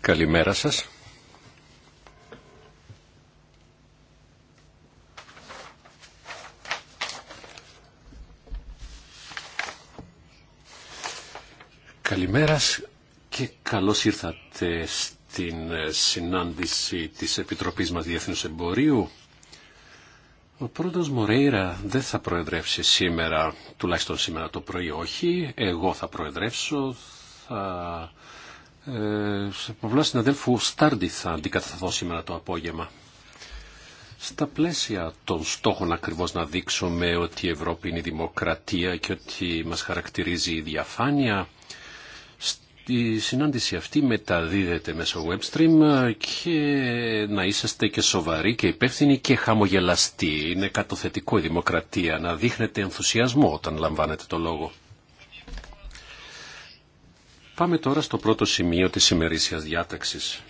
Καλημέρα σας. Καλημέρα και καλώς ήρθατε στην ε, συνάντηση της Επιτροπής μας Διεθνούς Εμπορίου. Ο πρώτος Μορέιρα δεν θα προεδρεύσει σήμερα, τουλάχιστον σήμερα το πρωί όχι. Εγώ θα προεδρεύσω, ε, σε πολλά συναδέλφου Στάρντι θα αντικαταθώ σήμερα το απόγευμα. Στα πλαίσια των στόχων ακριβώς να δείξουμε ότι η Ευρώπη είναι η δημοκρατία και ότι μας χαρακτηρίζει η διαφάνεια, η συνάντηση αυτή μεταδίδεται μέσω webstream και να είσαστε και σοβαροί και υπεύθυνοι και χαμογελαστοί. Είναι κατοθετικό η δημοκρατία να δείχνετε ενθουσιασμό όταν λαμβάνετε το λόγο. Πάμε τώρα στο πρώτο σημείο της ημερήσιας διάταξης.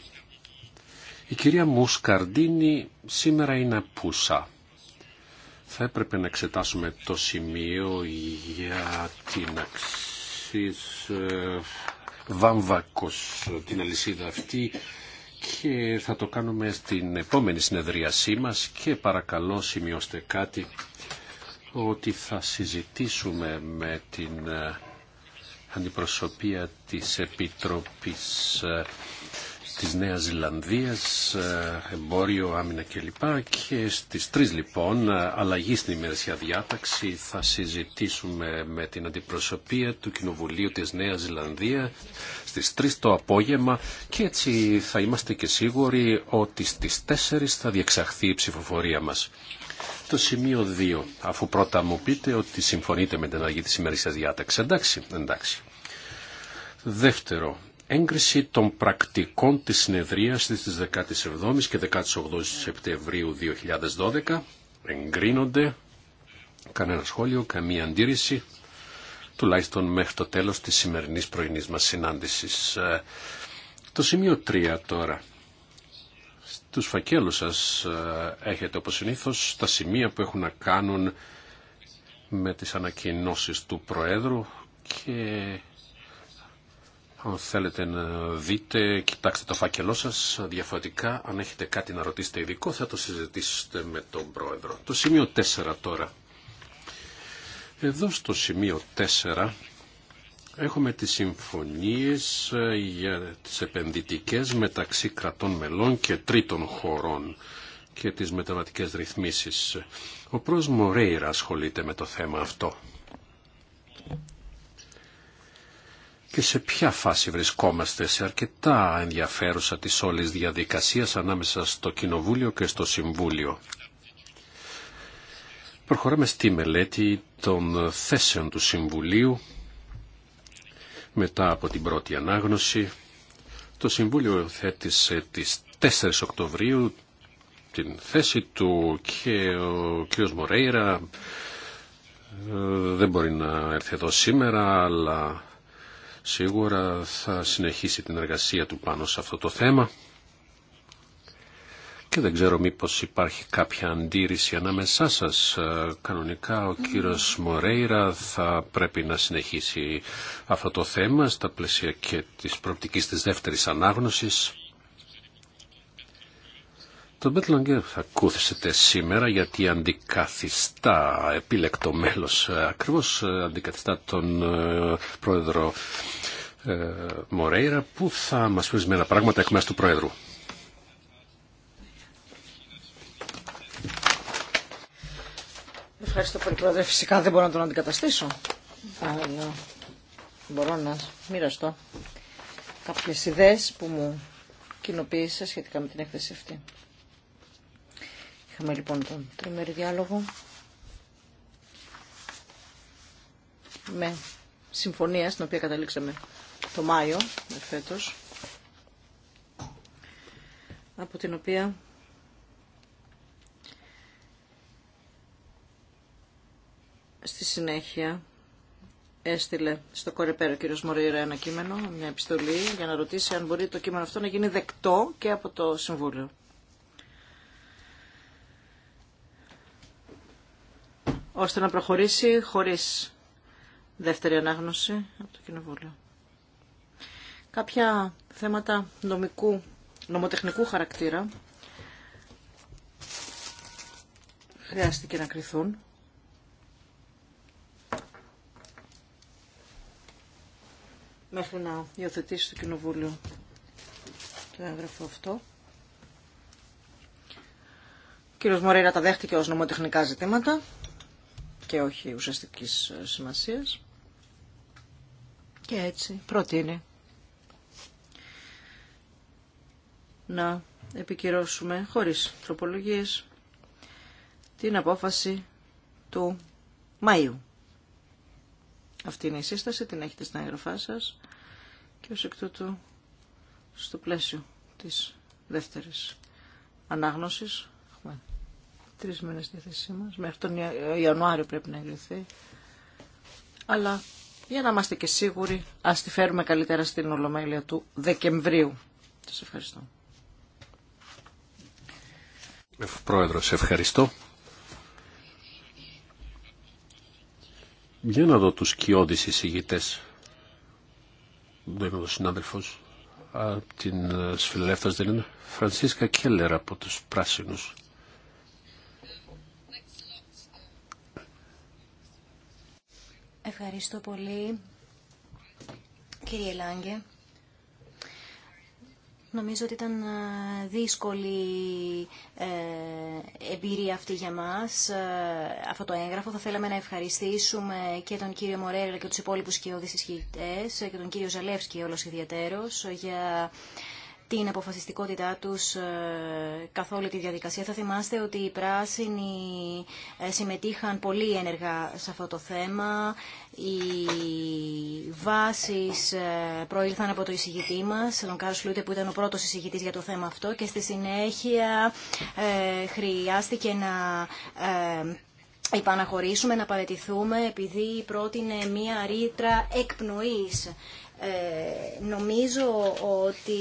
Η κυρία Μουσκαρντίνη σήμερα είναι πουσα. Θα έπρεπε να εξετάσουμε το σημείο για την αξής ε, βάμβακος, την αλυσίδα αυτή και θα το κάνουμε στην επόμενη συνεδρίασή μας και παρακαλώ σημειώστε κάτι ότι θα συζητήσουμε με την ε, αντιπροσωπεία της Επιτροπής ε, της Νέας Ζηλανδίας, ε, εμπόριο, άμυνα κλπ. Και στις τρεις λοιπόν, ε, αλλαγή στην ημερησιά διάταξη, θα συζητήσουμε με την αντιπροσωπεία του Κοινοβουλίου της Νέας Ζηλανδίας στις 3 το απόγευμα και έτσι θα είμαστε και σίγουροι ότι στις 4 θα διεξαχθεί η ψηφοφορία μας. Το σημείο 2, αφού πρώτα μου πείτε ότι συμφωνείτε με την αλλαγή της ημερήσιας διάταξης. Εντάξει, εντάξει. Δεύτερο, έγκριση των πρακτικών της συνεδρίας της 17ης και 18ης Σεπτεμβρίου 2012. Εγκρίνονται. Κανένα σχόλιο, καμία αντίρρηση τουλάχιστον μέχρι το τέλος της σημερινής πρωινής μας συνάντησης. Ε, το σημείο 3 τώρα τους φακέλους σας ε, έχετε όπως συνήθως τα σημεία που έχουν να κάνουν με τις ανακοινώσεις του Προέδρου και αν θέλετε να δείτε, κοιτάξτε το φάκελό σας. Διαφορετικά, αν έχετε κάτι να ρωτήσετε ειδικό, θα το συζητήσετε με τον Πρόεδρο. Το σημείο 4 τώρα. Εδώ στο σημείο 4 Έχουμε τις συμφωνίες ε, για τις επενδυτικές μεταξύ κρατών μελών και τρίτων χωρών και τις μεταβατικές ρυθμίσεις. Ο προς Μορέιρα ασχολείται με το θέμα αυτό. Και σε ποια φάση βρισκόμαστε σε αρκετά ενδιαφέρουσα της όλης διαδικασίας ανάμεσα στο Κοινοβούλιο και στο Συμβούλιο. Προχωράμε στη μελέτη των θέσεων του Συμβουλίου μετά από την πρώτη ανάγνωση, το Συμβούλιο θέτησε τις 4 Οκτωβρίου την θέση του και ο κ. Μορέιρα ε, δεν μπορεί να έρθει εδώ σήμερα, αλλά σίγουρα θα συνεχίσει την εργασία του πάνω σε αυτό το θέμα. Και δεν ξέρω μήπως υπάρχει κάποια αντίρρηση ανάμεσά σας. Ε, κανονικά ο κύριος Μορέιρα θα πρέπει να συνεχίσει αυτό το θέμα στα πλαίσια και της προοπτικής της δεύτερης ανάγνωσης. Το Μπέτλονγκερ θα ακούθησετε σήμερα γιατί αντικαθιστά επίλεκτο μέλος, ε, ακριβώς ε, αντικαθιστά τον πρόεδρο Μορέιρα που θα μας πει ένα πράγματα εκ μέρους του πρόεδρου. Ευχαριστώ πολύ, Πρόεδρε. Φυσικά δεν μπορώ να τον αντικαταστήσω, αλλά μπορώ να μοιραστώ κάποιες ιδέες που μου κοινοποίησα σχετικά με την έκθεση αυτή. Είχαμε λοιπόν τον τριμερή διάλογο με συμφωνία στην οποία καταλήξαμε το Μάιο φέτος από την οποία Στη συνέχεια έστειλε στο κορεπέρο ο κύριος Μωρήρα ένα κείμενο, μια επιστολή, για να ρωτήσει αν μπορεί το κείμενο αυτό να γίνει δεκτό και από το Συμβούλιο. ώστε να προχωρήσει χωρίς δεύτερη ανάγνωση από το Κοινοβούλιο. Κάποια θέματα νομικού, νομοτεχνικού χαρακτήρα χρειάστηκε να κρυθούν. μέχρι να υιοθετήσει το Κοινοβούλιο το έγγραφο αυτό. Ο κύριος Μωρέιρα τα δέχτηκε ως νομοτεχνικά ζητήματα και όχι ουσιαστικής ε, σημασίας. Και έτσι προτείνει να επικυρώσουμε χωρίς τροπολογίες την απόφαση του Μαΐου. Αυτή είναι η σύσταση, την έχετε στην αεροφάση σας και ως εκ τούτου στο πλαίσιο της δεύτερης ανάγνωσης έχουμε τρεις μήνες στη θέση μας, μέχρι τον Ιανουάριο πρέπει να εγκριθεί, αλλά για να είμαστε και σίγουροι ας τη φέρουμε καλύτερα στην Ολομέλεια του Δεκεμβρίου. Σας ευχαριστώ. ευχαριστώ. Για να δω τους κοιόδης εισηγητές. Δεν είναι ο συνάδελφος. Α, την ε, σφιλελεύθερος δεν είναι. Φρανσίσκα Κέλλερ από τους Πράσινους. Ευχαριστώ πολύ, κύριε Λάγκε. Νομίζω ότι ήταν ε, δύσκολη ε, εμπειρία αυτή για μας, ε, αυτό το έγγραφο. Θα θέλαμε να ευχαριστήσουμε και τον κύριο Μορέρα και τους υπόλοιπους και ισχυτές και τον κύριο Ζαλεύσκη όλος ιδιαίτερος για την αποφασιστικότητά τους ε, καθ' όλη τη διαδικασία. Θα θυμάστε ότι οι πράσινοι ε, συμμετείχαν πολύ ενεργά σε αυτό το θέμα. Οι βάσεις ε, προήλθαν από το εισηγητή μας, τον Κάρος Λούτε που ήταν ο πρώτος εισηγητής για το θέμα αυτό και στη συνέχεια χρειάστηκε να υπαναχωρήσουμε, να παρετηθούμε, επειδή πρότεινε μία ρήτρα εκπνοής. νομίζω ότι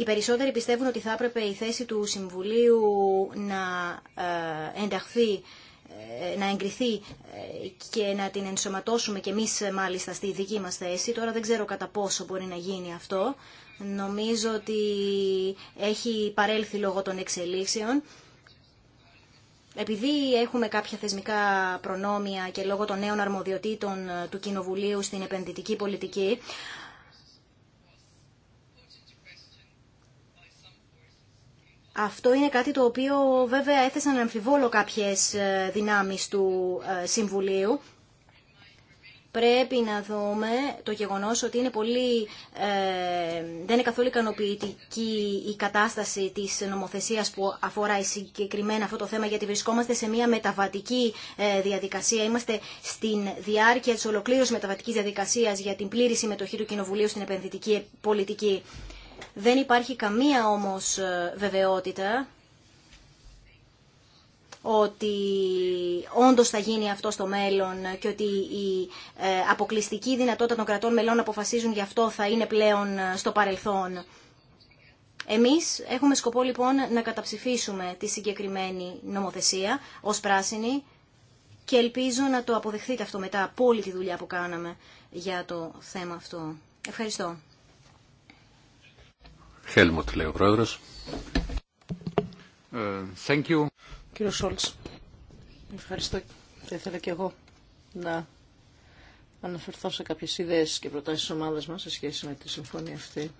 οι περισσότεροι πιστεύουν ότι θα έπρεπε η θέση του Συμβουλίου να ε, ενταχθεί ε, να εγκριθεί ε, και να την ενσωματώσουμε και εμείς μάλιστα στη δική μας θέση. Τώρα δεν ξέρω κατά πόσο μπορεί να γίνει αυτό. Νομίζω ότι έχει παρέλθει λόγω των εξελίξεων. Επειδή έχουμε κάποια θεσμικά προνόμια και λόγω των νέων αρμοδιοτήτων του Κοινοβουλίου στην επενδυτική πολιτική, Αυτό είναι κάτι το οποίο βέβαια έθεσαν αμφιβόλο κάποιες ε, δυνάμεις του ε, Συμβουλίου. Πρέπει να δούμε το γεγονός ότι είναι πολύ, ε, δεν είναι καθόλου ικανοποιητική η κατάσταση της νομοθεσίας που αφορά συγκεκριμένα αυτό το θέμα γιατί βρισκόμαστε σε μια μεταβατική διαδικασία. Είμαστε στην διάρκεια της ολοκλήρωσης μεταβατικής διαδικασίας για την πλήρη συμμετοχή του Κοινοβουλίου στην επενδυτική πολιτική. Δεν υπάρχει καμία όμως ε, βεβαιότητα ότι όντως θα γίνει αυτό στο μέλλον και ότι η ε, αποκλειστική δυνατότητα των κρατών μελών να αποφασίζουν γι' αυτό θα είναι πλέον ε, στο παρελθόν. Εμείς έχουμε σκοπό λοιπόν να καταψηφίσουμε τη συγκεκριμένη νομοθεσία ως πράσινη και ελπίζω να το αποδεχθείτε αυτό μετά από όλη τη δουλειά που κάναμε για το θέμα αυτό. Ευχαριστώ. Χέλμουτ, λέει ο ε, Κύριο Σόλτς, ευχαριστώ. Θα ήθελα και εγώ να αναφερθώ σε κάποιε ιδέε και προτάσει τη ομάδα μα σε σχέση με τη συμφωνία αυτή,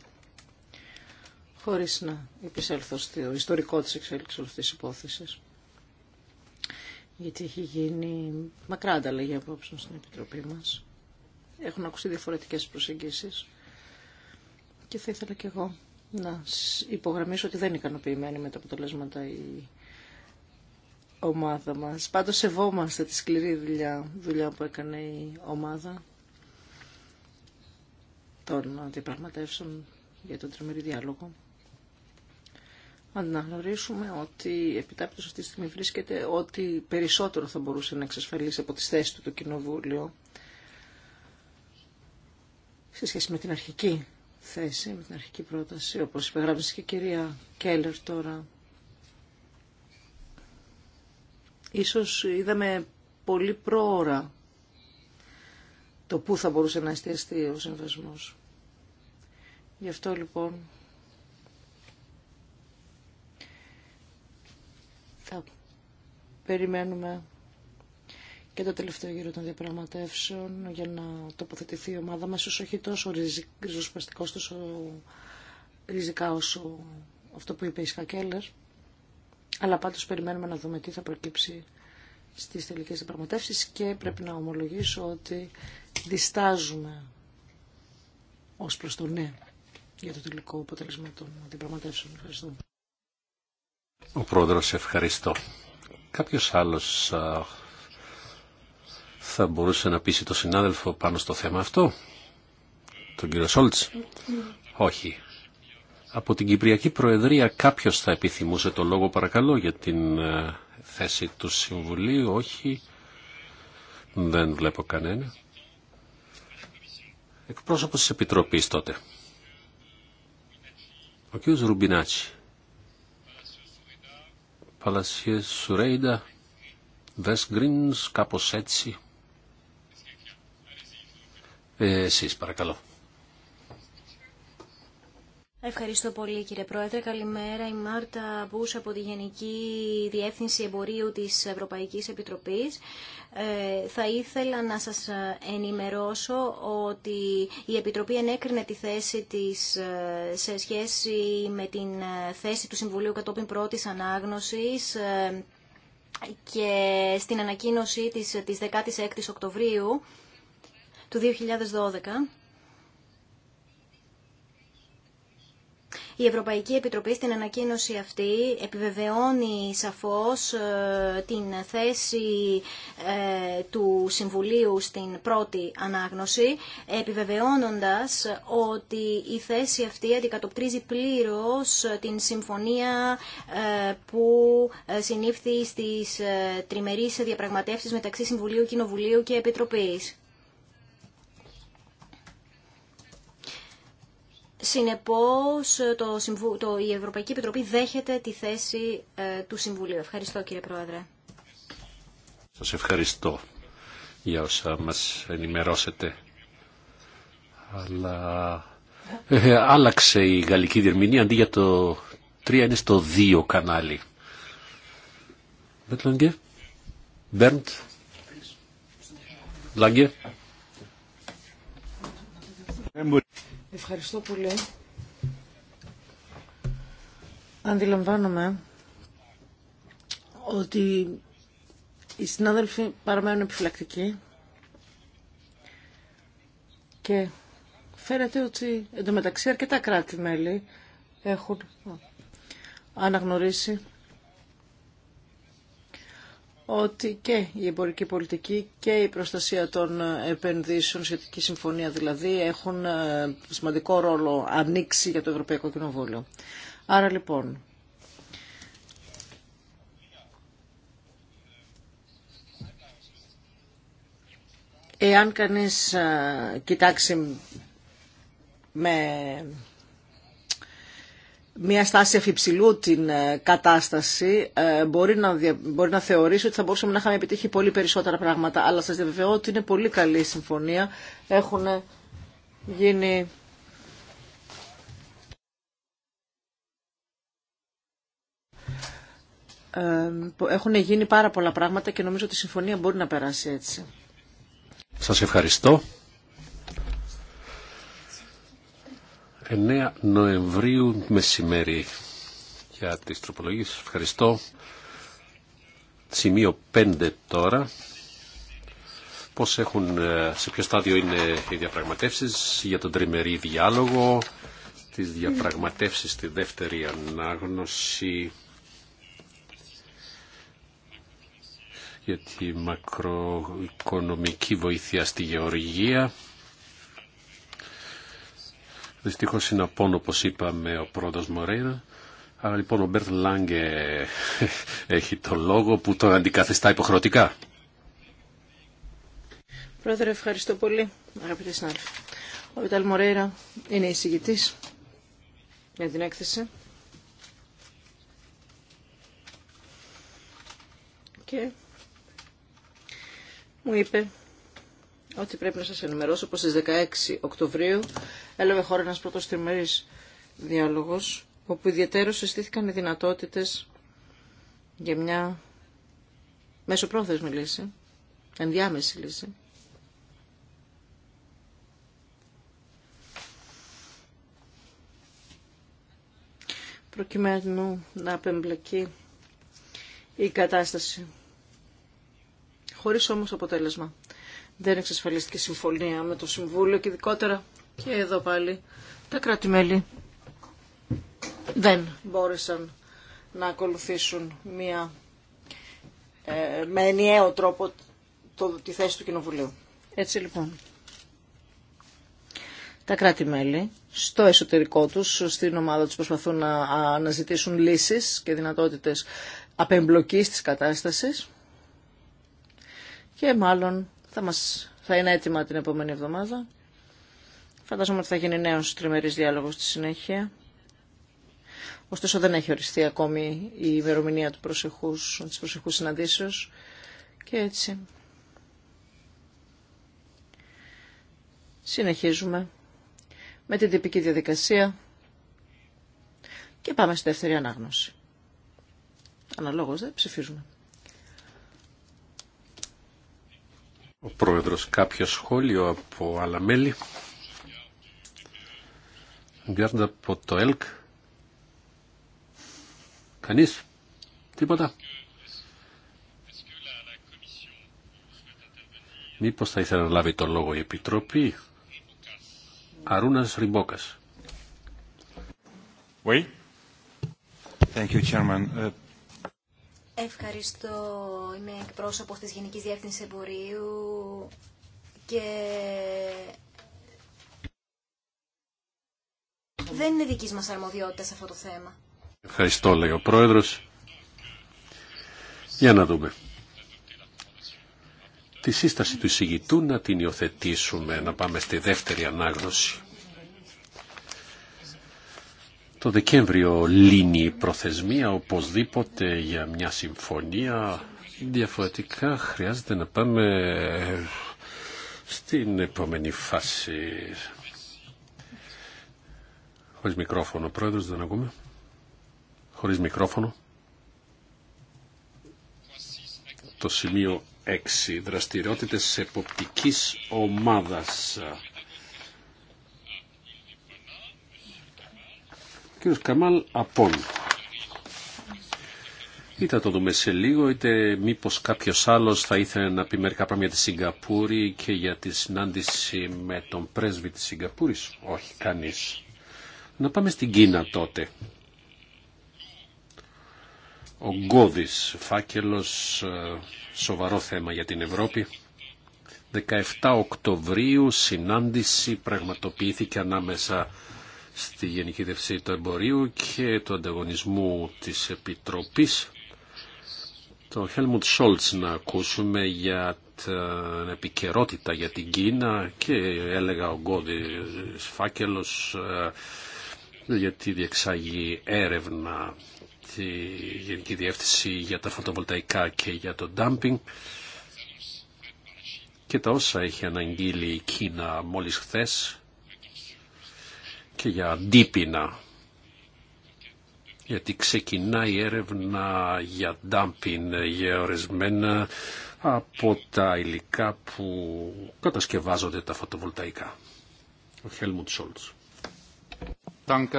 χωρί να επισέλθω στο ιστορικό τη εξέλιξη όλη αυτή τη υπόθεση. Γιατί έχει γίνει μακρά ανταλλαγή απόψεων στην Επιτροπή μα. Έχουν ακουστεί διαφορετικέ προσεγγίσεις και θα ήθελα και εγώ να υπογραμμίσω ότι δεν είναι ικανοποιημένη με τα αποτελέσματα η ομάδα μας. Πάντως σεβόμαστε τη σκληρή δουλειά, δουλειά που έκανε η ομάδα των αντιπραγματεύσεων για τον τριμερή διάλογο. Αναγνωρίσουμε ότι επιτάπητος αυτή τη στιγμή βρίσκεται ότι περισσότερο θα μπορούσε να εξασφαλίσει από τις θέσεις του το Κοινοβούλιο σε σχέση με την αρχική θέση με την αρχική πρόταση, όπως υπεγράμμισε και η κυρία Κέλλερ τώρα. Ίσως είδαμε πολύ πρόωρα το πού θα μπορούσε να εστιαστεί ο συμβασμό. Γι' αυτό λοιπόν θα περιμένουμε και το τελευταίο γύρο των διαπραγματεύσεων για να τοποθετηθεί η ομάδα μας, όσο όχι τόσο ριζοσπαστικό, τόσο ριζικά όσο αυτό που είπε η Σκακέλλερ. Αλλά πάντως περιμένουμε να δούμε τι θα προκύψει στις τελικές διαπραγματεύσεις και πρέπει να ομολογήσω ότι διστάζουμε ως προς το ναι για το τελικό αποτέλεσμα των διαπραγματεύσεων. Ευχαριστώ. Ο πρόεδρος, ευχαριστώ. Κάποιος άλλος θα μπορούσε να πείσει το συνάδελφο πάνω στο θέμα αυτό, τον κύριο Σόλτ. Όχι. Από την Κυπριακή Προεδρία κάποιος θα επιθυμούσε το λόγο παρακαλώ για την ε, θέση του Συμβουλίου. Όχι. Δεν βλέπω κανένα. Εκπρόσωπος της Επιτροπής τότε. Ο κ. Ρουμπινάτσι. Παλασίε Σουρέιντα. Βεσγκρινς κάπως έτσι. Ε, παρακαλώ. Ευχαριστώ πολύ κύριε Πρόεδρε. Καλημέρα. Η Μάρτα Μπούς από τη Γενική Διεύθυνση Εμπορίου της Ευρωπαϊκής Επιτροπής. Ε, θα ήθελα να σας ενημερώσω ότι η Επιτροπή ενέκρινε τη θέση της ε, σε σχέση με την θέση του Συμβουλίου κατόπιν πρώτης ανάγνωσης και στην ανακοίνωσή της, της 16 Οκτωβρίου του 2012, Η Ευρωπαϊκή Επιτροπή στην ανακοίνωση αυτή επιβεβαιώνει σαφώς ε, την θέση ε, του Συμβουλίου στην πρώτη ανάγνωση, επιβεβαιώνοντας ότι η θέση αυτή αντικατοπτρίζει πλήρως την συμφωνία ε, που συνήφθη στις τριμερείς διαπραγματεύσεις μεταξύ Συμβουλίου, Κοινοβουλίου και Επιτροπής. Συνεπώς, το, η Ευρωπαϊκή Επιτροπή δέχεται τη θέση ε, του Συμβουλίου. Ευχαριστώ κύριε Πρόεδρε. Σας ευχαριστώ για όσα μας ενημερώσετε. Αλλά ε, άλλαξε η γαλλική διερμηνία αντί για το 3 είναι στο 2 κανάλι. Μπέρντ Λάγκε. Μπέρντ. Ευχαριστώ πολύ. Αντιλαμβάνομαι ότι οι συνάδελφοι παραμένουν επιφυλακτικοί και φαίνεται ότι εντωμεταξύ αρκετά κράτη-μέλη έχουν αναγνωρίσει ότι και η εμπορική πολιτική και η προστασία των επενδύσεων, σχετική συμφωνία δηλαδή, έχουν ε, σημαντικό ρόλο ανοίξει για το Ευρωπαϊκό Κοινοβούλιο. Άρα λοιπόν, εάν κανείς ε, κοιτάξει με μια στάση αφιψηλού την ε, κατάσταση ε, μπορεί να, μπορεί να θεωρήσει ότι θα μπορούσαμε να είχαμε επιτύχει πολύ περισσότερα πράγματα. Αλλά σας διαβεβαιώ ότι είναι πολύ καλή η συμφωνία. Έχουν γίνει... Ε, έχουν γίνει πάρα πολλά πράγματα και νομίζω ότι η συμφωνία μπορεί να περάσει έτσι. Σας ευχαριστώ. 9 Νοεμβρίου μεσημέρι για τις τροπολογίες. Ευχαριστώ. Σημείο 5 τώρα. Πώς έχουν, ε, σε ποιο στάδιο είναι οι διαπραγματεύσεις για τον τριμερή διάλογο, τις διαπραγματεύσεις στη δεύτερη ανάγνωση για τη μακροοικονομική βοήθεια στη γεωργία. Δυστυχώ είναι απόν όπω είπαμε ο πρόεδρο Μορέιρα. Άρα λοιπόν ο Μπέρτ Λάγκε έχει το λόγο που τον αντικαθιστά υποχρεωτικά. Πρόεδρε, ευχαριστώ πολύ, αγαπητέ συνάδελφοι. Ο Βιτάλ Μορέιρα είναι εισηγητή για την έκθεση. Και μου είπε ότι πρέπει να σας ενημερώσω πως στις 16 Οκτωβρίου έλαβε χώρα ένας πρώτος τριμερής διάλογος όπου ιδιαίτερως συστήθηκαν οι δυνατότητες για μια μεσοπρόθεσμη λύση, ενδιάμεση λύση. προκειμένου να απεμπλακεί η κατάσταση, χωρίς όμως αποτέλεσμα δεν εξασφαλίστηκε συμφωνία με το Συμβούλιο και ειδικότερα και εδώ πάλι τα κρατη δεν μπόρεσαν να ακολουθήσουν μια, ε, με ενιαίο τρόπο το, τη θέση του Κοινοβουλίου. Έτσι λοιπόν. Τα κράτη-μέλη στο εσωτερικό τους, στην ομάδα τους προσπαθούν να αναζητήσουν λύσεις και δυνατότητες απεμπλοκής της κατάστασης και μάλλον θα, μας, θα είναι έτοιμα την επόμενη εβδομάδα. Φαντάζομαι ότι θα γίνει νέος τριμερής διάλογος στη συνέχεια. Ωστόσο δεν έχει οριστεί ακόμη η ημερομηνία του προσεχούς, της προσεχούς συναντήσεως. Και έτσι συνεχίζουμε με την τυπική διαδικασία και πάμε στη δεύτερη ανάγνωση. Αναλόγως δεν ψηφίζουμε. Ο πρόεδρος κάποιο σχόλιο από άλλα μέλη. Γκάρντα από το ΕΛΚ. Κανείς. Τίποτα. Μήπως θα ήθελα να λάβει το λόγο η Επιτροπή. Αρούνας Ριμπόκας. Oui. Thank you, Chairman. Ε, Ευχαριστώ. Είμαι εκπρόσωπος της Γενικής Διεύθυνσης Εμπορίου και δεν είναι δική μας αρμοδιότητα αυτό το θέμα. Ευχαριστώ, λέει ο Πρόεδρος. Για να δούμε. Τη σύσταση του εισηγητού να την υιοθετήσουμε, να πάμε στη δεύτερη ανάγνωση. Το Δεκέμβριο λύνει η προθεσμία οπωσδήποτε για μια συμφωνία. Διαφορετικά χρειάζεται να πάμε στην επόμενη φάση. Χωρίς μικρόφωνο, πρόεδρος, δεν ακούμε. Χωρίς μικρόφωνο. Το σημείο 6. Δραστηριότητες εποπτικής ομάδας. Κύριος Καμάλ απόλ. Είτε θα το δούμε σε λίγο, είτε μήπω κάποιο άλλος θα ήθελε να πει μερικά πράγματα για τη Σιγκαπούρη και για τη συνάντηση με τον πρέσβη της Σιγκαπούρης. Όχι, κανείς. Να πάμε στην Κίνα τότε. Ο Γκώδης, φάκελος, ε, σοβαρό θέμα για την Ευρώπη. 17 Οκτωβρίου συνάντηση πραγματοποιήθηκε ανάμεσα στη Γενική Διευθυνσία του Εμπορίου και του Ανταγωνισμού της Επιτροπής τον Χέλμουντ Σόλτς να ακούσουμε για την επικαιρότητα για την Κίνα και έλεγα ο Γκόδη Φάκελος ε, γιατί διεξάγει έρευνα τη Γενική Διεύθυνση για τα φωτοβολταϊκά και για το ντάμπινγκ και τα όσα έχει αναγγείλει η Κίνα μόλις χθες και για αντίπεινα. Γιατί ξεκινάει η έρευνα για ντάμπιν, για από τα υλικά που κατασκευάζονται τα φωτοβολταϊκά. Ο Χέλμουντ Σόλτς.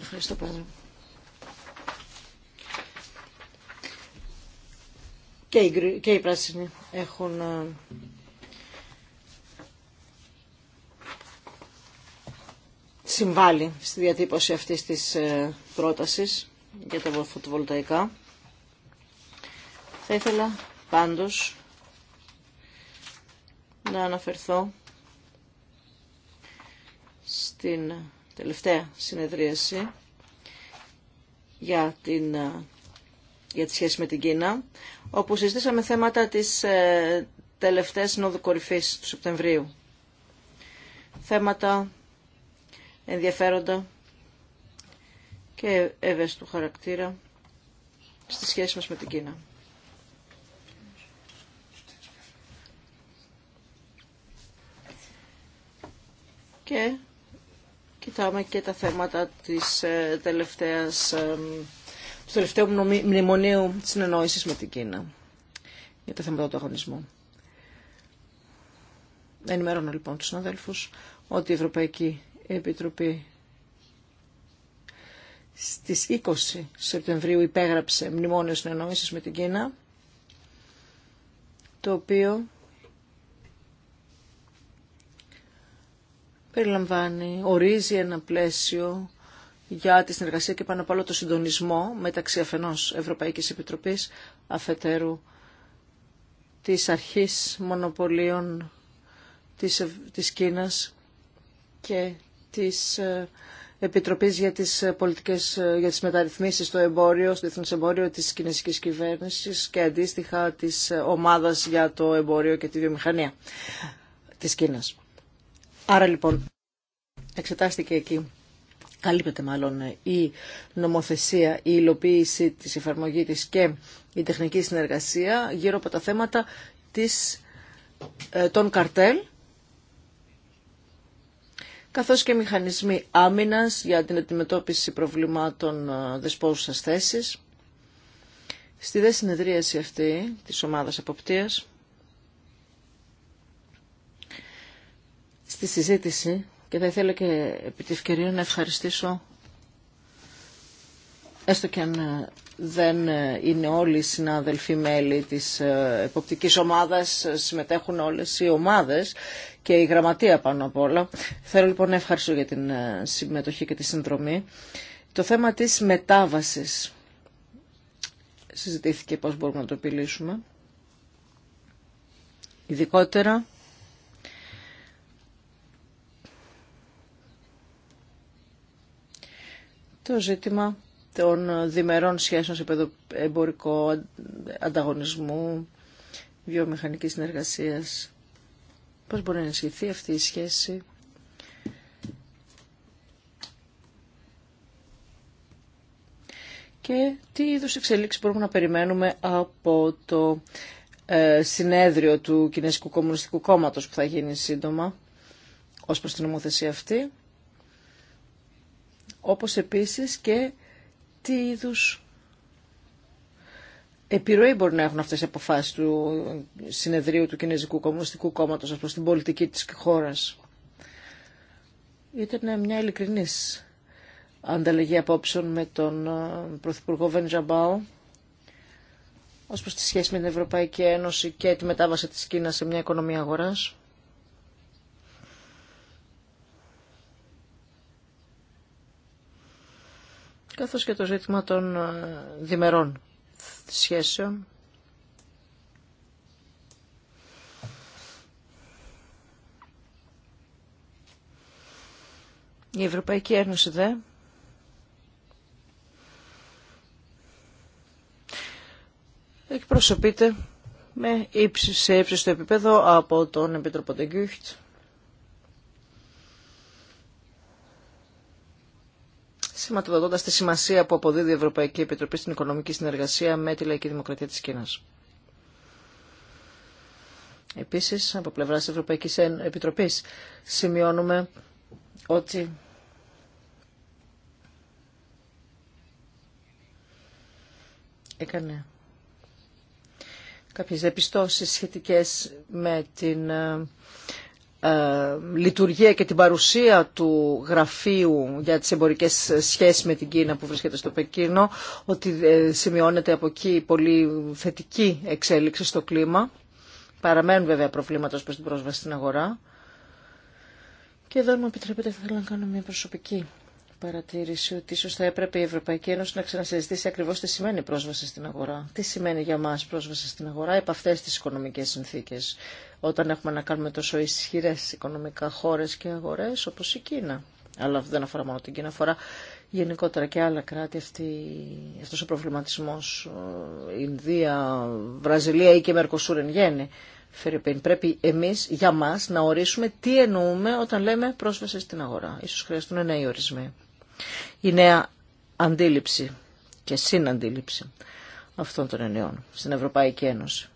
Ευχαριστώ πολύ. Και οι, και οι πράσινοι έχουν ε, συμβάλλει στη διατύπωση αυτής της ε, πρότασης για τα φωτοβολταϊκά. Θα ήθελα πάντως να αναφερθώ στην τελευταία συνεδρίαση για, την, ε, για τη σχέση με την Κίνα, όπου συζητήσαμε θέματα της ε, τελευταίας συνόδου κορυφής του Σεπτεμβρίου. Θέματα ενδιαφέροντα και ευαίσθητου χαρακτήρα στη σχέση μας με την Κίνα. Και κοιτάμε και τα θέματα της ε, τελευταίας, ε, του τελευταίου μνημονίου συνεννόησης με την Κίνα για τα θέματα του αγωνισμού. Ενημερώνω λοιπόν τους συναδέλφους ότι η Ευρωπαϊκή Επιτροπή στις 20 Σεπτεμβρίου υπέγραψε μνημόνιο συνεννόησης με την Κίνα, το οποίο περιλαμβάνει, ορίζει ένα πλαίσιο για τη συνεργασία και πάνω απ' όλο το συντονισμό μεταξύ αφενός Ευρωπαϊκής Επιτροπής αφετέρου της αρχής μονοπωλίων της, της Κίνας και της ε, Επιτροπής για τις, ε, πολιτικές, ε, για τις μεταρρυθμίσεις στο εμπόριο, στο διεθνές εμπόριο της κινέζικης κυβέρνησης και αντίστοιχα της ομάδας για το εμπόριο και τη βιομηχανία της Κίνας. Άρα λοιπόν εξετάστηκε εκεί καλύπτεται μάλλον η νομοθεσία, η υλοποίηση της εφαρμογή της και η τεχνική συνεργασία γύρω από τα θέματα της, των καρτέλ καθώς και μηχανισμοί άμυνας για την αντιμετώπιση προβλημάτων ε, δεσπόζουσας θέσης. Στη δε συνεδρίαση αυτή της ομάδας αποπτίας, στη συζήτηση, και θα ήθελα και επί τη ευκαιρία να ευχαριστήσω, έστω και αν ε, δεν ε, είναι όλοι οι συνάδελφοι μέλη της εποπτικής ομάδας, συμμετέχουν όλες οι ομάδες και η γραμματεία πάνω απ' όλα. Θέλω λοιπόν να ευχαριστώ για την ε, συμμετοχή και τη συνδρομή. Το θέμα της μετάβασης συζητήθηκε πώς μπορούμε να το επιλύσουμε. Ειδικότερα το ζήτημα των διμερών σχέσεων σε επίπεδο εμπορικό ανταγωνισμού, βιομηχανικής συνεργασίας. Πώς μπορεί να ενισχυθεί αυτή η σχέση και τι είδους εξελίξεις μπορούμε να περιμένουμε από το ε, συνέδριο του Κινέζικου Κομμουνιστικού Κόμματος που θα γίνει σύντομα ως προς την νομοθεσία αυτή, όπως επίσης και τι είδους επιρροή μπορεί να έχουν αυτές οι αποφάσεις του συνεδρίου του Κινέζικου Κομμουνιστικού κόμματο, προς την πολιτική της χώρας. Ήταν μια ειλικρινή ανταλλαγή απόψεων με τον ε, Πρωθυπουργό Βεντζαμπάου ως προς τη σχέση με την Ευρωπαϊκή Ένωση και τη μετάβαση της Κίνας σε μια οικονομία αγορά. καθώς και το ζήτημα των ε, διμερών σχέσεων. Η Ευρωπαϊκή Ένωση δε εκπροσωπείται με ύψη, σε στο επίπεδο από τον Επίτροπο Ντεγκούχτ σηματοδοτώντας τη σημασία που αποδίδει η Ευρωπαϊκή Επιτροπή στην οικονομική συνεργασία με τη Λαϊκή Δημοκρατία της Κίνας. Επίσης, από πλευράς Ευρωπαϊκής Επιτροπής, σημειώνουμε ότι έκανε κάποιες διαπιστώσεις σχετικές με την ε, ε, λειτουργία και την παρουσία του γραφείου για τις εμπορικές σχέσεις με την Κίνα που βρίσκεται στο Πεκίνο, ότι ε, σημειώνεται από εκεί πολύ θετική εξέλιξη στο κλίμα. Παραμένουν βέβαια προβλήματα προς την πρόσβαση στην αγορά. Και εδώ, μου επιτρέπετε, θα ήθελα να κάνω μια προσωπική παρατήρηση ότι ίσως θα έπρεπε η Ευρωπαϊκή Ένωση να ξανασυζητήσει ακριβώ τι σημαίνει πρόσβαση στην αγορά. Τι σημαίνει για μα πρόσβαση στην αγορά επ' τι οικονομικέ συνθήκε όταν έχουμε να κάνουμε τόσο ισχυρέ οικονομικά χώρε και αγορέ, όπω η Κίνα. Αλλά δεν αφορά μόνο την Κίνα, αφορά γενικότερα και άλλα κράτη Αυτό αυτός ο προβληματισμό Ινδία, Βραζιλία ή και Μερκοσούρ εν γέννη. Φερρυπίν, πρέπει εμεί για μα να ορίσουμε τι εννοούμε όταν λέμε πρόσβαση στην αγορά. Ίσως χρειαστούν νέοι ορισμοί. Η νέα αντίληψη και συναντήληψη αυτών των ενιών στην Ευρωπαϊκή Ένωση.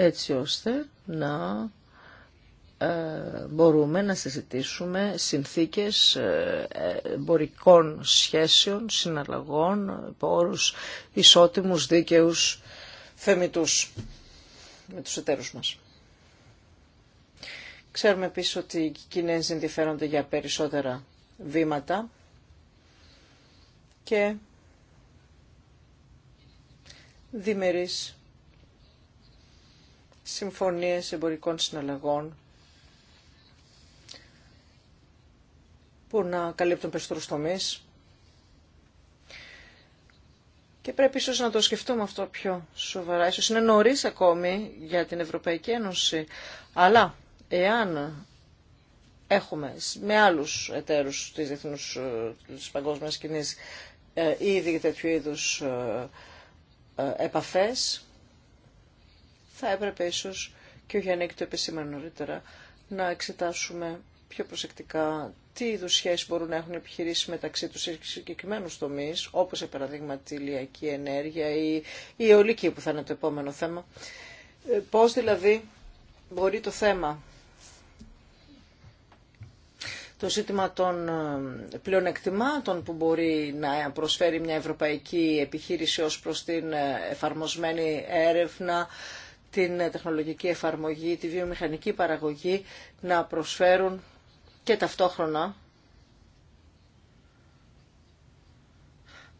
έτσι ώστε να ε, μπορούμε να συζητήσουμε συνθήκες ε, εμπορικών σχέσεων, συναλλαγών, πόρους, ισότιμους, δίκαιους, θεμητούς με τους εταίρους μας. Ξέρουμε επίσης ότι οι Κινέζοι ενδιαφέρονται για περισσότερα βήματα και διμερείς συμφωνίες εμπορικών συναλλαγών που να καλύπτουν περισσότερους τομείς. Και πρέπει ίσως να το σκεφτούμε αυτό πιο σοβαρά. Ίσως είναι νωρίς ακόμη για την Ευρωπαϊκή Ένωση. Αλλά εάν έχουμε με άλλους εταίρους της, διεθνούς, ε, της παγκόσμιας κοινής ε, ήδη τέτοιου είδους ε, επαφές, θα έπρεπε ίσω και ο Γιάννη το επισήμανε νωρίτερα να εξετάσουμε πιο προσεκτικά τι είδου σχέσει μπορούν να έχουν επιχειρήσει μεταξύ του σε συγκεκριμένου τομεί, όπω για παράδειγμα τη ηλιακή ενέργεια ή η αιωλική που θα είναι το επόμενο θέμα. Ε, Πώ δηλαδή μπορεί το θέμα, το ζήτημα των ε, πλεονεκτημάτων που μπορεί να προσφέρει μια ευρωπαϊκή επιχείρηση ως προς την ε, εφαρμοσμένη έρευνα, την τεχνολογική εφαρμογή, τη βιομηχανική παραγωγή να προσφέρουν και ταυτόχρονα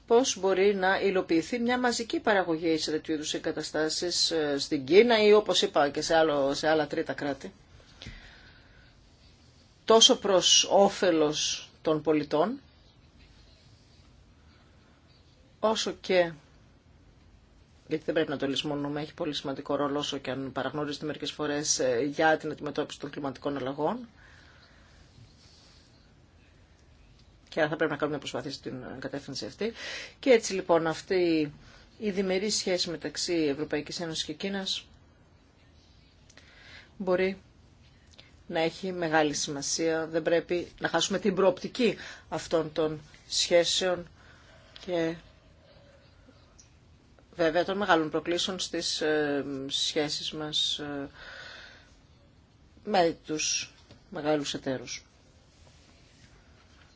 πώς μπορεί να υλοποιηθεί μια μαζική παραγωγή σε τέτοιου είδους εγκαταστάσεις ε, στην Κίνα ή όπως είπα και σε, άλλα τρίτα κράτη. Τόσο προς όφελος των πολιτών, όσο και γιατί δεν πρέπει να το λησμονούμε, έχει πολύ σημαντικό ρόλο όσο και αν παραγνωρίζεται μερικές φορές ε, για την αντιμετώπιση των κλιματικών αλλαγών. Και θα πρέπει να κάνουμε προσπάθεια στην κατεύθυνση αυτή. Και έτσι λοιπόν αυτή η διμερή σχέση μεταξύ Ευρωπαϊκής Ένωσης και Κίνας μπορεί να έχει μεγάλη σημασία. Δεν πρέπει να χάσουμε την προοπτική αυτών των σχέσεων και βέβαια των μεγάλων προκλήσεων στις ε, σχέσεις μας ε, με τους μεγάλους εταίρους.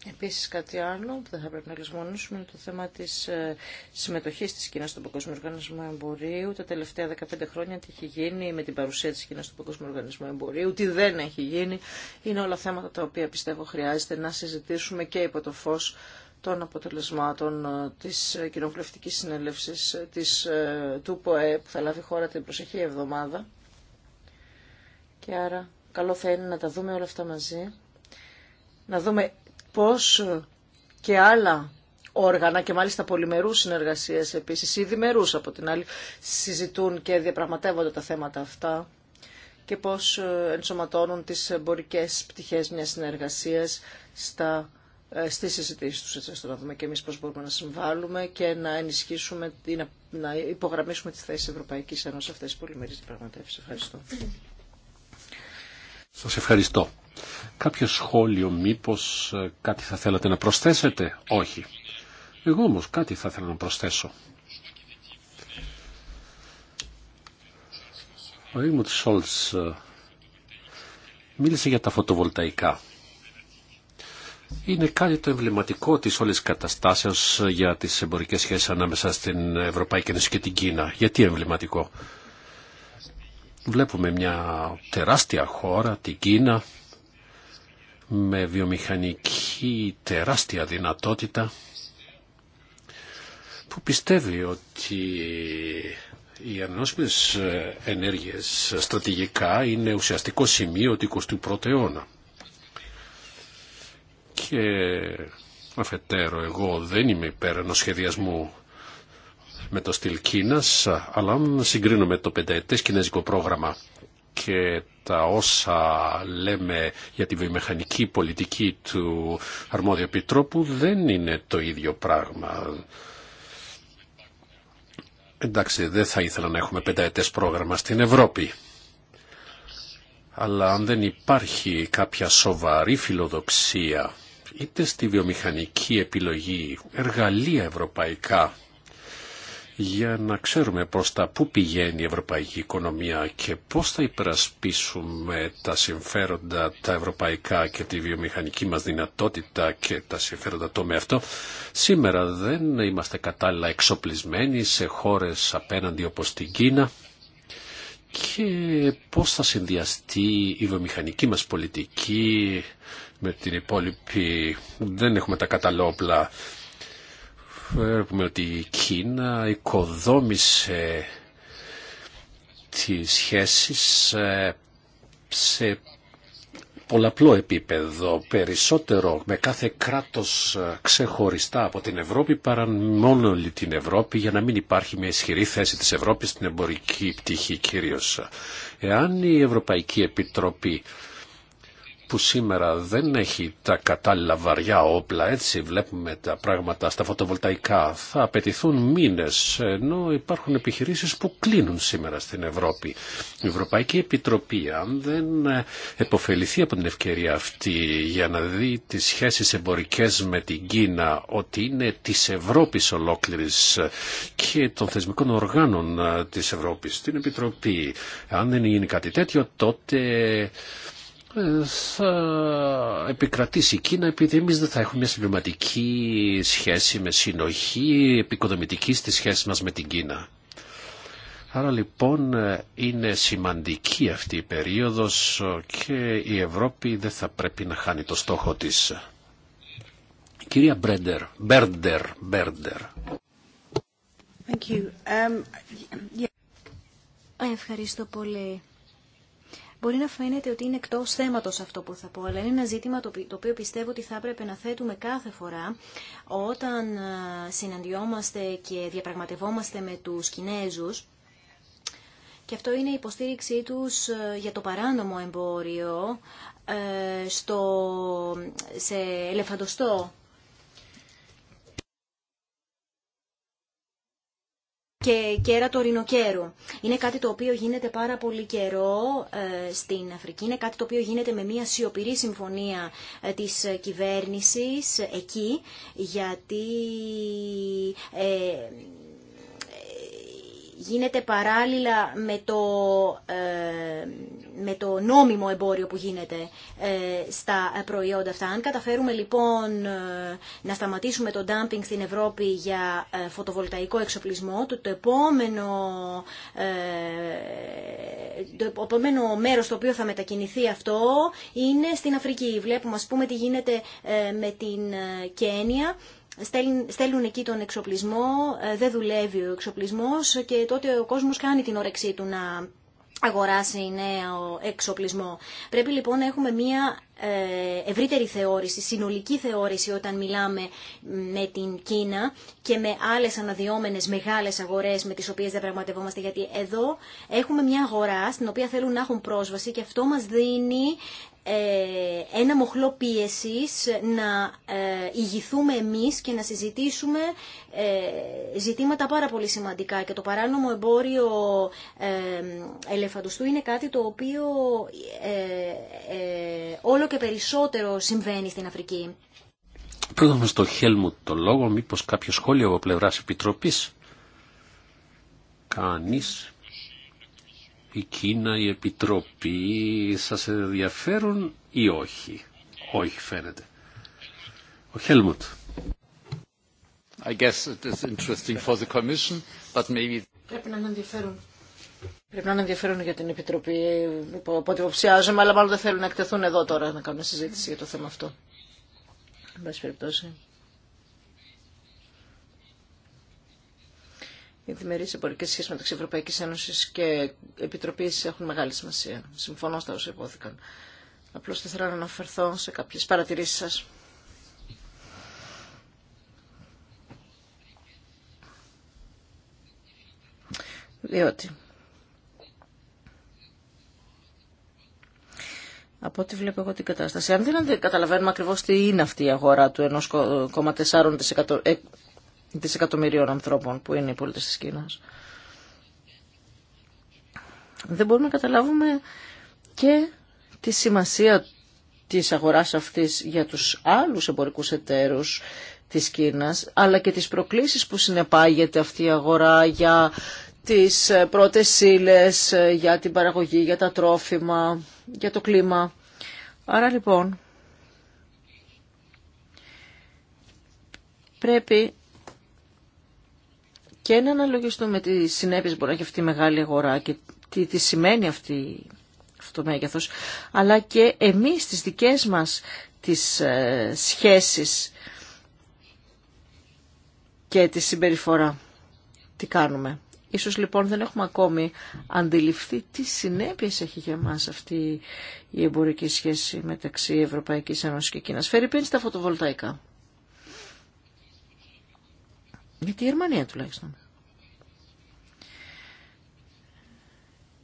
Επίσης κάτι άλλο που δεν θα πρέπει να λησμονήσουμε είναι το θέμα της ε, συμμετοχής της Κίνας στον Παγκόσμιο Οργανισμό Εμπορίου. Τα τελευταία 15 χρόνια τι έχει γίνει με την παρουσία της Κίνας στον Παγκόσμιο Οργανισμό Εμπορίου, τι δεν έχει γίνει. Είναι όλα θέματα τα οποία πιστεύω χρειάζεται να συζητήσουμε και υπό το φως των αποτελεσμάτων ε, της ε, κοινοβουλευτικής συνέλευσης ε, της, του ΠΟΕ που θα λάβει χώρα την προσεχή εβδομάδα. Και άρα καλό θα είναι να τα δούμε όλα αυτά μαζί, να δούμε πώς και άλλα όργανα και μάλιστα πολυμερούς συνεργασίες επίσης ή από την άλλη συζητούν και διαπραγματεύονται τα θέματα αυτά και πώς ενσωματώνουν τις εμπορικές πτυχές μιας συνεργασίας στα ε, στι συζητήσει του, έτσι να δούμε και εμεί πώ μπορούμε να συμβάλλουμε και να ενισχύσουμε ή να, να υπογραμμίσουμε τι θέσει Ευρωπαϊκή Ένωση αυτέ τι πολυμερεί διαπραγματεύσει. Ευχαριστώ. Σα ευχαριστώ. Κάποιο σχόλιο, μήπω ε, κάτι θα θέλατε να προσθέσετε, Όχι. Εγώ όμω κάτι θα ήθελα να προσθέσω. Ο Ρίγμουντ Σόλτ ε, μίλησε για τα φωτοβολταϊκά είναι κάτι το εμβληματικό της όλης καταστάσεως για τις εμπορικές σχέσεις ανάμεσα στην Ευρωπαϊκή Ένωση και την Κίνα. Γιατί εμβληματικό. Βλέπουμε μια τεράστια χώρα, την Κίνα, με βιομηχανική τεράστια δυνατότητα που πιστεύει ότι οι ανανόσιμες ενέργειες στρατηγικά είναι ουσιαστικό σημείο του 21ου αιώνα. Και αφετέρου εγώ δεν είμαι υπέρ ενός σχεδιασμού με το στυλ Κίνας, αλλά αν συγκρίνουμε το πενταετές κινέζικο πρόγραμμα και τα όσα λέμε για τη βιομηχανική πολιτική του αρμόδιου επιτρόπου δεν είναι το ίδιο πράγμα. Εντάξει, δεν θα ήθελα να έχουμε πενταετές πρόγραμμα στην Ευρώπη. Αλλά αν δεν υπάρχει κάποια σοβαρή φιλοδοξία είτε στη βιομηχανική επιλογή εργαλεία ευρωπαϊκά για να ξέρουμε προς τα πού πηγαίνει η ευρωπαϊκή οικονομία και πώς θα υπερασπίσουμε τα συμφέροντα τα ευρωπαϊκά και τη βιομηχανική μας δυνατότητα και τα συμφέροντα το με αυτό. Σήμερα δεν είμαστε κατάλληλα εξοπλισμένοι σε χώρες απέναντι όπως την Κίνα και πώς θα συνδυαστεί η βιομηχανική μας πολιτική με την υπόλοιπη δεν έχουμε τα καταλόπλα. Βλέπουμε ότι η Κίνα οικοδόμησε τις σχέσεις ε, σε πολλαπλό επίπεδο, περισσότερο με κάθε κράτος ε, ξεχωριστά από την Ευρώπη παρά μόνο όλη την Ευρώπη για να μην υπάρχει μια ισχυρή θέση της Ευρώπης στην εμπορική πτυχή κυρίως. Εάν η Ευρωπαϊκή Επιτροπή που σήμερα δεν έχει τα κατάλληλα βαριά όπλα, έτσι βλέπουμε τα πράγματα στα φωτοβολταϊκά, θα απαιτηθούν μήνες, ενώ υπάρχουν επιχειρήσεις που κλείνουν σήμερα στην Ευρώπη. Η Ευρωπαϊκή Επιτροπή, αν δεν επωφεληθεί από την ευκαιρία αυτή για να δει τις σχέσεις εμπορικές με την Κίνα, ότι είναι της Ευρώπης ολόκληρης και των θεσμικών οργάνων της Ευρώπης, την Επιτροπή, αν δεν γίνει κάτι τέτοιο, τότε θα επικρατήσει η Κίνα επειδή εμείς δεν θα έχουμε μια συμπληρωματική σχέση με συνοχή επικοδομητική στη σχέση μας με την Κίνα. Άρα λοιπόν είναι σημαντική αυτή η περίοδος και η Ευρώπη δεν θα πρέπει να χάνει το στόχο της. Κυρία Μπρέντερ, Μπέρντερ, Μπέρντερ. Um, Ευχαριστώ πολύ. Μπορεί να φαίνεται ότι είναι εκτός θέματος αυτό που θα πω, αλλά είναι ένα ζήτημα το οποίο πιστεύω ότι θα έπρεπε να θέτουμε κάθε φορά όταν ε, συναντιόμαστε και διαπραγματευόμαστε με τους Κινέζους και αυτό είναι η υποστήριξή τους ε, για το παράνομο εμπόριο ε, στο, σε ελεφαντοστό και κέρα το ρινοκερο. Είναι κάτι το οποίο γίνεται πάρα πολύ καιρό ε, στην Αφρική. Είναι κάτι το οποίο γίνεται με μια σιωπηρή συμφωνία ε, της κυβέρνησης ε, εκεί, γιατί γίνεται παράλληλα με το, ε, με το νόμιμο εμπόριο που γίνεται ε, στα προϊόντα αυτά. Αν καταφέρουμε λοιπόν ε, να σταματήσουμε το dumping στην Ευρώπη για φωτοβολταϊκό εξοπλισμό, το, επόμενο, το επόμενο μέρος στο οποίο θα μετακινηθεί αυτό είναι στην Αφρική. Βλέπουμε ας πούμε τι γίνεται με την Κένια στέλνουν εκεί τον εξοπλισμό, ε, δεν δουλεύει ο εξοπλισμός και τότε ο κόσμος κάνει την όρεξή του να αγοράσει νέο εξοπλισμό. Πρέπει λοιπόν να έχουμε μια ε, ευρύτερη θεώρηση, συνολική θεώρηση όταν μιλάμε με την Κίνα και με άλλες αναδυόμενες μεγάλες αγορές με τις οποίες δεν πραγματευόμαστε γιατί εδώ έχουμε μια αγορά στην οποία θέλουν να έχουν πρόσβαση και αυτό μας δίνει ε, ένα μοχλό πίεσης να ε, ηγηθούμε εμείς και να συζητήσουμε ε, ζητήματα πάρα πολύ σημαντικά και το παράνομο εμπόριο ελεφαντοστού είναι κάτι το οποίο όλο και περισσότερο συμβαίνει στην Αφρική. Πρώτα μα στο χέλμου το λόγο, μήπως κάποιο σχόλιο από πλευράς Επιτροπής. Κανείς η Κίνα, η Επιτροπή σας ενδιαφέρουν ή όχι. Όχι φαίνεται. Ο Χέλμουτ. I guess it is interesting for the Commission, but maybe... Πρέπει να είναι ενδιαφέρον. Πρέπει να είναι ενδιαφέρον για την Επιτροπή, από ό,τι υποψιάζομαι, αλλά μάλλον δεν θέλουν να εκτεθούν εδώ τώρα να κάνουν συζήτηση για το θέμα αυτό. Εν πάση περιπτώσει. Οι διμερεί εμπορικέ σχέσει μεταξύ Ευρωπαϊκή Ένωση και Επιτροπή έχουν μεγάλη σημασία. Συμφωνώ στα όσα υπόθηκαν. Απλώ θα ήθελα να αναφερθώ σε κάποιε παρατηρήσει σα. Διότι Από ό,τι βλέπω εγώ την κατάσταση. Αν δεν καταλαβαίνουμε ακριβώς τι είναι αυτή η αγορά του 1,4 εκατομμυρίων ανθρώπων που είναι οι πολίτες της Κίνας. Δεν μπορούμε να καταλάβουμε και τη σημασία της αγοράς αυτής για τους άλλους εμπορικούς εταίρους της Κίνας, αλλά και τις προκλήσεις που συνεπάγεται αυτή η αγορά για τις πρώτες ύλε, για την παραγωγή, για τα τρόφιμα, για το κλίμα. Άρα λοιπόν, πρέπει και να αναλογιστούμε τι συνέπειε μπορεί να έχει αυτή η μεγάλη αγορά και τι, τι σημαίνει αυτή, αυτό το μέγεθο, αλλά και εμείς τι δικές μας τις ε, σχέσεις και τη συμπεριφορά. Τι κάνουμε. Ίσως λοιπόν δεν έχουμε ακόμη αντιληφθεί τι συνέπειες έχει για μας αυτή η εμπορική σχέση μεταξύ Ευρωπαϊκής Ένωσης και Κίνας. Φέρει στα φωτοβολταϊκά. Για τη Γερμανία τουλάχιστον.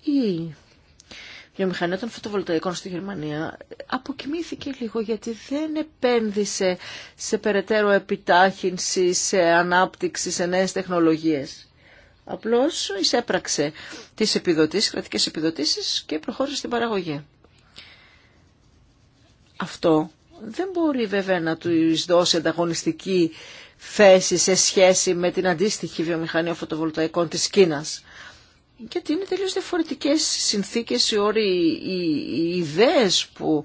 Η βιομηχανία των φωτοβολταϊκών στη Γερμανία αποκοιμήθηκε λίγο γιατί δεν επένδυσε σε περαιτέρω επιτάχυνση, σε ανάπτυξη, σε νέες τεχνολογίες. Απλώς εισέπραξε τις επιδοτήσεις, κρατικές επιδοτήσεις και προχώρησε στην παραγωγή. Αυτό δεν μπορεί βέβαια να του δώσει ανταγωνιστική θέση σε σχέση με την αντίστοιχη βιομηχανία φωτοβολταϊκών της Κίνας. Γιατί είναι τελείως διαφορετικές συνθήκες, οι όροι, οι, οι ιδέες που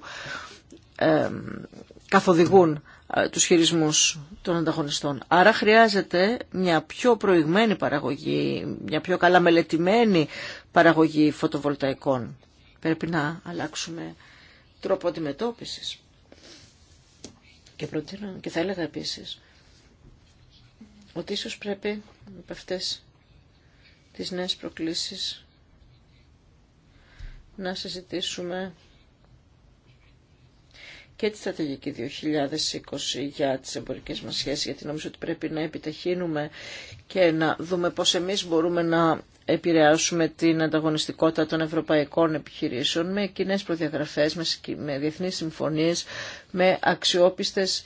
καθοδηγούν ε, τους χειρισμούς των ανταγωνιστών. Άρα χρειάζεται μια πιο προηγμένη παραγωγή, μια πιο καλά μελετημένη παραγωγή φωτοβολταϊκών. Πρέπει να αλλάξουμε τρόπο αντιμετώπισης. Και, και θα έλεγα επίσης ότι ίσως πρέπει από αυτές τις νέες προκλήσεις να συζητήσουμε και τη στρατηγική 2020 για τις εμπορικές μας σχέσεις, γιατί νομίζω ότι πρέπει να επιταχύνουμε και να δούμε πώς εμείς μπορούμε να επηρεάσουμε την ανταγωνιστικότητα των ευρωπαϊκών επιχειρήσεων με κοινέ προδιαγραφές, με διεθνείς συμφωνίες, με αξιόπιστες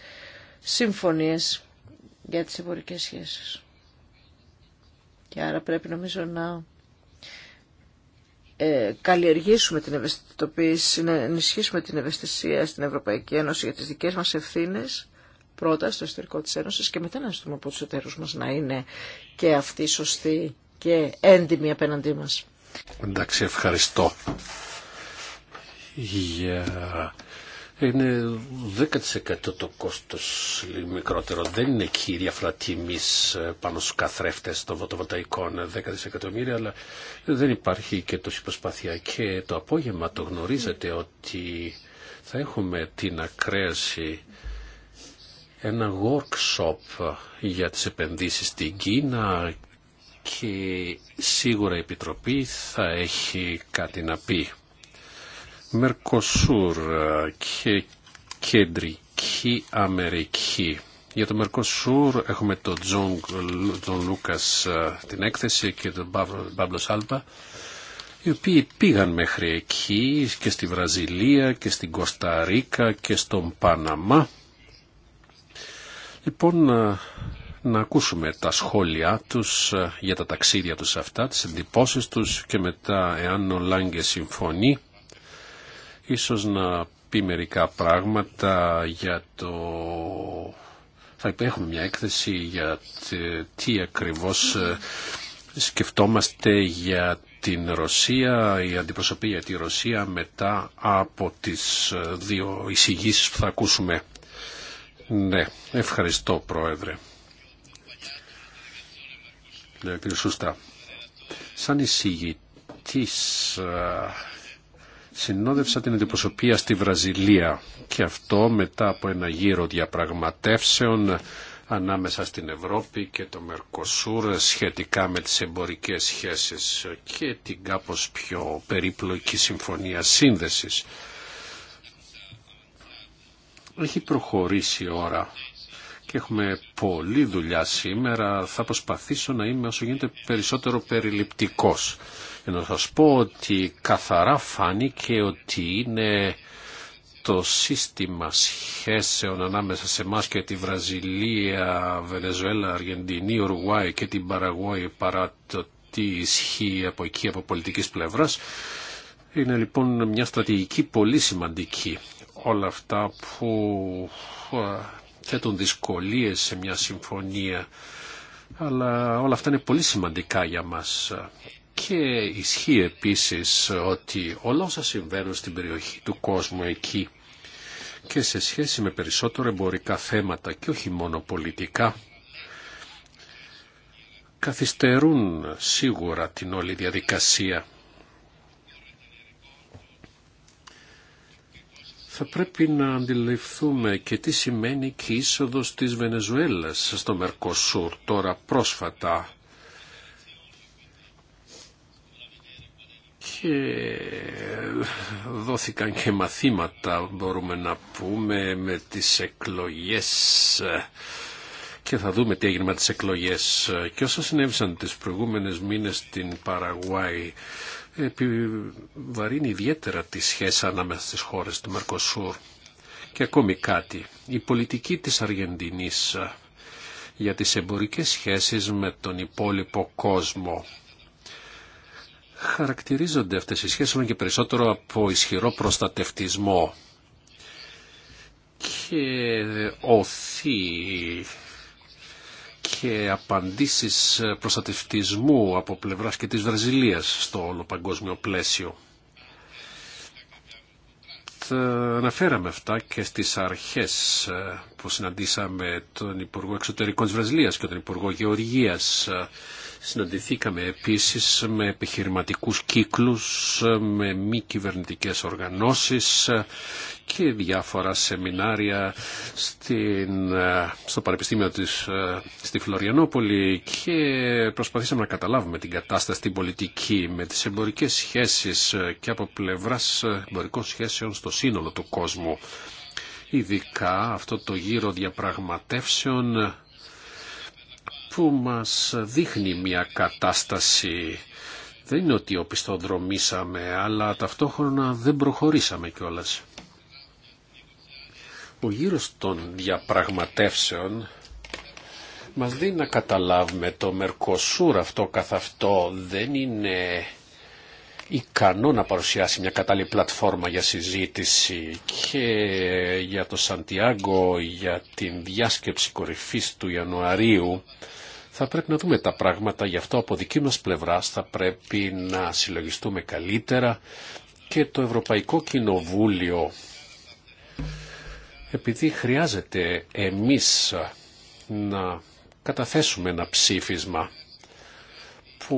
συμφωνίες για τις εμπορικές σχέσεις. Και άρα πρέπει νομίζω να ε, καλλιεργήσουμε την ευαισθητοποίηση, να ενισχύσουμε την ευαισθησία στην Ευρωπαϊκή Ένωση για τις δικές μας ευθύνες, πρώτα στο εσωτερικό της Ένωσης και μετά να ζητούμε από τους εταίρους μας να είναι και αυτοί σωστοί και έντιμοι απέναντί μας. Εντάξει, ευχαριστώ είναι 10% το κόστος μικρότερο. Δεν είναι εκεί η τιμής ε, πάνω στους καθρέφτες των φωτοβολταϊκών 10 ε, δισεκατομμύρια, αλλά δεν υπάρχει και τόση προσπάθεια. Και το απόγευμα το γνωρίζετε ότι θα έχουμε την ακρέαση ένα workshop για τις επενδύσεις στην Κίνα και σίγουρα η Επιτροπή θα έχει κάτι να πει. Μερκοσούρ και Κεντρική Αμερική. Για το Μερκοσούρ έχουμε τον Τζον Λούκας ε, την έκθεση και τον Παύλο Σάλπα οι οποίοι πήγαν μέχρι εκεί και στη Βραζιλία και στην Κοσταρίκα και στον Παναμά. Λοιπόν, ε, να ακούσουμε τα σχόλιά τους ε, για τα ταξίδια τους αυτά, τις εντυπώσεις τους και μετά εάν ο Λάγκε συμφωνεί ίσως να πει μερικά πράγματα για το... Θα έχουμε μια έκθεση για τι ακριβώς ε, σκεφτόμαστε για την Ρωσία, η αντιπροσωπή για τη Ρωσία μετά από τις ε, δύο εισηγήσει που θα ακούσουμε. Ναι, ευχαριστώ Πρόεδρε. Ναι, κύριε Σούστα, σαν εισηγητής ε, συνόδευσα την αντιπροσωπεία στη Βραζιλία και αυτό μετά από ένα γύρο διαπραγματεύσεων ανάμεσα στην Ευρώπη και το Μερκοσούρ σχετικά με τις εμπορικές σχέσεις και την κάπως πιο περίπλοκη συμφωνία σύνδεσης. Έχει προχωρήσει η ώρα και έχουμε πολλή δουλειά σήμερα. Θα προσπαθήσω να είμαι όσο γίνεται περισσότερο περιληπτικός. Να σας πω ότι καθαρά φάνηκε ότι είναι το σύστημα σχέσεων ανάμεσα σε εμά και τη Βραζιλία, Βενεζουέλα, Αργεντινή, Ουρουάη και την Παραγουάη παρά το τι ισχύει από εκεί από πολιτικής πλευράς. Είναι λοιπόν μια στρατηγική πολύ σημαντική. Όλα αυτά που θέτουν δυσκολίες σε μια συμφωνία αλλά όλα αυτά είναι πολύ σημαντικά για μας και ισχύει επίσης ότι όλα όσα συμβαίνουν στην περιοχή του κόσμου εκεί και σε σχέση με περισσότερο εμπορικά θέματα και όχι μόνο πολιτικά καθυστερούν σίγουρα την όλη διαδικασία. θα πρέπει να αντιληφθούμε και τι σημαίνει και η είσοδος της Βενεζουέλας στο Μερκοσούρ τώρα πρόσφατα και δόθηκαν και μαθήματα μπορούμε να πούμε με τις εκλογές και θα δούμε τι έγινε με τις εκλογές και όσα συνέβησαν τις προηγούμενες μήνες στην Παραγουάη επιβαρύνει ιδιαίτερα τη σχέση ανάμεσα στις χώρες του Μερκοσούρ και ακόμη κάτι η πολιτική της Αργεντινής για τις εμπορικές σχέσεις με τον υπόλοιπο κόσμο χαρακτηρίζονται αυτές οι σχέσεις όλο και περισσότερο από ισχυρό προστατευτισμό και οθεί και απαντήσεις προστατευτισμού από πλευράς και της Βραζιλίας στο όλο παγκόσμιο πλαίσιο. Τα αναφέραμε αυτά και στις αρχές ε, που συναντήσαμε τον Υπουργό Εξωτερικών της Βραζιλίας και τον Υπουργό Γεωργίας ε, Συναντηθήκαμε επίσης με επιχειρηματικούς κύκλους, με μη κυβερνητικές οργανώσεις και διάφορα σεμινάρια στην, στο Πανεπιστήμιο της, στη Φλωριανόπολη και προσπαθήσαμε να καταλάβουμε την κατάσταση, την πολιτική, με τις εμπορικές σχέσεις και από πλευράς εμπορικών σχέσεων στο σύνολο του κόσμου. Ειδικά αυτό το γύρο διαπραγματεύσεων που μας δείχνει μια κατάσταση. Δεν είναι ότι οπισθοδρομήσαμε, αλλά ταυτόχρονα δεν προχωρήσαμε κιόλας. Ο γύρος των διαπραγματεύσεων μας δίνει να καταλάβουμε το Μερκοσούρ αυτό καθ' αυτό δεν είναι ικανό να παρουσιάσει μια κατάλληλη πλατφόρμα για συζήτηση και για το Σαντιάγκο, για την διάσκεψη κορυφής του Ιανουαρίου θα πρέπει να δούμε τα πράγματα, γι' αυτό από δική μας πλευρά θα πρέπει να συλλογιστούμε καλύτερα και το Ευρωπαϊκό Κοινοβούλιο επειδή χρειάζεται εμείς να καταθέσουμε ένα ψήφισμα που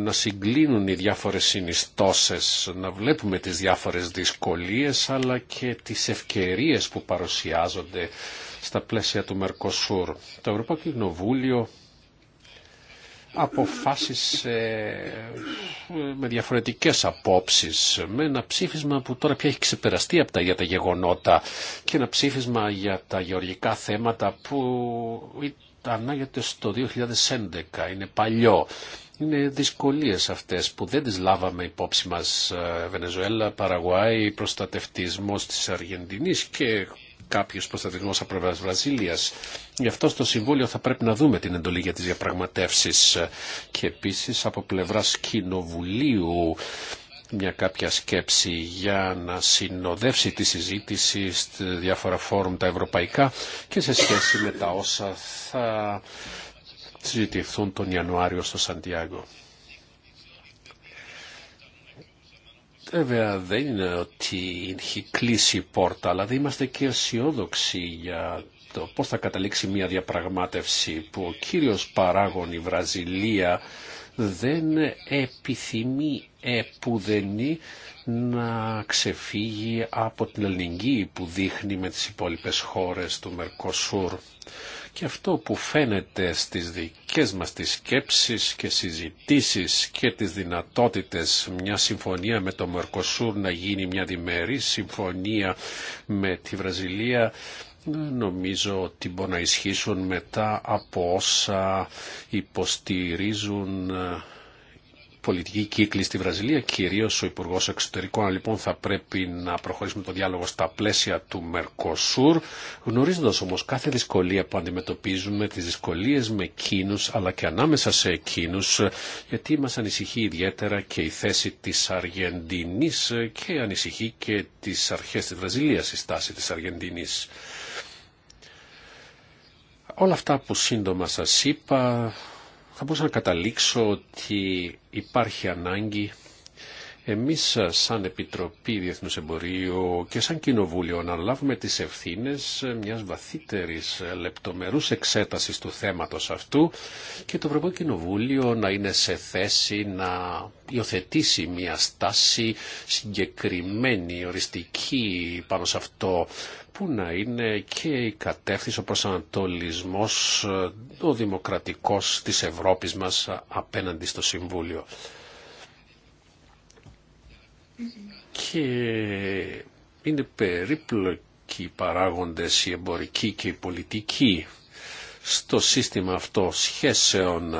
να συγκλίνουν οι διάφορες συνιστώσεις, να βλέπουμε τις διάφορες δυσκολίες αλλά και τις ευκαιρίες που παρουσιάζονται στα πλαίσια του Μερκοσούρ. Το Ευρωπαϊκό Κοινοβούλιο αποφάσεις ε, με διαφορετικές απόψεις, με ένα ψήφισμα που τώρα πια έχει ξεπεραστεί από τα, για τα γεγονότα και ένα ψήφισμα για τα γεωργικά θέματα που ανάγεται στο 2011, είναι παλιό. Είναι δυσκολίες αυτές που δεν τις λάβαμε υπόψη μας ε, Βενεζουέλα, Παραγουάη, προστατευτισμός της Αργεντινής και κάποιο προστατευτισμό από πλευρά Βραζίλια. Γι' αυτό στο Συμβούλιο θα πρέπει να δούμε την εντολή για τι διαπραγματεύσει και επίση από πλευρά Κοινοβουλίου μια κάποια σκέψη για να συνοδεύσει τη συζήτηση στη διάφορα φόρουμ τα ευρωπαϊκά και σε σχέση με τα όσα θα συζητηθούν τον Ιανουάριο στο Σαντιάγκο. Βέβαια δεν είναι ότι έχει κλείσει η πόρτα, αλλά δεν είμαστε και αισιόδοξοι για το πώς θα καταλήξει μια διαπραγμάτευση που ο κύριος παράγων η Βραζιλία δεν επιθυμεί επουδενή να ξεφύγει από την ελληνική που δείχνει με τις υπόλοιπες χώρες του Μερκοσούρ. Και αυτό που φαίνεται στις δικές μας τις σκέψεις και συζητήσεις και τις δυνατότητες μια συμφωνία με το Μερκοσούρ να γίνει μια διμερή συμφωνία με τη Βραζιλία νομίζω ότι μπορεί να ισχύσουν μετά από όσα υποστηρίζουν πολιτική κύκλη στη Βραζιλία, κυρίως ο Υπουργό Εξωτερικών. Λοιπόν, θα πρέπει να προχωρήσουμε το διάλογο στα πλαίσια του Μερκοσούρ, γνωρίζοντας όμως κάθε δυσκολία που αντιμετωπίζουμε, τις δυσκολίες με εκείνου αλλά και ανάμεσα σε εκείνου, γιατί μας ανησυχεί ιδιαίτερα και η θέση της Αργεντινής και ανησυχεί και τι αρχέ τη Βραζιλίας η στάση τη Αργεντινή. Όλα αυτά που σύντομα σας είπα θα μπορούσα να καταλήξω ότι υπάρχει ανάγκη εμείς ε, σαν Επιτροπή Διεθνούς Εμπορίου και σαν Κοινοβούλιο να λάβουμε τις ευθύνες ε, μιας βαθύτερης ε, λεπτομερούς εξέτασης του θέματος αυτού και το Ευρωπαϊκό Κοινοβούλιο να είναι σε θέση να υιοθετήσει μια στάση συγκεκριμένη, οριστική πάνω σε αυτό που να είναι και η κατεύθυνση, ο προσανατολισμός, ο δημοκρατικός της Ευρώπης μας απέναντι στο Συμβούλιο και είναι περίπλοκοι οι παράγοντες οι εμπορικοί και οι πολιτικοί στο σύστημα αυτό σχέσεων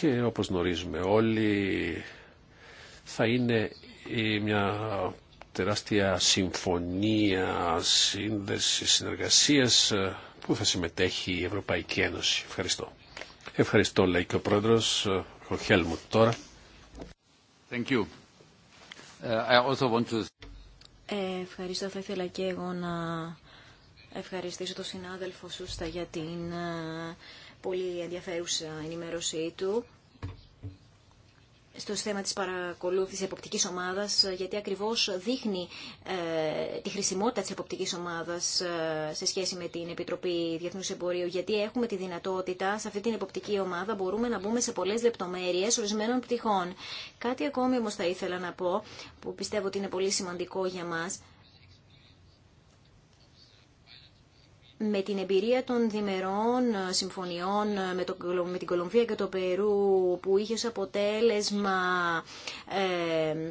και όπως γνωρίζουμε όλοι θα είναι μια τεράστια συμφωνία σύνδεση συνεργασίας που θα συμμετέχει η Ευρωπαϊκή Ένωση. Ευχαριστώ. Ευχαριστώ λέει και ο πρόεδρος, ο τώρα. Uh, ε, ευχαριστώ. Θα ήθελα και εγώ να ευχαριστήσω τον συνάδελφο Σούστα για την ε, πολύ ενδιαφέρουσα ενημέρωσή του στο θέμα της παρακολούθησης εποπτικής ομάδας, ε, γιατί ακριβώς δείχνει ε, τη χρησιμότητα της εποπτικής ομάδας ε, σε σχέση με την Επιτροπή Διεθνούς Εμπορίου, γιατί έχουμε τη δυνατότητα, σε αυτή την εποπτική ομάδα μπορούμε να μπούμε σε πολλές λεπτομέρειες ορισμένων πτυχών. Κάτι ακόμη όμως θα ήθελα να πω, που πιστεύω ότι είναι πολύ σημαντικό για μας, με την εμπειρία των διμερών ε, συμφωνιών ε, με, το, την Κολομβία και το Περού που είχε ως αποτέλεσμα ε,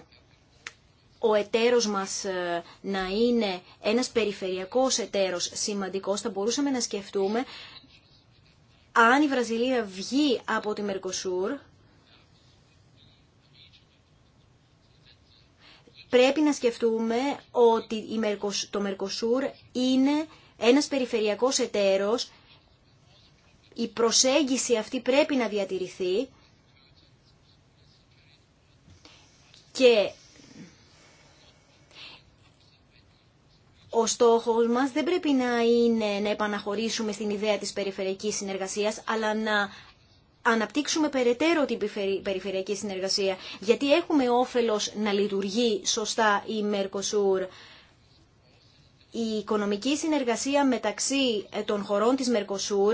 ο εταίρος μας ε, να είναι ένας περιφερειακός εταίρος σημαντικός, θα μπορούσαμε να σκεφτούμε αν η Βραζιλία βγει από τη Μερκοσούρ, πρέπει να σκεφτούμε ότι το Μερκοσούρ είναι ένας περιφερειακός εταίρος, η προσέγγιση αυτή πρέπει να διατηρηθεί και Ο στόχος μας δεν πρέπει να είναι να επαναχωρήσουμε στην ιδέα της περιφερειακής συνεργασίας, αλλά να αναπτύξουμε περαιτέρω την περιφερειακή συνεργασία, γιατί έχουμε όφελος να λειτουργεί σωστά η Mercosur η οικονομική συνεργασία μεταξύ ε, των χωρών της Μερκοσούρ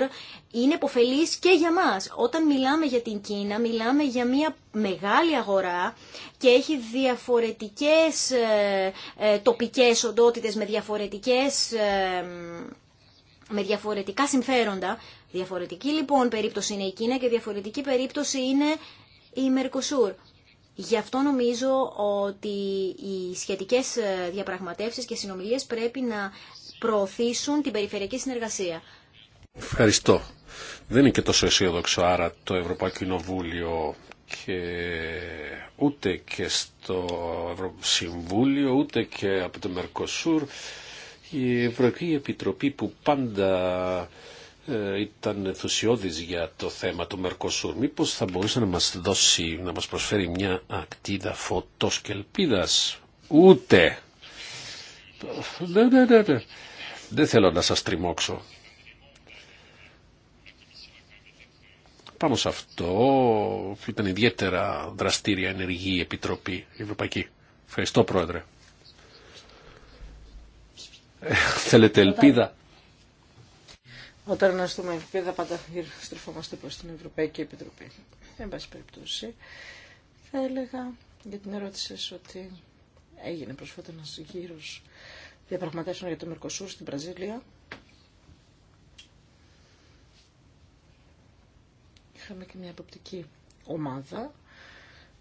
είναι υποφελής και για μας. Όταν μιλάμε για την Κίνα, μιλάμε για μια μεγάλη αγορά και έχει διαφορετικές ε, ε, τοπικές οντότητες με, διαφορετικές, με διαφορετικά συμφέροντα. Διαφορετική λοιπόν περίπτωση είναι η Κίνα και διαφορετική περίπτωση είναι η Μερκοσούρ. Γι' αυτό νομίζω ότι οι σχετικές ε, διαπραγματεύσεις και συνομιλίες πρέπει να προωθήσουν την περιφερειακή συνεργασία. Ευχαριστώ. Δεν είναι και τόσο αισιόδοξο άρα το Ευρωπαϊκό Κοινοβούλιο και ούτε και στο Συμβούλιο ούτε και από το Μερκοσούρ η Ευρωπαϊκή Επιτροπή που πάντα ε, ήταν ενθουσιώδης για το θέμα του Μερκοσούρ. Μήπως θα μπορούσε να μας δώσει, να μας προσφέρει μια ακτίδα φωτός και ελπίδας. Ούτε. Ναι, ναι, ναι, Δεν θέλω να σας τριμώξω. Πάνω σε αυτό ήταν ιδιαίτερα δραστήρια ενεργή η Επιτροπή Ευρωπαϊκή. Ευχαριστώ Πρόεδρε. Ε, θέλετε ελπίδα. Όταν αναστούμε επίπεδα πάντα στρεφόμαστε προ την Ευρωπαϊκή Επιτροπή. Εν πάση περιπτώσει, θα έλεγα για την ερώτησή σου ότι έγινε προσφάτα ένας γύρο διαπραγματεύσεων για το Μερκοσούρ στην Βραζίλια. Είχαμε και μια αποπτική ομάδα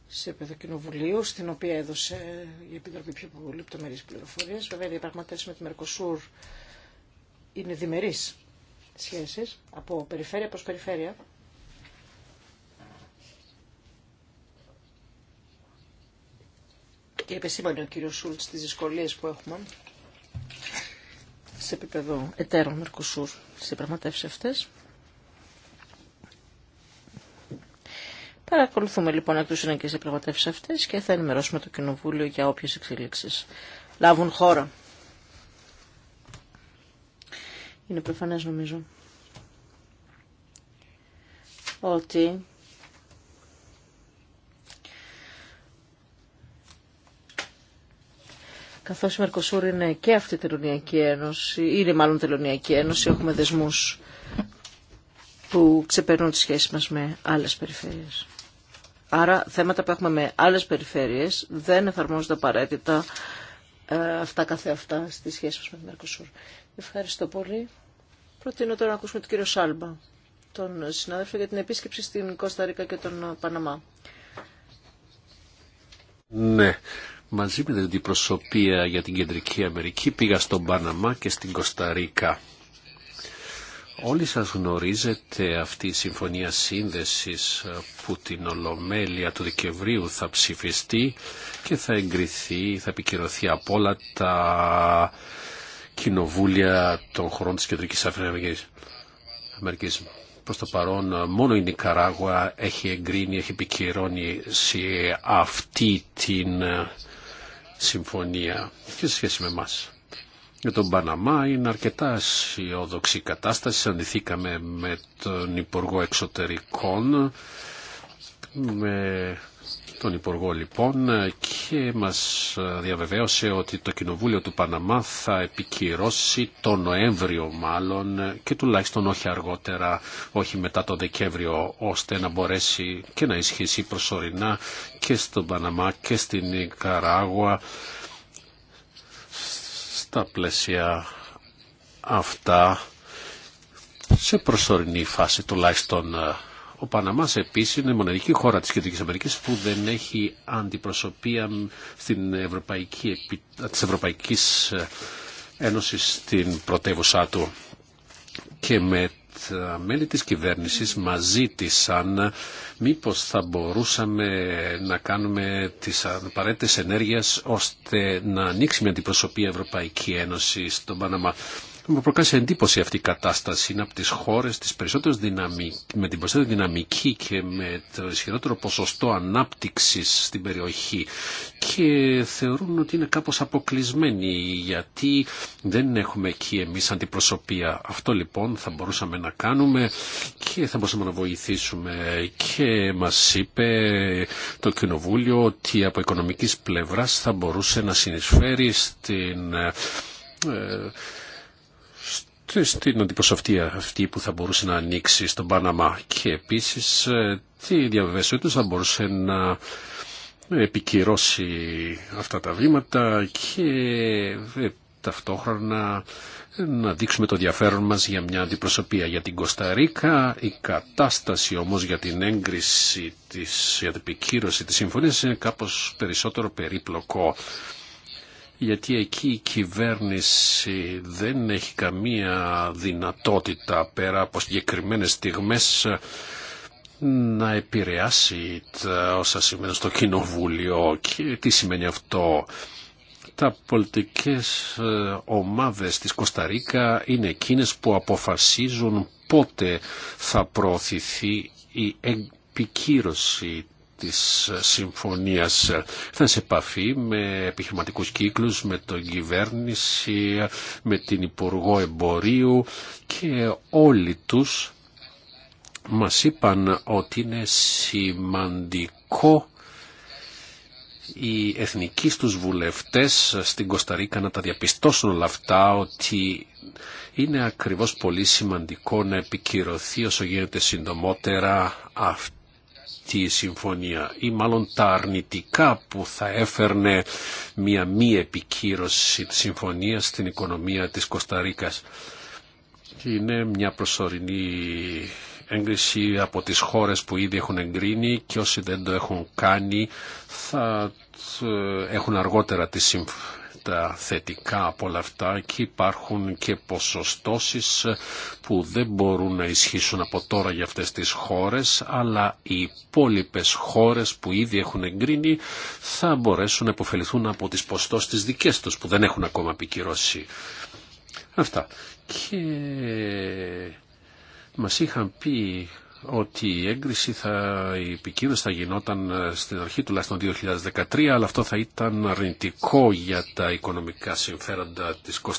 σε επίπεδο κοινοβουλίου, στην οποία έδωσε η Επιτροπή πιο πολύ λεπτομερεί πληροφορίε. Βέβαια, οι διαπραγματεύσει με τη Μερκοσούρ είναι διμερεί σχέσεις από περιφέρεια προς περιφέρεια. Και επεσήμανε ο κύριος Σούλτς τις δυσκολίες που έχουμε σε επίπεδο εταίρων Μερκουσούρ στις διαπραγματεύσεις αυτές. Παρακολουθούμε λοιπόν εκ του συνεχείς διαπραγματεύσεις αυτές και θα ενημερώσουμε το Κοινοβούλιο για όποιες εξελίξεις λάβουν χώρα είναι προφανές νομίζω ότι καθώς η Μερκοσούρ είναι και αυτή η τελωνιακή ένωση, είναι μάλλον τελωνιακή ένωση, έχουμε δεσμούς που ξεπερνούν τις σχέσεις μας με άλλες περιφέρειες. Άρα θέματα που έχουμε με άλλες περιφέρειες δεν εφαρμόζονται απαραίτητα ε, αυτά καθεαυτά αυτά στις σχέσεις μας με την Μερκοσούρ. Ευχαριστώ πολύ. Προτείνω τώρα να ακούσουμε τον κύριο Σάλμπα, τον συνάδελφο για την επίσκεψη στην Κωνσταντίνα και τον Παναμά. Ναι. Μαζί με την αντιπροσωπεία για την Κεντρική Αμερική πήγα στον Παναμά και στην Κωνσταντίνα. Όλοι σας γνωρίζετε αυτή η συμφωνία σύνδεσης που την Ολομέλεια του Δεκεμβρίου θα ψηφιστεί και θα εγκριθεί, θα επικυρωθεί από όλα τα κοινοβούλια των χωρών της Κεντρικής Αμερικής. Προς το παρόν μόνο η Νικαράγουα έχει εγκρίνει, έχει επικυρώνει σε αυτή την ε, συμφωνία και σε σχέση με εμά. Για τον Παναμά είναι αρκετά αισιόδοξη η κατάσταση. Αντιθήκαμε με τον Υπουργό Εξωτερικών, με τον Υπουργό λοιπόν και μας διαβεβαίωσε ότι το Κοινοβούλιο του Παναμά θα επικυρώσει το Νοέμβριο μάλλον και τουλάχιστον όχι αργότερα, όχι μετά το Δεκέμβριο ώστε να μπορέσει και να ισχύσει προσωρινά και στον Παναμά και στην Καράγουα στα πλαίσια αυτά σε προσωρινή φάση τουλάχιστον ο Παναμάς επίσης είναι η μοναδική χώρα της Κεντρική Αμερική που δεν έχει αντιπροσωπεία στην Ευρωπαϊκή, της Ευρωπαϊκής ε, Ένωσης στην πρωτεύουσά του. Και με τα μέλη της κυβέρνησης της ζήτησαν μήπως θα μπορούσαμε να κάνουμε τις απαραίτητες ενέργειες ώστε να ανοίξει μια αντιπροσωπεία Ευρωπαϊκή Ένωση στον Παναμά μου προκάλεσε εντύπωση αυτή η κατάσταση. Είναι από τι χώρε με την περισσότερη δυναμική και με το ισχυρότερο ποσοστό ανάπτυξη στην περιοχή. Και θεωρούν ότι είναι κάπω αποκλεισμένοι γιατί δεν έχουμε εκεί εμεί αντιπροσωπεία. Αυτό λοιπόν θα μπορούσαμε να κάνουμε και θα μπορούσαμε να βοηθήσουμε. Και μα είπε το Κοινοβούλιο ότι από οικονομική πλευρά θα μπορούσε να συνεισφέρει στην ε, στην αντιπροσωπεία αυτή που θα μπορούσε να ανοίξει στον Παναμά και επίσης ε, τι διαβεβαίωσή τους θα μπορούσε να επικυρώσει αυτά τα βήματα και ε, ταυτόχρονα ε, να δείξουμε το ενδιαφέρον μας για μια αντιπροσωπεία για την Κωνσταντίνα. Η κατάσταση όμως για την έγκριση της, για επικύρωση της συμφωνίας είναι κάπως περισσότερο περίπλοκο γιατί εκεί η κυβέρνηση δεν έχει καμία δυνατότητα πέρα από συγκεκριμένες στιγμές να επηρεάσει τα όσα σημαίνει στο κοινοβούλιο και τι σημαίνει αυτό. Τα πολιτικές ε, ομάδες της Κοσταρίκα είναι εκείνες που αποφασίζουν πότε θα προωθηθεί η επικύρωση της συμφωνίας. Ήταν σε επαφή με επιχειρηματικούς κύκλους, με τον κυβέρνηση, με την Υπουργό Εμπορίου και όλοι τους μας είπαν ότι είναι σημαντικό οι εθνικοί τους βουλευτές στην Κωνσταντίνα να τα διαπιστώσουν όλα αυτά ότι είναι ακριβώς πολύ σημαντικό να επικυρωθεί όσο γίνεται συντομότερα αυτό αυτή η συμφωνία ή μάλλον τα αρνητικά που θα έφερνε μια μη επικύρωση της συμφωνίας στην οικονομία της Κωνσταρίκας. Είναι μια προσωρινή έγκριση από τις χώρες που ήδη έχουν εγκρίνει και όσοι δεν το έχουν κάνει θα ε, έχουν αργότερα τη συμφωνία τα θετικά από όλα αυτά και υπάρχουν και ποσοστώσεις που δεν μπορούν να ισχύσουν από τώρα για αυτές τις χώρες αλλά οι υπόλοιπε χώρες που ήδη έχουν εγκρίνει θα μπορέσουν να υποφεληθούν από τις ποσοστώσεις τις δικές τους που δεν έχουν ακόμα επικυρώσει. Αυτά. Και μας είχαν πει ότι η έγκριση, θα, η επικύρωση θα γινόταν ε, στην αρχή τουλάχιστον 2013, αλλά αυτό θα ήταν αρνητικό για τα οικονομικά συμφέροντα της Κωνσταντίνα.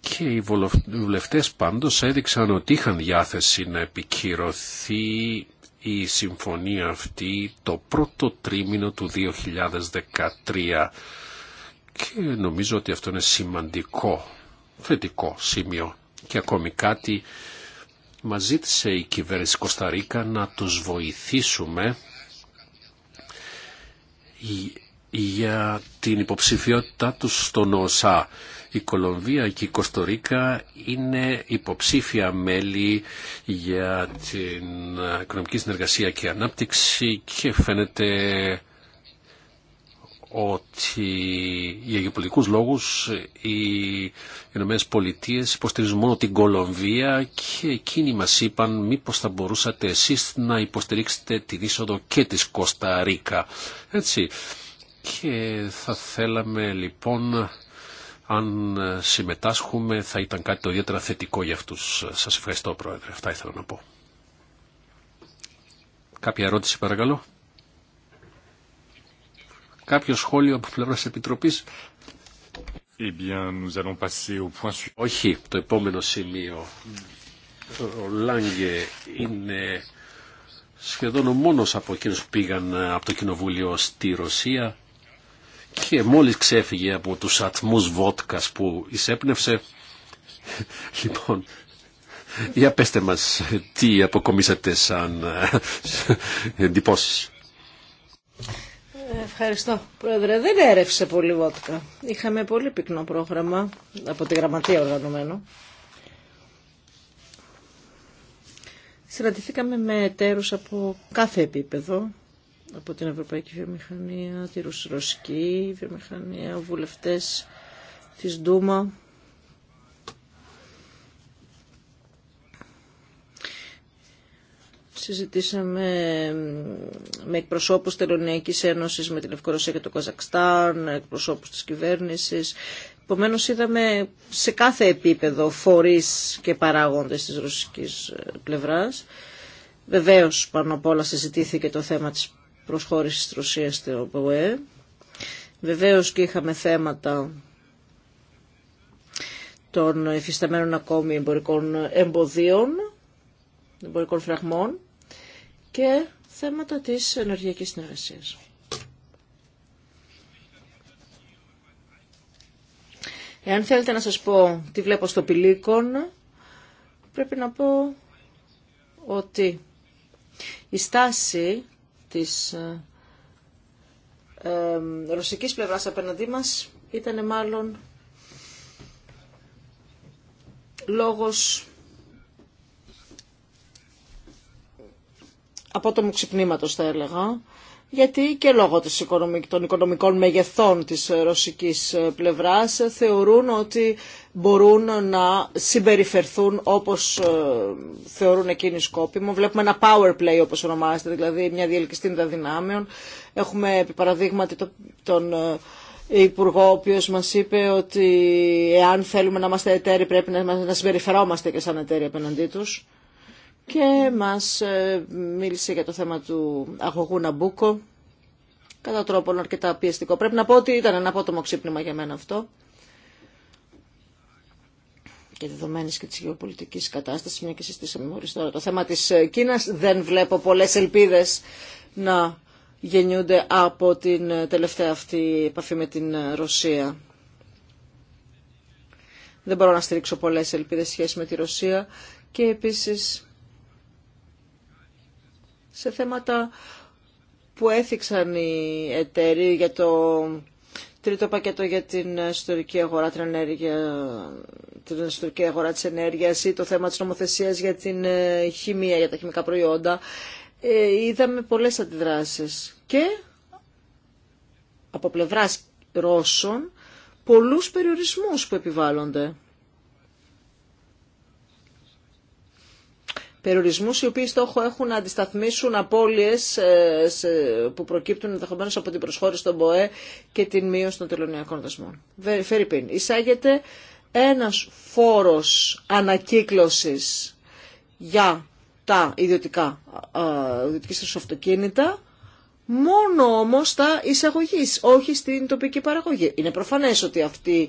Και οι βουλευτές πάντως έδειξαν ότι είχαν διάθεση να επικυρωθεί η συμφωνία αυτή το πρώτο τρίμηνο του 2013. Και νομίζω ότι αυτό είναι σημαντικό, θετικό σημείο. Και ακόμη κάτι μαζί ζήτησε η κυβέρνηση Κωνσταντίνα να τους βοηθήσουμε για την υποψηφιότητά τους στον ΟΣΑ. Η Κολομβία και η Κοστορίκα είναι υποψήφια μέλη για την οικονομική συνεργασία και ανάπτυξη και φαίνεται ότι για γεωπολιτικούς λόγους οι Ηνωμένες Πολιτείες υποστηρίζουν μόνο την Κολομβία και εκείνοι μας είπαν μήπως θα μπορούσατε εσείς να υποστηρίξετε την είσοδο και της Κοσταρίκα. Έτσι. Και θα θέλαμε λοιπόν αν συμμετάσχουμε θα ήταν κάτι το ιδιαίτερα θετικό για αυτούς. Σας ευχαριστώ Πρόεδρε. Αυτά ήθελα να πω. Κάποια ερώτηση παρακαλώ. Κάποιο σχόλιο από πλευρά τη Επιτροπή. Όχι, το επόμενο σημείο. Ο Λάγκε είναι σχεδόν ο μόνος από εκείνου που πήγαν ε, από το κοινοβούλιο στη Ρωσία και μόλι ξέφυγε από τους ατμούς Βότκα που εισέπνευσε λοιπόν για πέστε μα τι αποκομίσατε σαν ε, εντυπώσει. Ευχαριστώ, Πρόεδρε. Δεν έρευσε πολύ βότκα. Είχαμε πολύ πυκνό πρόγραμμα από τη γραμματεία οργανωμένο. Συναντηθήκαμε με εταίρους από κάθε επίπεδο, από την Ευρωπαϊκή Βιομηχανία, τη Ρωσική Βιομηχανία, βουλευτές της Ντούμα, Συζητήσαμε με εκπροσώπους Τελωνιακής Ένωσης, με την Λευκορωσία και το Καζακστάν, εκπροσώπους της κυβέρνησης. Επομένω είδαμε σε κάθε επίπεδο φορείς και παράγοντες της ρωσικής ε, πλευράς. Βεβαίως πάνω απ' όλα συζητήθηκε το θέμα της προσχώρησης της Ρωσίας στο ΠΟΕ. Βεβαίως και είχαμε θέματα των εφισταμένων ακόμη εμπορικών εμποδίων, εμπορικών φραγμών και θέματα της ενεργειακής συνεργασίας. Εάν θέλετε να σας πω τι βλέπω στο πηλίκον, πρέπει να πω ότι η στάση της ε, ε ρωσικής πλευράς απέναντί μας ήταν μάλλον λόγος απότομου ξυπνήματος θα έλεγα, γιατί και λόγω της των οικονομικών μεγεθών της ε, ρωσικής ε, πλευράς ε, θεωρούν ότι μπορούν να συμπεριφερθούν όπως θεωρούν εκείνοι σκόπιμο. Βλέπουμε ένα power play όπως ονομάζεται, δηλαδή μια διελκυστίνδα δυνάμεων. Έχουμε επί παραδείγματι τον Υπουργό, ο οποίο μα είπε ότι εάν θέλουμε να είμαστε εταίροι, πρέπει να συμπεριφερόμαστε και σαν εταίροι απέναντί του και μας ε, μίλησε για το θέμα του αγωγού Ναμπούκο κατά τρόπον αρκετά πιεστικό. Πρέπει να πω ότι ήταν ένα απότομο ξύπνημα για μένα αυτό και δεδομένης και της γεωπολιτικής κατάστασης, μια και συστήσαμε μόλις τώρα το θέμα της ε, Κίνας, δεν βλέπω πολλές ελπίδες να γεννιούνται από την ε, τελευταία αυτή επαφή με την Ρωσία. Δεν μπορώ να στηρίξω πολλές ελπίδες σχέση με τη Ρωσία και επίσης σε θέματα που έθιξαν οι εταίροι για το τρίτο πακέτο για την ιστορική αγορά, την, ενέργεια, την ιστορική αγορά της ενέργειας ή το θέμα της νομοθεσίας για την ε, χημεία, για τα χημικά προϊόντα. Ε, είδαμε πολλές αντιδράσεις και από πλευράς Ρώσων πολλούς περιορισμούς που επιβάλλονται. περιορισμούς οι οποίοι στόχο έχουν να αντισταθμίσουν απώλειες ε, που προκύπτουν ενδεχομένω από την προσχώρηση των ΠΟΕ και την μείωση των τελωνιακών δασμών. Φερρυπίν, εισάγεται ένας φόρος ανακύκλωσης για τα ιδιωτικά ιδιωτικής αυτοκίνητα μόνο όμως τα εισαγωγής, όχι στην τοπική παραγωγή. Είναι προφανές ότι αυτή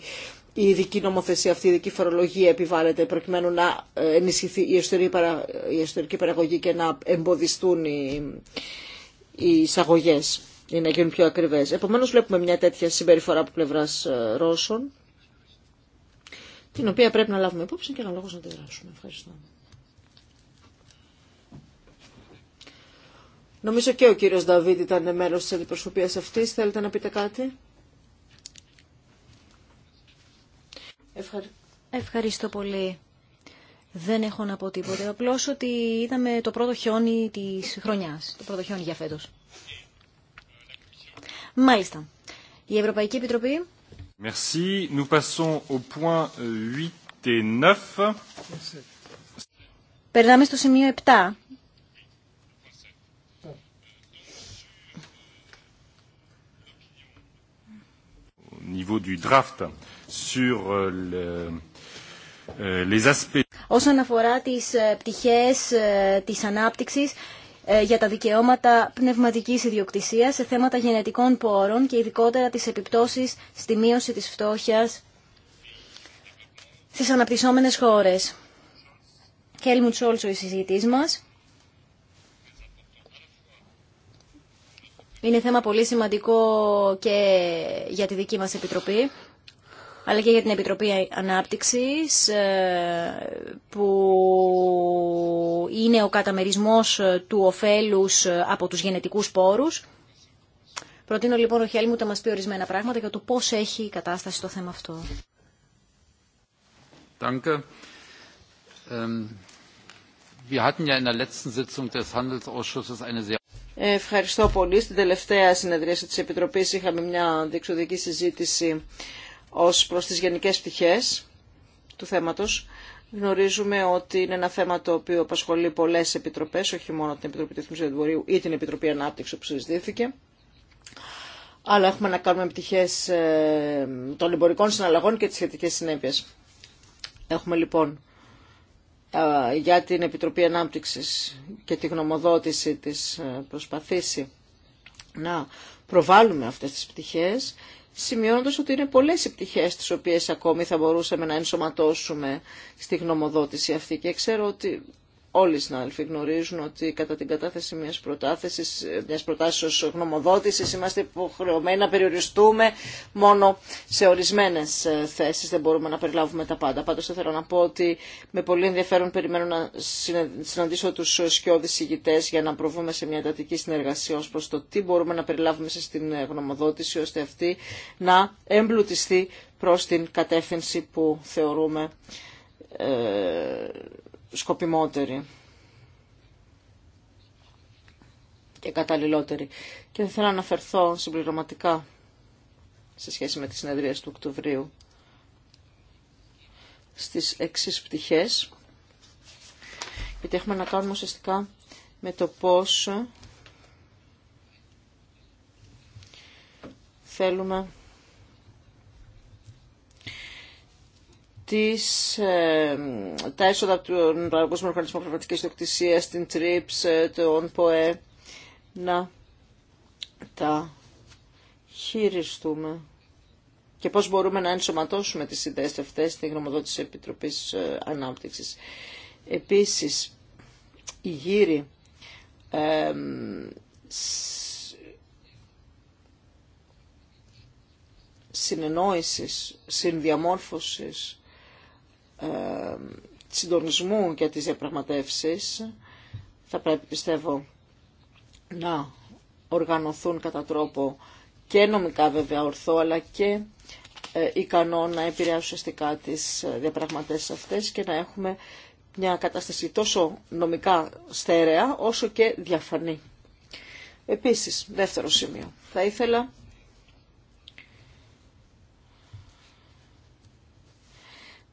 η ειδική νομοθεσία αυτή, η ειδική φορολογία επιβάλλεται προκειμένου να ε, ενισχυθεί η εσωτερική, παραγωγή και να εμποδιστούν οι, οι εισαγωγέ ή να γίνουν πιο ακριβέ. Επομένω βλέπουμε μια τέτοια συμπεριφορά από πλευρά, ε, Ρώσων, την οποία πρέπει να λάβουμε υπόψη και αναλόγω να τη δράσουμε. Ευχαριστώ. Νομίζω και ο κύριος Δαβίδ ήταν μέρος της αντιπροσωπείας αυτής. Θέλετε να πείτε κάτι. Ευχαρι... Ευχαριστώ πολύ. Δεν έχω να πω τίποτα. Απλώ ότι είδαμε το πρώτο χιόνι τη χρονιά. Το πρώτο χιόνι για φέτο. Μάλιστα. Η Ευρωπαϊκή Επιτροπή. Merci. Nous passons au point 8 euh, et 9. Περνάμε στο σημείο 7. Au niveau du draft Euh, euh, Όσον αφορά τις ε, πτυχές ε, της ανάπτυξης, ε, για τα δικαιώματα πνευματικής ιδιοκτησίας σε θέματα γενετικών πόρων και ειδικότερα τις επιπτώσεις στη μείωση της φτώχειας στις αναπτυσσόμενες χώρες. Χέλμουντ Σόλτσο, η συζήτή μας. Είναι θέμα πολύ σημαντικό και για τη δική μας Επιτροπή αλλά και για την Επιτροπή Ανάπτυξης ε, που είναι ο καταμερισμός του ωφέλους ε, από τους γενετικούς πόρους. Προτείνω λοιπόν ο Χέλμου να μας πει ορισμένα πράγματα για το πώς έχει η κατάσταση το θέμα αυτό. Ευχαριστώ πολύ. Στην τελευταία συνεδρίαση της Επιτροπής είχαμε μια διεξοδική συζήτηση ως προς τις γενικές πτυχές του θέματος. Γνωρίζουμε ότι είναι ένα θέμα το οποίο απασχολεί πολλές επιτροπές, όχι μόνο την Επιτροπή του Εθνικού ή την Επιτροπή Ανάπτυξη που συζητήθηκε. Αλλά έχουμε να κάνουμε πτυχέ ε, των εμπορικών συναλλαγών και τις σχετικές συνέπειες. Έχουμε λοιπόν για την Επιτροπή Ανάπτυξης και τη γνωμοδότηση της ε, προσπαθήσει να προβάλλουμε αυτές τις πτυχές σημειώνοντας ότι είναι πολλές οι πτυχέ τις οποίες ακόμη θα μπορούσαμε να ενσωματώσουμε στη γνωμοδότηση αυτή και ξέρω ότι όλοι οι συνάδελφοι γνωρίζουν ότι κατά την κατάθεση μιας, προτάθεσης, μιας προτάσεως γνωμοδότησης είμαστε υποχρεωμένοι να περιοριστούμε μόνο σε ορισμένες ε, θέσεις, δεν μπορούμε να περιλάβουμε τα πάντα. Πάντως θέλω να πω ότι με πολύ ενδιαφέρον περιμένω να συναντήσω τους σκιώδεις ηγητές για να προβούμε σε μια εντατική συνεργασία ως προς το τι μπορούμε να περιλάβουμε σε στην γνωμοδότηση ώστε αυτή να εμπλουτιστεί προς την κατεύθυνση που θεωρούμε ε, σκοπιμότερη και καταλληλότερη. Και θα θέλω να αναφερθώ συμπληρωματικά σε σχέση με τις συνεδρίες του Οκτωβρίου στις εξής πτυχές γιατί έχουμε να κάνουμε ουσιαστικά με το πώς θέλουμε τις, ε, τα έσοδα από τον Παγκόσμιο Οργανισμό στην την TRIPS, ε, τον ΠΟΕ, να τα χειριστούμε και πώς μπορούμε να ενσωματώσουμε τις ιδέες αυτές στην γνωμοδότηση της Επιτροπής ε, Ανάπτυξης. Επίσης, η γύρι ε, συνεννόησης, συνδιαμόρφωσης ε, συντονισμού και τις διαπραγματεύσει θα πρέπει πιστεύω να οργανωθούν κατά τρόπο και νομικά βέβαια ορθό αλλά και ε, ικανό να επηρεάσουν ουσιαστικά τις διαπραγματεύσεις αυτές και να έχουμε μια κατάσταση τόσο νομικά στέρεα όσο και διαφανή. Επίσης, δεύτερο σημείο, θα ήθελα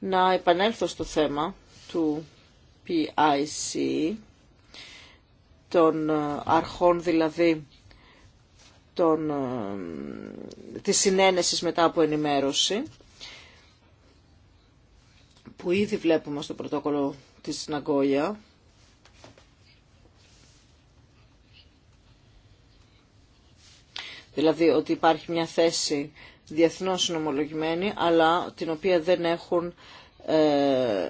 να επανέλθω στο θέμα του PIC, των ε, αρχών δηλαδή των, ε, της συνένεσης μετά από ενημέρωση, που ήδη βλέπουμε στο πρωτόκολλο της Ναγκόια, δηλαδή ότι υπάρχει μια θέση διεθνώς νομολογημένη, αλλά την οποία δεν έχουν ε,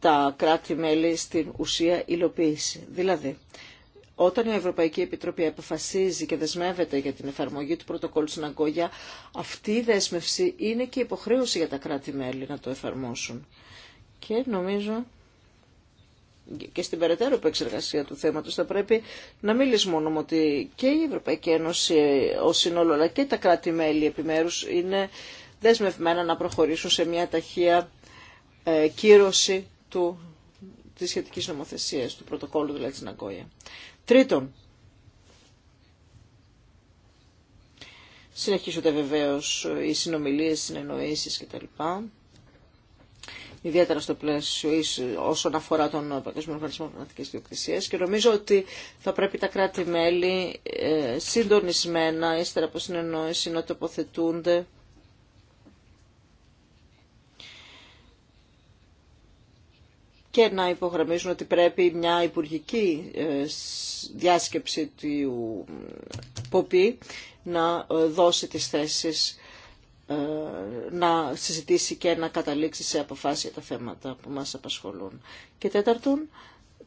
τα κράτη-μέλη στην ουσία υλοποίηση. Δηλαδή, όταν η Ευρωπαϊκή Επιτροπή αποφασίζει και δεσμεύεται για την εφαρμογή του πρωτοκόλλου στην Αγκόγια, αυτή η δέσμευση είναι και υποχρέωση για τα κράτη-μέλη να το εφαρμόσουν. Και νομίζω και στην περαιτέρω επεξεργασία του θέματος θα πρέπει να μιλήσουμε μόνο ότι και η Ευρωπαϊκή Ένωση ως σύνολο αλλά και τα κράτη-μέλη επιμέρους είναι δεσμευμένα να προχωρήσουν σε μια ταχεία ε, κύρωση του, της σχετικής νομοθεσίας, του πρωτοκόλλου δηλαδή της Ναγκόια. Τρίτον, συνεχίζονται βεβαίως οι συνομιλίες, συνεννοήσεις κτλ ιδιαίτερα στο πλαίσιο όσον αφορά τον Παγκόσμιο Οργανισμό Πνευματική Διοκτησία. Και νομίζω ότι θα πρέπει τα κράτη-μέλη ε, συντονισμένα, ύστερα από συνεννόηση, να τοποθετούνται και να υπογραμμίζουν ότι πρέπει μια υπουργική ε, διάσκεψη του ε, ΠΟΠΗ να δώσει τις θέσεις ε, να συζητήσει και να καταλήξει σε αποφάσεις τα θέματα που μας απασχολούν. Και τέταρτον,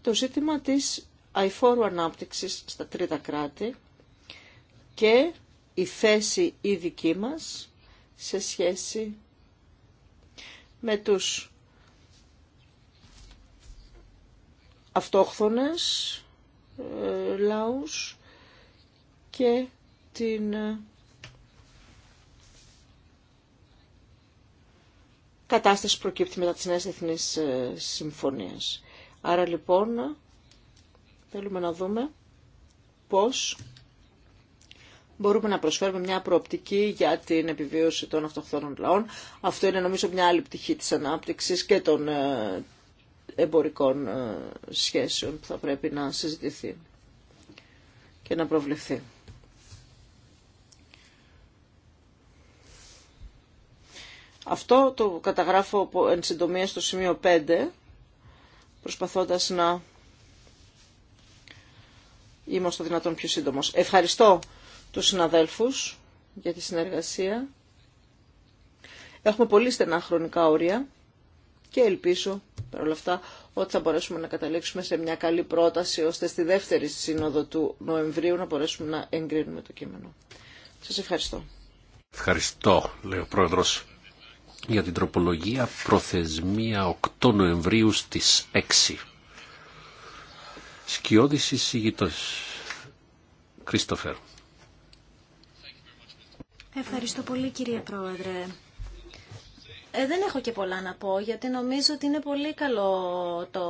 το ζήτημα της αηφόρου ανάπτυξης στα τρίτα κράτη και η θέση η δική μας σε σχέση με τους αυτόχθονες ε, λαούς και την κατάσταση προκύπτει μετά τις νέες Εθνής ε, συμφωνίες. Άρα λοιπόν θέλουμε να δούμε πώς μπορούμε να προσφέρουμε μια προοπτική για την επιβίωση των αυτοχθόνων λαών. Αυτό είναι νομίζω μια άλλη πτυχή της ανάπτυξης και των ε, εμπορικών ε, σχέσεων που θα πρέπει να συζητηθεί και να προβληθεί. Αυτό το καταγράφω εν συντομία στο σημείο 5, προσπαθώντας να είμαστε δυνατόν πιο σύντομος. Ευχαριστώ τους συναδέλφους για τη συνεργασία. Έχουμε πολύ στενά χρονικά όρια και ελπίζω παρ' όλα αυτά ότι θα μπορέσουμε να καταλήξουμε σε μια καλή πρόταση ώστε στη δεύτερη σύνοδο του Νοεμβρίου να μπορέσουμε να εγκρίνουμε το κείμενο. Σας ευχαριστώ. Ευχαριστώ, λέει ο Πρόεδρος για την τροπολογία προθεσμία 8 Νοεμβρίου στις 6. Σκιώδης εισηγητός. Κρίστοφερ. Ευχαριστώ πολύ κύριε Πρόεδρε. Ε, δεν έχω και πολλά να πω γιατί νομίζω ότι είναι πολύ καλό το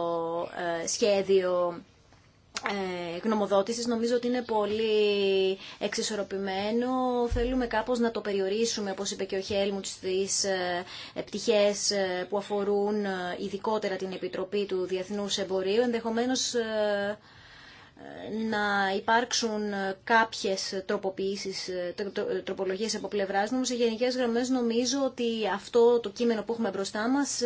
ε, σχέδιο ε, γνωμοδότησης νομίζω ότι είναι πολύ εξισορροπημένο. Θέλουμε κάπως να το περιορίσουμε, όπως είπε και ο Χέλμουτ, στις ε, ε, πτυχές που αφορούν ειδικότερα την Επιτροπή του Διεθνούς Εμπορίου. Ενδεχομένως να υπάρξουν κάποιες τροποποιήσεις, τροπολογίες από πλευράς Σε γενικές γραμμές νομίζω ότι αυτό το κείμενο που έχουμε μπροστά μας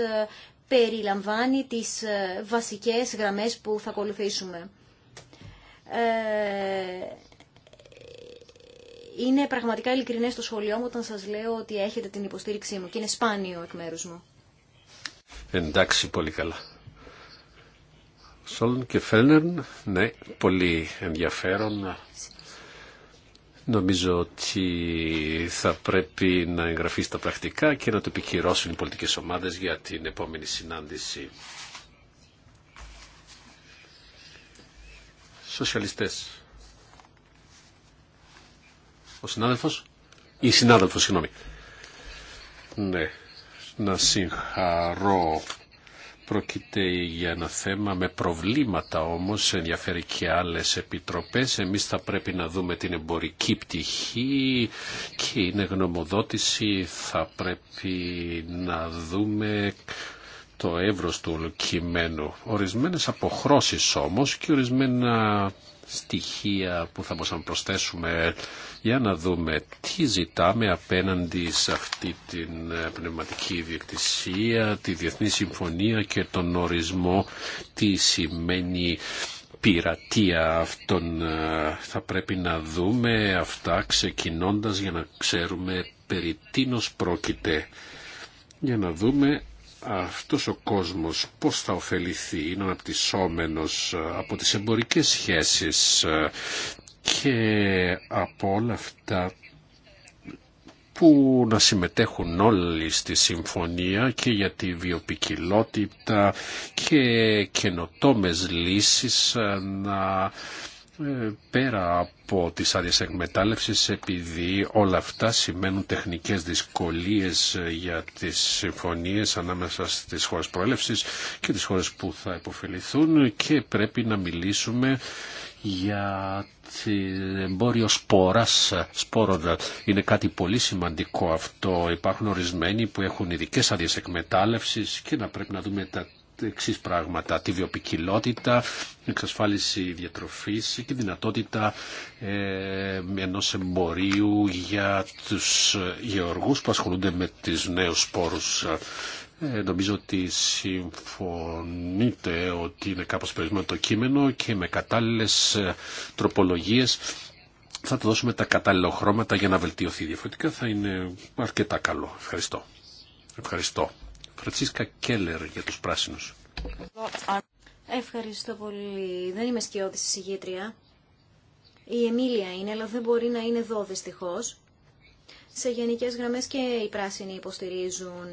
περιλαμβάνει τις βασικές γραμμές που θα ακολουθήσουμε. Ε, είναι πραγματικά ειλικρινές στο σχολείο μου όταν σας λέω ότι έχετε την υποστήριξή μου και είναι σπάνιο εκ μέρους μου. Εντάξει, πολύ καλά. Σόλν και Φέλνερν, ναι, πολύ ενδιαφέρον. Νομίζω ότι θα πρέπει να εγγραφεί στα πρακτικά και να το επικυρώσουν οι πολιτικές ομάδες για την επόμενη συνάντηση. σοσιαλιστές. Ο συνάδελφος, η συνάδελφος, συγγνώμη. Ναι, να συγχαρώ. Πρόκειται για ένα θέμα με προβλήματα όμως, ενδιαφέρει και άλλες επιτροπές. Εμείς θα πρέπει να δούμε την εμπορική πτυχή και είναι γνωμοδότηση. Θα πρέπει να δούμε το εύρος του κειμένου. Ορισμένες αποχρώσεις όμως και ορισμένα στοιχεία που θα μπορούσαμε να προσθέσουμε για να δούμε τι ζητάμε απέναντι σε αυτή την πνευματική διεκτησία, τη Διεθνή Συμφωνία και τον ορισμό τι σημαίνει πειρατεία αυτών. Ε, θα πρέπει να δούμε αυτά ξεκινώντας για να ξέρουμε περί τίνος πρόκειται για να δούμε αυτός ο κόσμος πώς θα ωφεληθεί, είναι αναπτυσσόμενος ε, από τις εμπορικές σχέσεις ε, και από όλα αυτά που να συμμετέχουν όλοι στη συμφωνία και για τη βιοπικιλότητα και καινοτόμες λύσεις ε, να ε, πέρα από τις άδειες εκμετάλλευσης επειδή όλα αυτά σημαίνουν τεχνικές δυσκολίες ε, για τις συμφωνίες ανάμεσα στις χώρες προέλευσης και τις χώρες που θα υποφεληθούν και πρέπει να μιλήσουμε για εμπόριο σπόρας, σπόρων. Είναι κάτι πολύ σημαντικό αυτό. Υπάρχουν ορισμένοι που έχουν ειδικέ άδειε εκμετάλλευση και να πρέπει να δούμε τα εξή πράγματα. Τη βιοπικιλότητα, εξασφάλιση διατροφής και δυνατότητα ε, ενός εμπορίου για τους γεωργούς που ασχολούνται με τις νέους σπόρους. Ε, νομίζω ότι συμφωνείτε ότι είναι κάπως περισμένο το κείμενο και με κατάλληλες ε, τροπολογίες θα του δώσουμε τα κατάλληλα χρώματα για να βελτιωθεί. Διαφορετικά θα είναι αρκετά καλό. Ευχαριστώ. Ευχαριστώ. Φραντσίσκα Κέλλερ για τους πράσινους. Ευχαριστώ πολύ. Δεν είμαι σκιώδης συγγήτρια. Η Εμίλια είναι, αλλά δεν μπορεί να είναι εδώ δυστυχώ. Σε γενικές γραμμές και οι πράσινοι υποστηρίζουν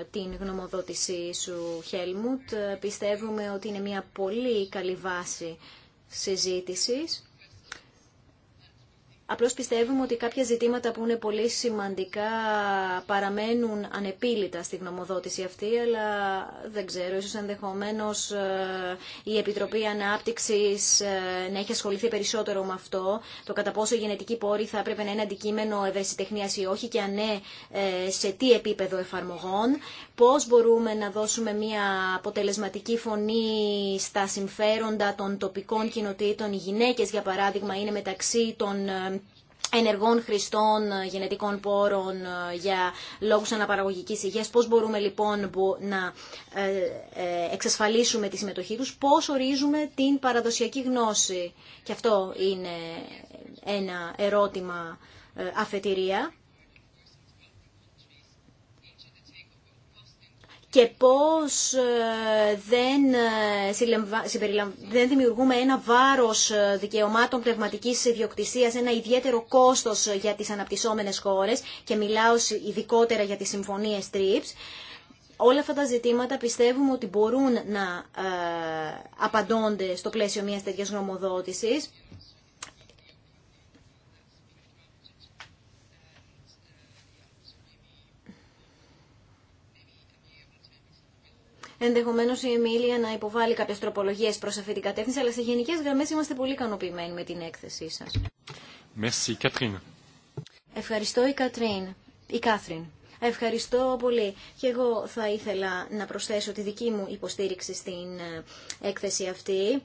ε, την γνωμοδότησή σου, Χέλμουτ. Πιστεύουμε ότι είναι μια πολύ καλή βάση συζήτησης Απλώ πιστεύουμε ότι κάποια ζητήματα που είναι πολύ σημαντικά παραμένουν ανεπίλητα στη γνωμοδότηση αυτή, αλλά δεν ξέρω, ίσως ενδεχομένω ε, η Επιτροπή ανάπτυξη ε, να έχει ασχοληθεί περισσότερο με αυτό, το κατά πόσο η γενετική πόρη θα έπρεπε να είναι αντικείμενο ευαισθητεχνίας ή όχι και αν ναι, ε, σε τι επίπεδο εφαρμογών, Πώ μπορούμε να δώσουμε μια αποτελεσματική φωνή στα συμφέροντα των τοπικών κοινοτήτων. Οι γυναίκε, για παράδειγμα, είναι μεταξύ των ενεργών χρηστών ε, γενετικών πόρων ε, για λόγους αναπαραγωγικής υγείας, πώς μπορούμε λοιπόν να ε, εξασφαλίσουμε τη συμμετοχή τους, πώς ορίζουμε την παραδοσιακή γνώση. Και αυτό είναι ένα ερώτημα αφετηρία. και πώς ε, δεν, ε, δεν δημιουργούμε ένα βάρος ε, δικαιωμάτων πνευματικής ιδιοκτησίας, ένα ιδιαίτερο κόστος για τις αναπτυσσόμενες χώρες και μιλάω ειδικότερα για τις συμφωνίες TRIPS. Όλα αυτά τα ζητήματα πιστεύουμε ότι μπορούν να απαντώνται στο πλαίσιο μιας τέτοιας γνωμοδότησης. Ενδεχομένω η Εμίλια να υποβάλει κάποιε τροπολογίε προ αυτή την κατεύθυνση, αλλά σε γενικέ γραμμέ είμαστε πολύ ικανοποιημένοι με την έκθεσή σα. Ευχαριστώ η Κατρίν. Η Κάθριν. Ευχαριστώ πολύ. Και εγώ θα ήθελα να προσθέσω τη δική μου υποστήριξη στην ε, έκθεση αυτή.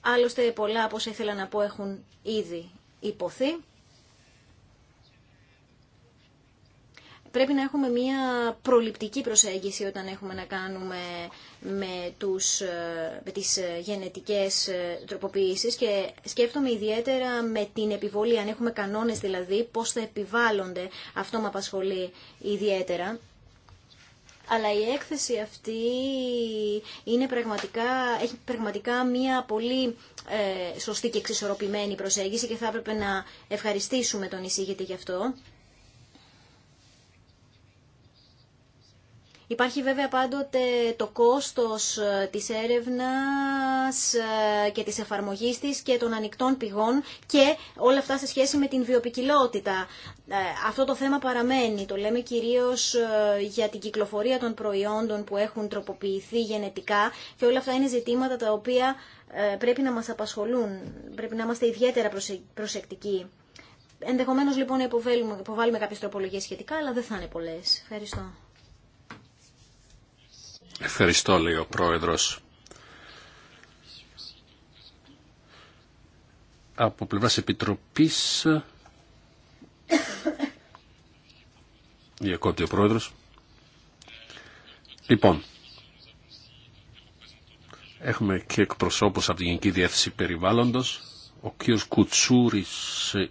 Άλλωστε πολλά από όσα ήθελα να πω έχουν ήδη υποθεί. πρέπει να έχουμε μια προληπτική προσέγγιση όταν έχουμε να κάνουμε με, τους, ε, με τις ε, γενετικές ε, τροποποιήσεις και σκέφτομαι ιδιαίτερα με την επιβολή, αν έχουμε κανόνες δηλαδή, πώς θα επιβάλλονται. Αυτό με απασχολεί ιδιαίτερα. Αλλά η έκθεση αυτή είναι πραγματικά, έχει πραγματικά μία πολύ ε, σωστή και εξισορροπημένη προσέγγιση και θα έπρεπε να ευχαριστήσουμε τον εισήγητη γι' αυτό. Υπάρχει βέβαια πάντοτε το κόστος ε, της έρευνας ε, και της εφαρμογής της και των ανοιχτών πηγών και όλα αυτά σε σχέση με την βιοπικιλότητα. Ε, αυτό το θέμα παραμένει. Το λέμε κυρίως για την κυκλοφορία των προϊόντων που έχουν τροποποιηθεί γενετικά και όλα αυτά είναι ζητήματα τα οποία πρέπει να μας απασχολούν. Πρέπει να είμαστε ιδιαίτερα προσεκτικοί. Ενδεχομένως λοιπόν υποβάλλουμε κάποιες τροπολογίες σχετικά, αλλά δεν θα είναι πολλές. Ευχαριστώ. Ευχαριστώ, λέει ο Πρόεδρος. Από πλευράς Επιτροπής... Διακόπτει ο Πρόεδρος. Λοιπόν, έχουμε και εκπροσώπους από την Γενική Διεύθυνση Περιβάλλοντος. Ο κ. Κουτσούρης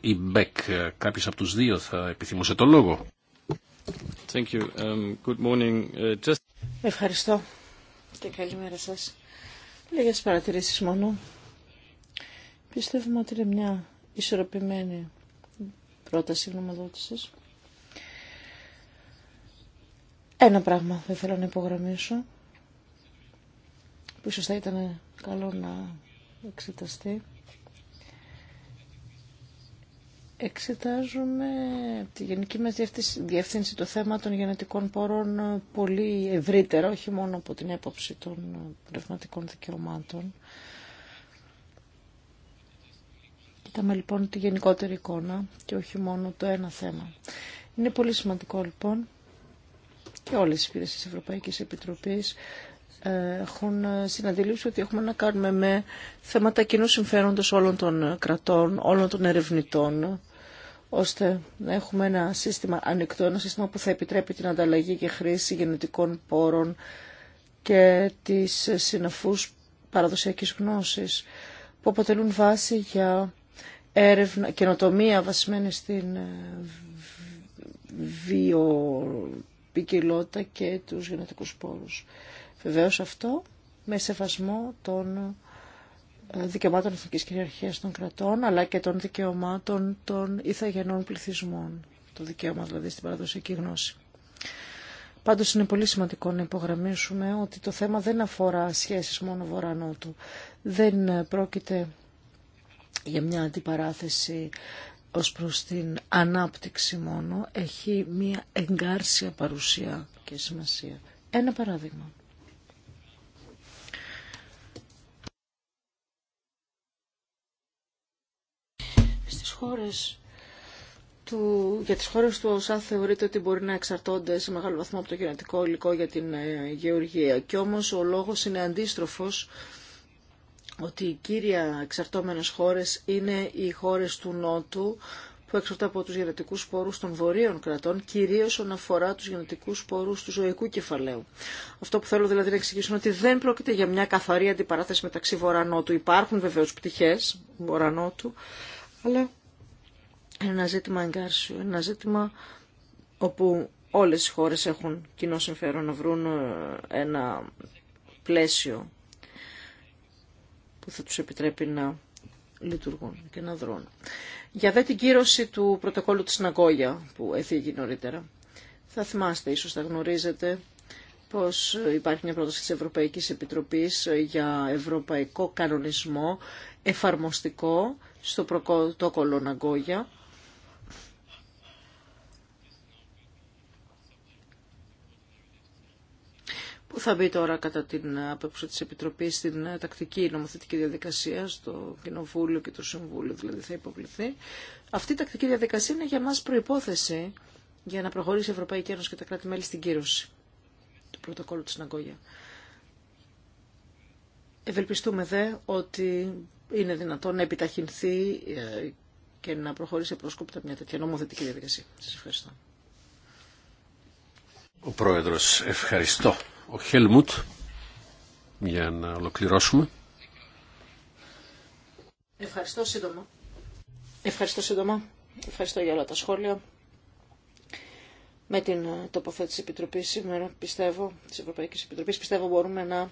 ή Μπέκ, κάποιος από τους δύο θα επιθυμούσε το λόγο. Thank you. Um, uh, Ευχαριστώ και καλημέρα σας. Λίγες παρατηρήσεις μόνο. Πιστεύουμε ότι είναι μια ισορροπημένη πρόταση γνωμοδότησης. Ένα πράγμα θα ήθελα να υπογραμμίσω, που ίσως θα ήταν καλό να εξεταστεί. Εξετάζουμε τη γενική μας διεύθυνση το θέμα των γενετικών πόρων πολύ ευρύτερα, όχι μόνο από την έποψη των πνευματικών δικαιωμάτων. Κοιτάμε λοιπόν τη γενικότερη εικόνα και όχι μόνο το ένα θέμα. Είναι πολύ σημαντικό λοιπόν και όλες οι υπηρεσίες της Ευρωπαϊκής Επιτροπής ε, έχουν συναντηλήψει ότι έχουμε να κάνουμε με θέματα κοινού συμφέροντος όλων των κρατών, όλων των ερευνητών ώστε να έχουμε ένα σύστημα ανοιχτό, ένα σύστημα που θα επιτρέπει την ανταλλαγή και χρήση γενετικών πόρων και τις συναφούς παραδοσιακής γνώσης που αποτελούν βάση για έρευνα, καινοτομία βασισμένη στην ε, βιοπικιλότητα και τους γενετικούς πόρους. Βεβαίως αυτό με σεβασμό των δικαιωμάτων εθνική κυριαρχία των κρατών, αλλά και των δικαιωμάτων των ηθαγενών πληθυσμών. Το δικαίωμα δηλαδή στην παραδοσιακή γνώση. Πάντως είναι πολύ σημαντικό να υπογραμμίσουμε ότι το θέμα δεν αφορά σχέσεις μόνο βορρά-νότου. Δεν πρόκειται για μια αντιπαράθεση ως προς την ανάπτυξη μόνο. Έχει μια εγκάρσια παρουσία και σημασία. Ένα παράδειγμα. χώρες του, για τις χώρες του ΩΣΑ θεωρείται ότι μπορεί να εξαρτώνται σε μεγάλο βαθμό από το γενετικό υλικό για την ε, γεωργία. Και όμως ο λόγος είναι αντίστροφος ότι οι κύρια εξαρτώμενες χώρες είναι οι χώρες του Νότου που εξαρτάται από τους γενετικούς σπόρους των βορείων κρατών, κυρίως όσον αφορά τους γενετικούς σπόρους του ζωικού κεφαλαίου. Αυτό που θέλω δηλαδή να εξηγήσω είναι ότι δεν πρόκειται για μια καθαρή αντιπαράθεση μεταξύ βορρά-νότου. Υπάρχουν βεβαίως πτυχές βορρά-νότου, αλλά ένα ζήτημα εγκάρσιο, ένα ζήτημα όπου όλες οι χώρες έχουν κοινό συμφέρον να βρουν ε, ένα πλαίσιο που θα τους επιτρέπει να λειτουργούν και να δρούν. Για δε την κύρωση του πρωτοκόλλου της Ναγκόγια που έφυγε νωρίτερα. Θα θυμάστε, ίσως θα γνωρίζετε, πως υπάρχει μια πρόταση της Ευρωπαϊκής Επιτροπής για ευρωπαϊκό κανονισμό εφαρμοστικό στο πρωτόκολλο Ναγκόγια που θα μπει τώρα κατά την άποψη της Επιτροπής στην τακτική νομοθετική διαδικασία, στο Κοινοβούλιο και το Συμβούλιο δηλαδή θα υποβληθεί. Αυτή η τακτική διαδικασία είναι για μας προϋπόθεση για να προχωρήσει η Ευρωπαϊκή Ένωση και τα κράτη-μέλη στην κύρωση του πρωτοκόλλου της Ναγκόγια. Ευελπιστούμε δε ότι είναι δυνατόν να επιταχυνθεί ε, και να προχωρήσει προσκόπτα μια τέτοια νομοθετική διαδικασία. Σας ευχαριστώ. Ο Πρόεδρος, ευχαριστώ ο Χέλμουτ για να ολοκληρώσουμε. Ευχαριστώ σύντομα. Ευχαριστώ σύντομα. Ευχαριστώ για όλα τα σχόλια. Με την ε, τοποθέτηση Επιτροπής σήμερα, πιστεύω, της Ευρωπαϊκής Επιτροπής, πιστεύω μπορούμε να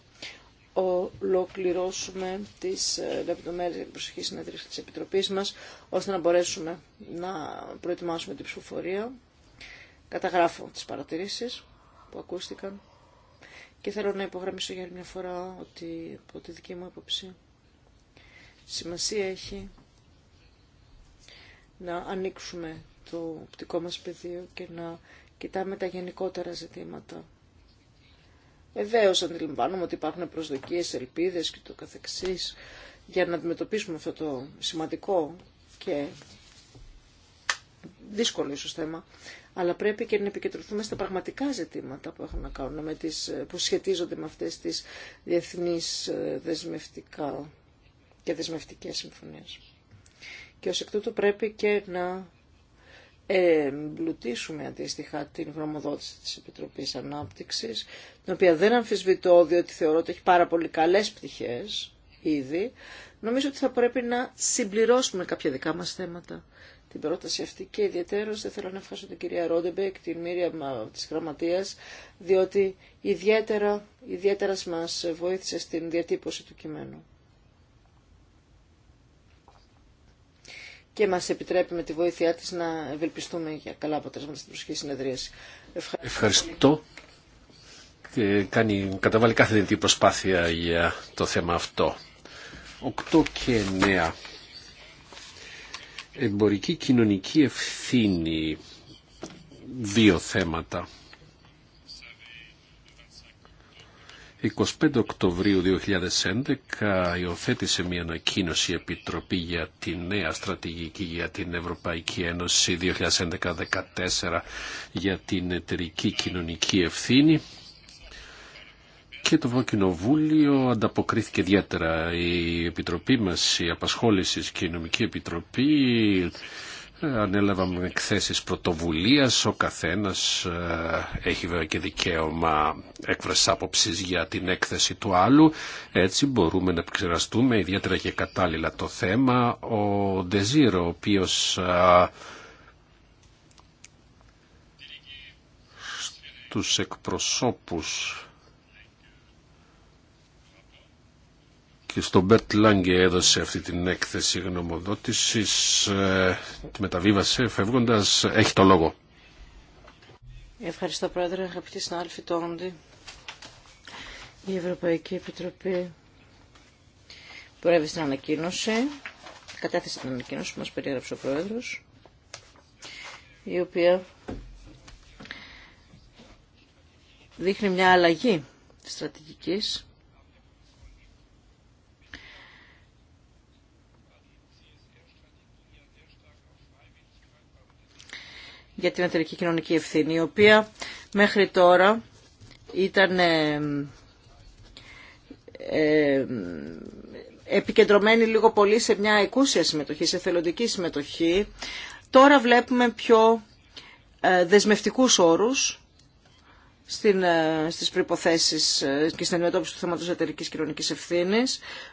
ολοκληρώσουμε τις ε, λεπτομέρειες για την προσεχή της Επιτροπής μας, ώστε να μπορέσουμε να προετοιμάσουμε την ψηφοφορία. Καταγράφω τις παρατηρήσεις που ακούστηκαν και θέλω να υπογραμμίσω για μια φορά ότι από τη δική μου άποψη σημασία έχει να ανοίξουμε το οπτικό μας πεδίο και να κοιτάμε τα γενικότερα ζητήματα. Βεβαίω αντιλαμβάνομαι ότι υπάρχουν προσδοκίες, ελπίδες και το καθεξής για να αντιμετωπίσουμε αυτό το σημαντικό και δύσκολο ίσως θέμα, αλλά πρέπει και να επικεντρωθούμε στα πραγματικά ζητήματα που έχουν να κάνουν με τις, που σχετίζονται με αυτές τις διεθνείς ε, δεσμευτικά και δεσμευτικές συμφωνίες. Και ως εκ τούτου πρέπει και να εμπλουτίσουμε αντίστοιχα την γνωμοδότηση της Επιτροπής Ανάπτυξης, την οποία δεν αμφισβητώ, διότι θεωρώ ότι έχει πάρα πολύ καλές πτυχές ήδη, νομίζω ότι θα πρέπει να συμπληρώσουμε κάποια δικά μας θέματα την πρόταση αυτή και ιδιαίτερω δεν θέλω να ευχαριστώ την κυρία Ρόντεμπεκ, την Μύρια της Γραμματείας, διότι ιδιαίτερα, ιδιαίτερα μας βοήθησε στην διατύπωση του κειμένου. και μας επιτρέπει με τη βοήθειά της να ευελπιστούμε για καλά αποτελέσματα στην προσοχή συνεδρίαση. Ευχαριστώ. Ευχαριστώ. κάνει, καταβάλει κάθε δυνατή προσπάθεια για το θέμα αυτό. Οκτώ και 9 εμπορική κοινωνική ευθύνη δύο θέματα. 25 Οκτωβρίου 2011 υιοθέτησε μια ανακοίνωση Επιτροπή για τη νέα στρατηγική για την Ευρωπαϊκή Ένωση 2011-2014 για την εταιρική κοινωνική ευθύνη και το Κοινοβούλιο ανταποκρίθηκε ιδιαίτερα. Η Επιτροπή μας, η Απασχόλησης και η Νομική Επιτροπή ε, ανέλαβαν εκθέσεις πρωτοβουλίας. Ο καθένας ε, έχει βέβαια και δικαίωμα έκφραση άποψη για την έκθεση του άλλου. Έτσι μπορούμε να επεξεργαστούμε ιδιαίτερα και κατάλληλα το θέμα. Ο Ντεζίρο, ο οποίος ε, τους εκπροσώπους και στον Μπερτ Λάγκε έδωσε αυτή την έκθεση γνωμοδότησης, ε, τη μεταβίβασε φεύγοντας, έχει το λόγο. Ευχαριστώ Πρόεδρε, αγαπητοί συνάδελφοι το Όντι. Η Ευρωπαϊκή Επιτροπή προέβη στην ανακοίνωση, κατέθεσε την ανακοίνωση που μας περιέγραψε ο Πρόεδρος, η οποία δείχνει μια αλλαγή στρατηγικής για την εταιρική κοινωνική ευθύνη, η οποία μέχρι τώρα ήταν ε, επικεντρωμένη λίγο πολύ σε μια εκούσια συμμετοχή, σε θελοντική συμμετοχή. Τώρα βλέπουμε πιο ε, δεσμευτικούς όρους στην, ε, στις προϋποθέσεις ε, και στην αντιμετώπιση του θέματος εταιρική κοινωνική ευθύνη.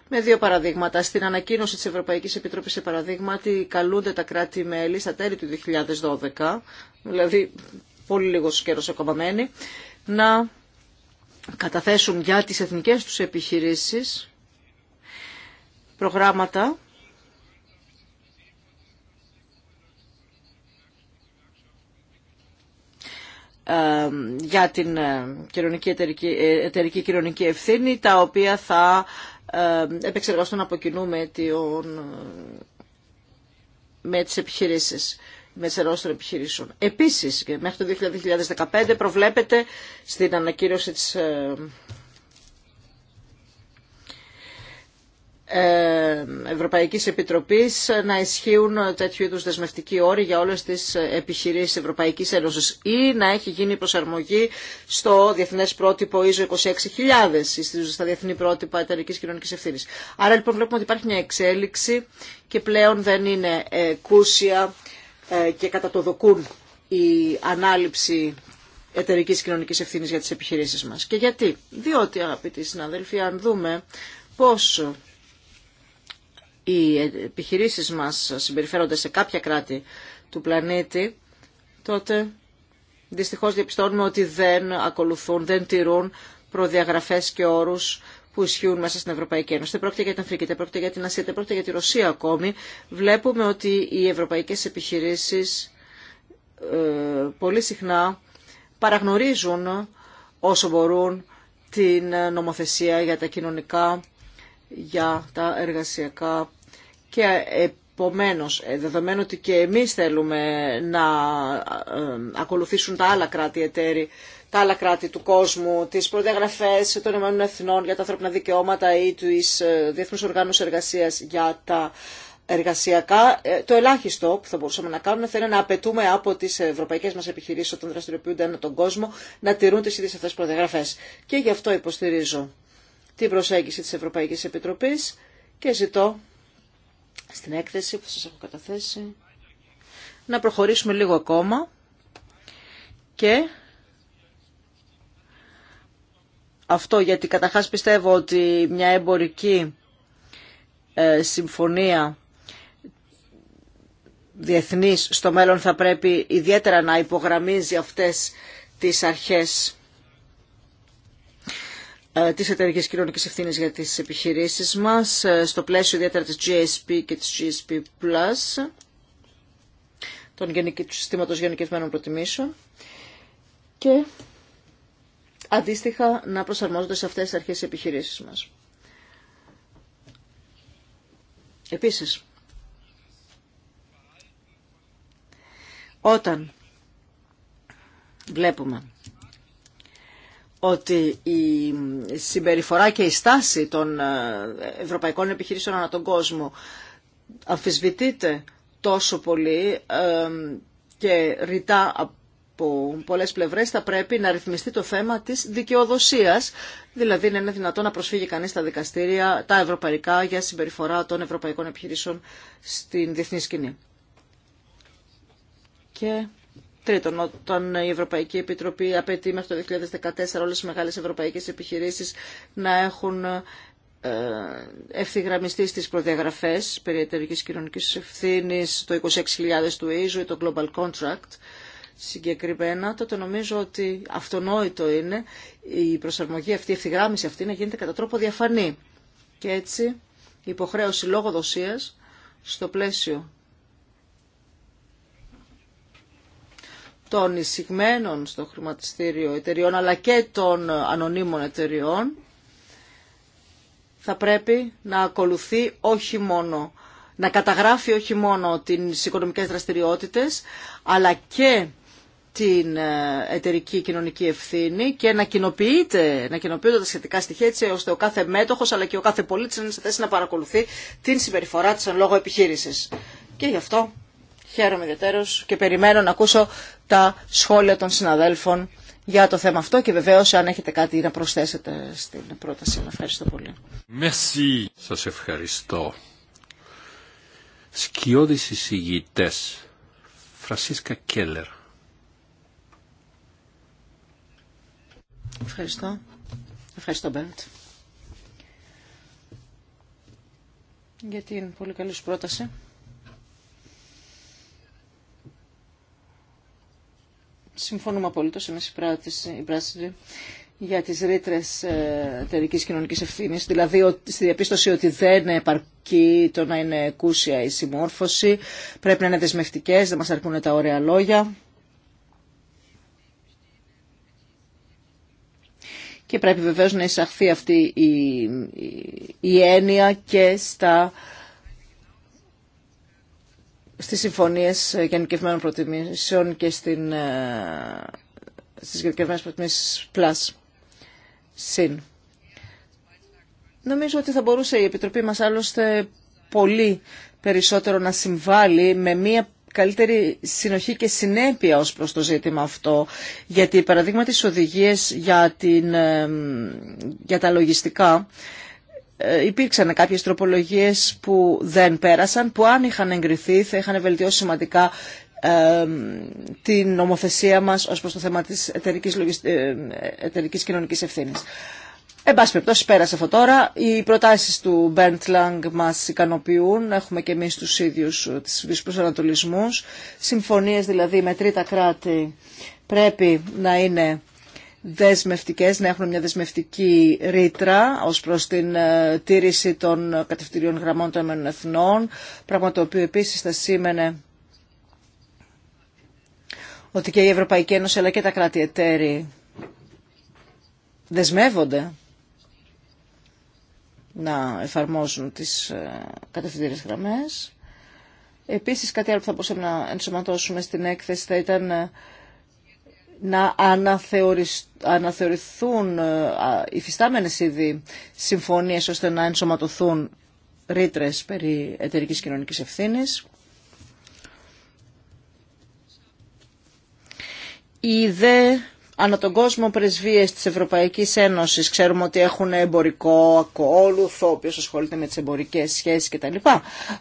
Με δύο παραδείγματα. Στην ανακοίνωση της Ευρωπαϊκής Επιτροπής, σε παραδείγματι, καλούνται τα κράτη-μέλη στα τέλη του 2012, δηλαδή πολύ λίγος καιρός ακόμα μένει, να καταθέσουν για τις εθνικές τους επιχειρήσεις προγράμματα για την ε, κοινωνική εταιρική, ε, εταιρική κοινωνική ευθύνη, τα οποία θα επεξεργαστούν από κοινού με, την, με τις επιχειρήσεις με των επιχειρήσεων. Επίσης, μέχρι το 2015 προβλέπεται στην ανακύρωση της Ε, Ευρωπαϊκής Επιτροπής να ισχύουν τέτοιου είδους δεσμευτικοί όροι για όλες τις επιχειρήσεις Ευρωπαϊκής Ένωσης ή να έχει γίνει προσαρμογή στο διεθνές πρότυπο ISO 26.000 ή στα διεθνή πρότυπα εταιρικής κοινωνικής ευθύνης. Άρα λοιπόν βλέπουμε ότι υπάρχει μια εξέλιξη και πλέον δεν είναι ε, κούσια ε, και κατατοδοκούν η ανάληψη εταιρική κοινωνική ευθύνη για τι επιχειρήσει μα. Και γιατί. Διότι, αγαπητοί συναδέλφοι, αν δούμε πώ οι επιχειρήσεις μας συμπεριφέρονται σε κάποια κράτη του πλανήτη, τότε δυστυχώς διαπιστώνουμε ότι δεν ακολουθούν, δεν τηρούν προδιαγραφές και όρους που ισχύουν μέσα στην Ευρωπαϊκή Ένωση. Δεν πρόκειται για την Αφρική, δεν πρόκειται για την Ασία, δεν πρόκειται για τη Ρωσία ακόμη. Βλέπουμε ότι οι ευρωπαϊκές επιχειρήσεις ε, πολύ συχνά παραγνωρίζουν όσο μπορούν την νομοθεσία για τα κοινωνικά, για τα εργασιακά και επομένως, ε, δεδομένου ότι και εμείς θέλουμε να ε, ακολουθήσουν τα άλλα κράτη εταίροι, τα άλλα κράτη του κόσμου, τι προδιαγραφέ των Ηνωμένων Εθνών για τα ανθρώπινα δικαιώματα ή του ε, Διεθνού Οργάνου εργασία για τα εργασιακά, το ελάχιστο που θα μπορούσαμε να κάνουμε θα είναι να απαιτούμε από τι ευρωπαϊκέ μα επιχειρήσει όταν δραστηριοποιούνται έναν τον κόσμο να τηρούν τι ίδιε αυτέ προδιαγραφέ. Και γι' αυτό υποστηρίζω την προσέγγιση τη Ευρωπαϊκή Επιτροπή και ζητώ στην έκθεση που σας έχω καταθέσει, να προχωρήσουμε λίγο ακόμα και αυτό γιατί καταρχάς πιστεύω ότι μια εμπορική ε, συμφωνία διεθνής στο μέλλον θα πρέπει ιδιαίτερα να υπογραμμίζει αυτές τις αρχές ε, της εταιρείε κοινωνική ευθύνη για τις επιχειρήσεις μας, ε, στο πλαίσιο ιδιαίτερα της GSP και τη GSP+, των του συστήματος γενικευμένων προτιμήσεων και αντίστοιχα να προσαρμόζονται σε αυτές τις αρχές επιχειρήσει μα. μας. Επίσης, όταν βλέπουμε ότι η συμπεριφορά και η στάση των ε, ευρωπαϊκών επιχειρήσεων ανά τον κόσμο αμφισβητείται τόσο πολύ και ρητά από πολλές πλευρές θα πρέπει να ρυθμιστεί το θέμα της δικαιοδοσίας, δηλαδή να είναι δυνατό να προσφύγει κανείς στα δικαστήρια, τα ευρωπαϊκά, για συμπεριφορά των ευρωπαϊκών επιχειρήσεων στην διεθνή σκηνή. Και Τρίτον, όταν η Ευρωπαϊκή Επιτροπή απαιτεί μέχρι το 2014 όλες οι μεγάλες ευρωπαϊκές επιχειρήσεις να έχουν ε, ευθυγραμμιστεί στις προδιαγραφές περί εταιρικής κοινωνικής ευθύνης, το 26.000 του ΙΖΟ ή το Global Contract συγκεκριμένα, τότε νομίζω ότι αυτονόητο είναι η προσαρμογή αυτή, η ευθυγράμμιση αυτή να γίνεται κατά τρόπο διαφανή. Και έτσι η υποχρέωση λόγοδοσίας στο πλαίσιο των εισηγμένων στο χρηματιστήριο εταιριών αλλά και των ανωνύμων εταιριών θα πρέπει να ακολουθεί όχι μόνο, να καταγράφει όχι μόνο τις οικονομικές δραστηριότητες αλλά και την ε, εταιρική κοινωνική ευθύνη και να, κοινοποιείται, να τα σχετικά στοιχεία έτσι ώστε ο κάθε μέτοχος αλλά και ο κάθε πολίτης να είναι σε θέση να παρακολουθεί την συμπεριφορά της εν λόγω επιχείρησης. Και γι' αυτό Χαίρομαι ιδιαίτερω και περιμένω να ακούσω τα σχόλια των συναδέλφων για το θέμα αυτό και βεβαίως αν έχετε κάτι να προσθέσετε στην πρόταση. Ευχαριστώ πολύ. Σας ευχαριστώ. Σκιώδη εισηγητέ. Φρασίσκα Κέλλερ. Ευχαριστώ. Ευχαριστώ Μπέντ. Για την πολύ καλή σου πρόταση. συμφωνούμε απολύτω εμεί οι πράσινοι για τις ρήτρε εταιρική κοινωνική ευθύνης, δηλαδή στη διαπίστωση ότι δεν επαρκεί το να είναι κούσια η συμμόρφωση, πρέπει να είναι δεσμευτικέ, δεν μας αρκούν τα ωραία λόγια. Και πρέπει βεβαίως να εισαχθεί αυτή η, η έννοια και στα στις συμφωνίες ε, γενικευμένων προτιμήσεων και στην, ε, στις γενικευμένες προτιμήσεις plus, συν. Νομίζω ότι θα μπορούσε η Επιτροπή μας άλλωστε πολύ περισσότερο να συμβάλλει με μια καλύτερη συνοχή και συνέπεια ως προς το ζήτημα αυτό. Γιατί παραδείγμα τις οδηγίες για, την, ε, για τα λογιστικά ε, υπήρξαν κάποιες τροπολογίες που δεν πέρασαν, που αν είχαν εγκριθεί θα είχαν βελτιώσει σημαντικά ε, την νομοθεσία μας ως προς το θέμα της εταιρικής, ε, εταιρικής κοινωνικής ευθύνης. Εν πάση περιπτώσει, πέρασε αυτό τώρα. Οι προτάσει του Μπέρντ Λάγκ μα ικανοποιούν. Έχουμε και εμεί του ίδιου του προσανατολισμού. Συμφωνίε δηλαδή με τρίτα κράτη πρέπει να είναι δεσμευτικές, να έχουν μια δεσμευτική ρήτρα ως προς την ε, τήρηση των κατευθυντηριών γραμμών των εθνών, πράγμα το οποίο επίσης θα σήμαινε ότι και η Ευρωπαϊκή Ένωση αλλά και τα κράτη εταίροι δεσμεύονται να εφαρμόζουν τις ε, κατευθυντήριες γραμμές. Επίσης κάτι άλλο που θα μπορούσαμε να ενσωματώσουμε στην έκθεση θα ήταν ε, να αναθεωρηθούν οι ε, φυστάμενες ήδη συμφωνίες ώστε να ενσωματωθούν ρήτρε περί εταιρικής κοινωνικής ευθύνης. Οι δε ανά τον κόσμο πρεσβείες της Ευρωπαϊκής Ένωσης ξέρουμε ότι έχουν εμπορικό ακόλουθο, ο οποίος ασχολείται με τις εμπορικές σχέσεις κτλ.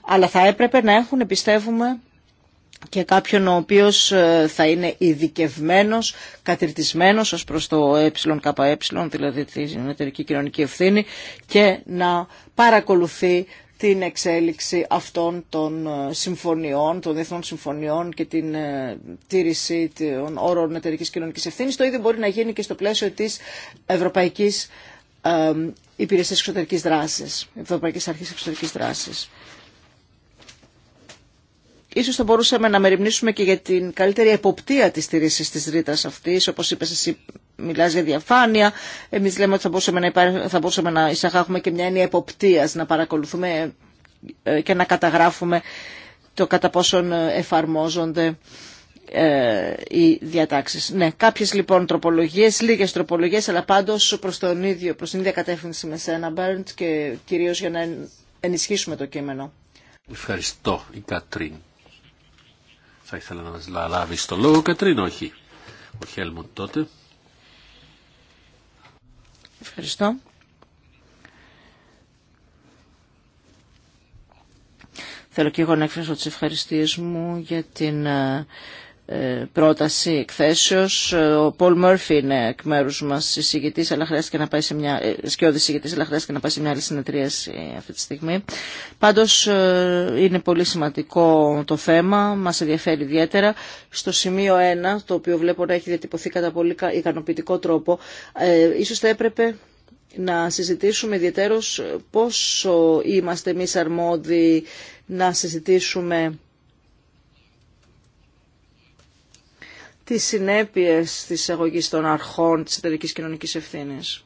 Αλλά θα έπρεπε να έχουν, πιστεύουμε, και κάποιον ο οποίος ε, θα είναι ειδικευμένο, κατηρτισμένος ως προς το ε, ΕΚΕ, δηλαδή την εταιρική κοινωνική ευθύνη και να παρακολουθεί την εξέλιξη αυτών των ε, συμφωνιών, των διεθνών συμφωνιών και την τήρηση των όρων εταιρικής κοινωνικής ευθύνης. Το ίδιο μπορεί να γίνει και στο πλαίσιο της Ευρωπαϊκής Υπηρεσίας Εξωτερική Δράσης, Ευρωπαϊκής Αρχής Εξωτερικής Δράσης. Ίσως θα μπορούσαμε να μεριμνήσουμε και για την καλύτερη εποπτεία της στηρίσης της ρήτας αυτής. Όπως είπες εσύ μιλάς για διαφάνεια. Εμείς λέμε ότι θα μπορούσαμε να, υπάρ... θα μπορούσαμε να και μια έννοια εποπτείας, να παρακολουθούμε ε, και να καταγράφουμε το κατά πόσον ε, εφαρμόζονται ε, οι διατάξεις. Ναι, κάποιες λοιπόν τροπολογίες, λίγες τροπολογίες, αλλά πάντως προς, τον ίδιο, προς την ίδια κατεύθυνση με σένα, Μπέρντ, και κυρίως για να ενισχύσουμε το κείμενο. Ευχαριστώ, η Κατρίν θα ήθελα να μας λάβει στο λόγο. Κατρίν, όχι. Ο Χέλμουντ τότε. Ευχαριστώ. Θέλω και εγώ να εκφράσω τις ευχαριστίες μου για την ε, ε, πρόταση εκθέσεως. Ε, ο Πολ Μέρφυ είναι εκ μέρου μα, αλλά χρειάστηκε να πάει σε μια, ε, σκιώδη εισηγητής, αλλά χρειάστηκε να πάει σε μια άλλη συνεδρίαση αυτή τη στιγμή. Πάντω είναι πολύ σημαντικό το θέμα, Μα ενδιαφέρει ιδιαίτερα. Στο σημείο 1, το οποίο βλέπω να έχει διατυπωθεί κατά πολύ ικανοποιητικό τρόπο, ε, ίσως θα έπρεπε να συζητήσουμε ιδιαίτερως πόσο είμαστε εμείς αρμόδιοι να συζητήσουμε τις συνέπειες της αγωγής των αρχών της εταιρικής κοινωνικής ευθύνης.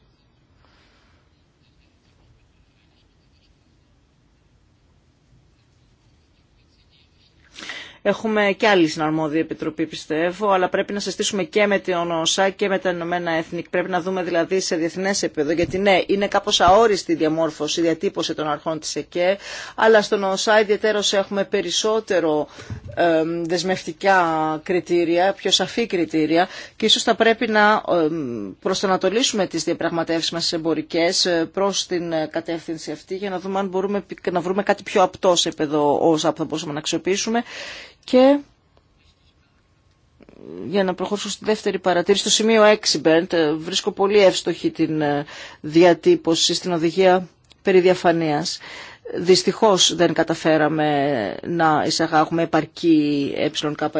Έχουμε και άλλη συναρμόδια επιτροπή πιστεύω, αλλά πρέπει να συστήσουμε και με την ΟΣΑ και με τα Ηνωμένα Έθνη. Πρέπει να δούμε δηλαδή σε διεθνέ επίπεδο, γιατί ναι, είναι κάπω αόριστη η διαμόρφωση, η διατύπωση των αρχών τη ΕΚΕ, αλλά στον ΟΣΑ ιδιαίτερω έχουμε περισσότερο δεσμευτικά κριτήρια, πιο σαφή κριτήρια και ίσω θα πρέπει να προσανατολίσουμε τι διαπραγματεύσει μα εμπορικέ ε, προ την κατεύθυνση αυτή για να δούμε αν μπορούμε να βρούμε κάτι πιο απτό σε επίπεδο ΟΣΑ που να αξιοποιήσουμε και για να προχωρήσω στη δεύτερη παρατήρηση, στο σημείο 6, Μπέρντ, ε, βρίσκω πολύ εύστοχη την ε, διατύπωση στην οδηγία περί διαφανείας. Δυστυχώς δεν καταφέραμε να εισαγάγουμε επαρκή ΕΚΕ.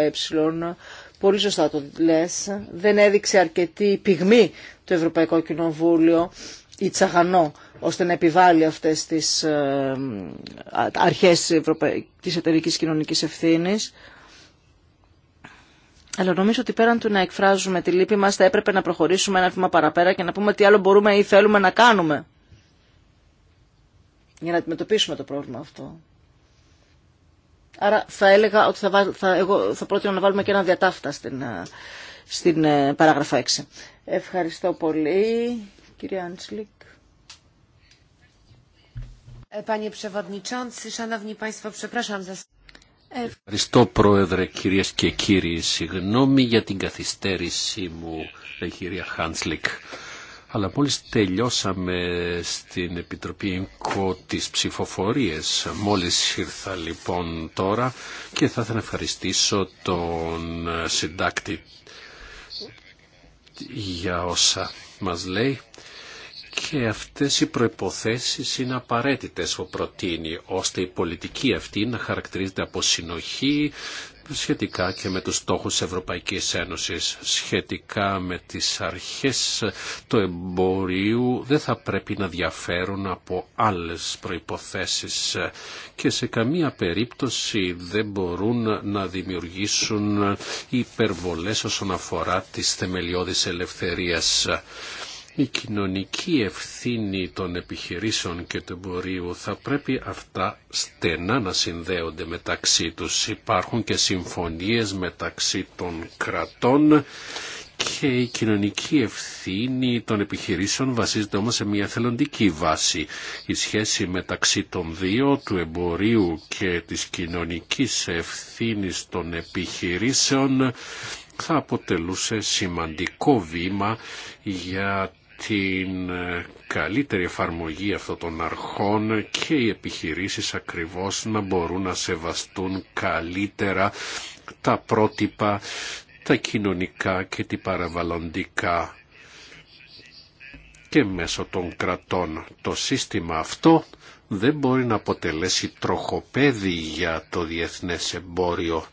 Πολύ σωστά το λες. Δεν έδειξε αρκετή πυγμή το Ευρωπαϊκό Κοινοβούλιο ή τσαγανό ώστε να επιβάλλει αυτές τις ε, αρχές της εταιρικής κοινωνικής ευθύνης. Αλλά νομίζω ότι πέραν του να εκφράζουμε τη λύπη μας θα έπρεπε να προχωρήσουμε ένα βήμα παραπέρα και να πούμε τι άλλο μπορούμε ή θέλουμε να κάνουμε για να αντιμετωπίσουμε το πρόβλημα αυτό. Άρα θα έλεγα ότι θα, βά... θα... Εγώ πρότεινα να βάλουμε και ένα διατάφτα στην, ε, στην ε, παράγραφα 6. Ευχαριστώ πολύ, κύριε Άντσλικ. Ευχαριστώ πρόεδρε κυρίες και κύριοι. Συγγνώμη για την καθυστέρησή μου, η κυρία Χάντσλικ. Αλλά μόλις τελειώσαμε στην Επιτροπή ΕΝΚΟ τις ψηφοφορίες. Μόλις ήρθα λοιπόν τώρα και θα ήθελα να ευχαριστήσω τον συντάκτη για όσα μας λέει και αυτές οι προϋποθέσεις είναι απαραίτητες που προτείνει ώστε η πολιτική αυτή να χαρακτηρίζεται από συνοχή σχετικά και με τους στόχους Ευρωπαϊκής Ένωσης, σχετικά με τις αρχές του εμπορίου δεν θα πρέπει να διαφέρουν από άλλες προϋποθέσεις και σε καμία περίπτωση δεν μπορούν να δημιουργήσουν υπερβολές όσον αφορά τις θεμελιώδεις ελευθερίας η κοινωνική ευθύνη των επιχειρήσεων και του εμπορίου θα πρέπει αυτά στενά να συνδέονται μεταξύ τους. Υπάρχουν και συμφωνίες μεταξύ των κρατών και η κοινωνική ευθύνη των επιχειρήσεων βασίζεται όμως σε μια θελοντική βάση. Η σχέση μεταξύ των δύο, του εμπορίου και της κοινωνικής ευθύνης των επιχειρήσεων θα αποτελούσε σημαντικό βήμα για την ε, καλύτερη εφαρμογή αυτών των αρχών και οι επιχειρήσεις ακριβώς να μπορούν να σεβαστούν καλύτερα τα πρότυπα, τα κοινωνικά και τα παραβαλλοντικά και μέσω των κρατών. Το σύστημα αυτό δεν μπορεί να αποτελέσει τροχοπέδι για το διεθνές εμπόριο.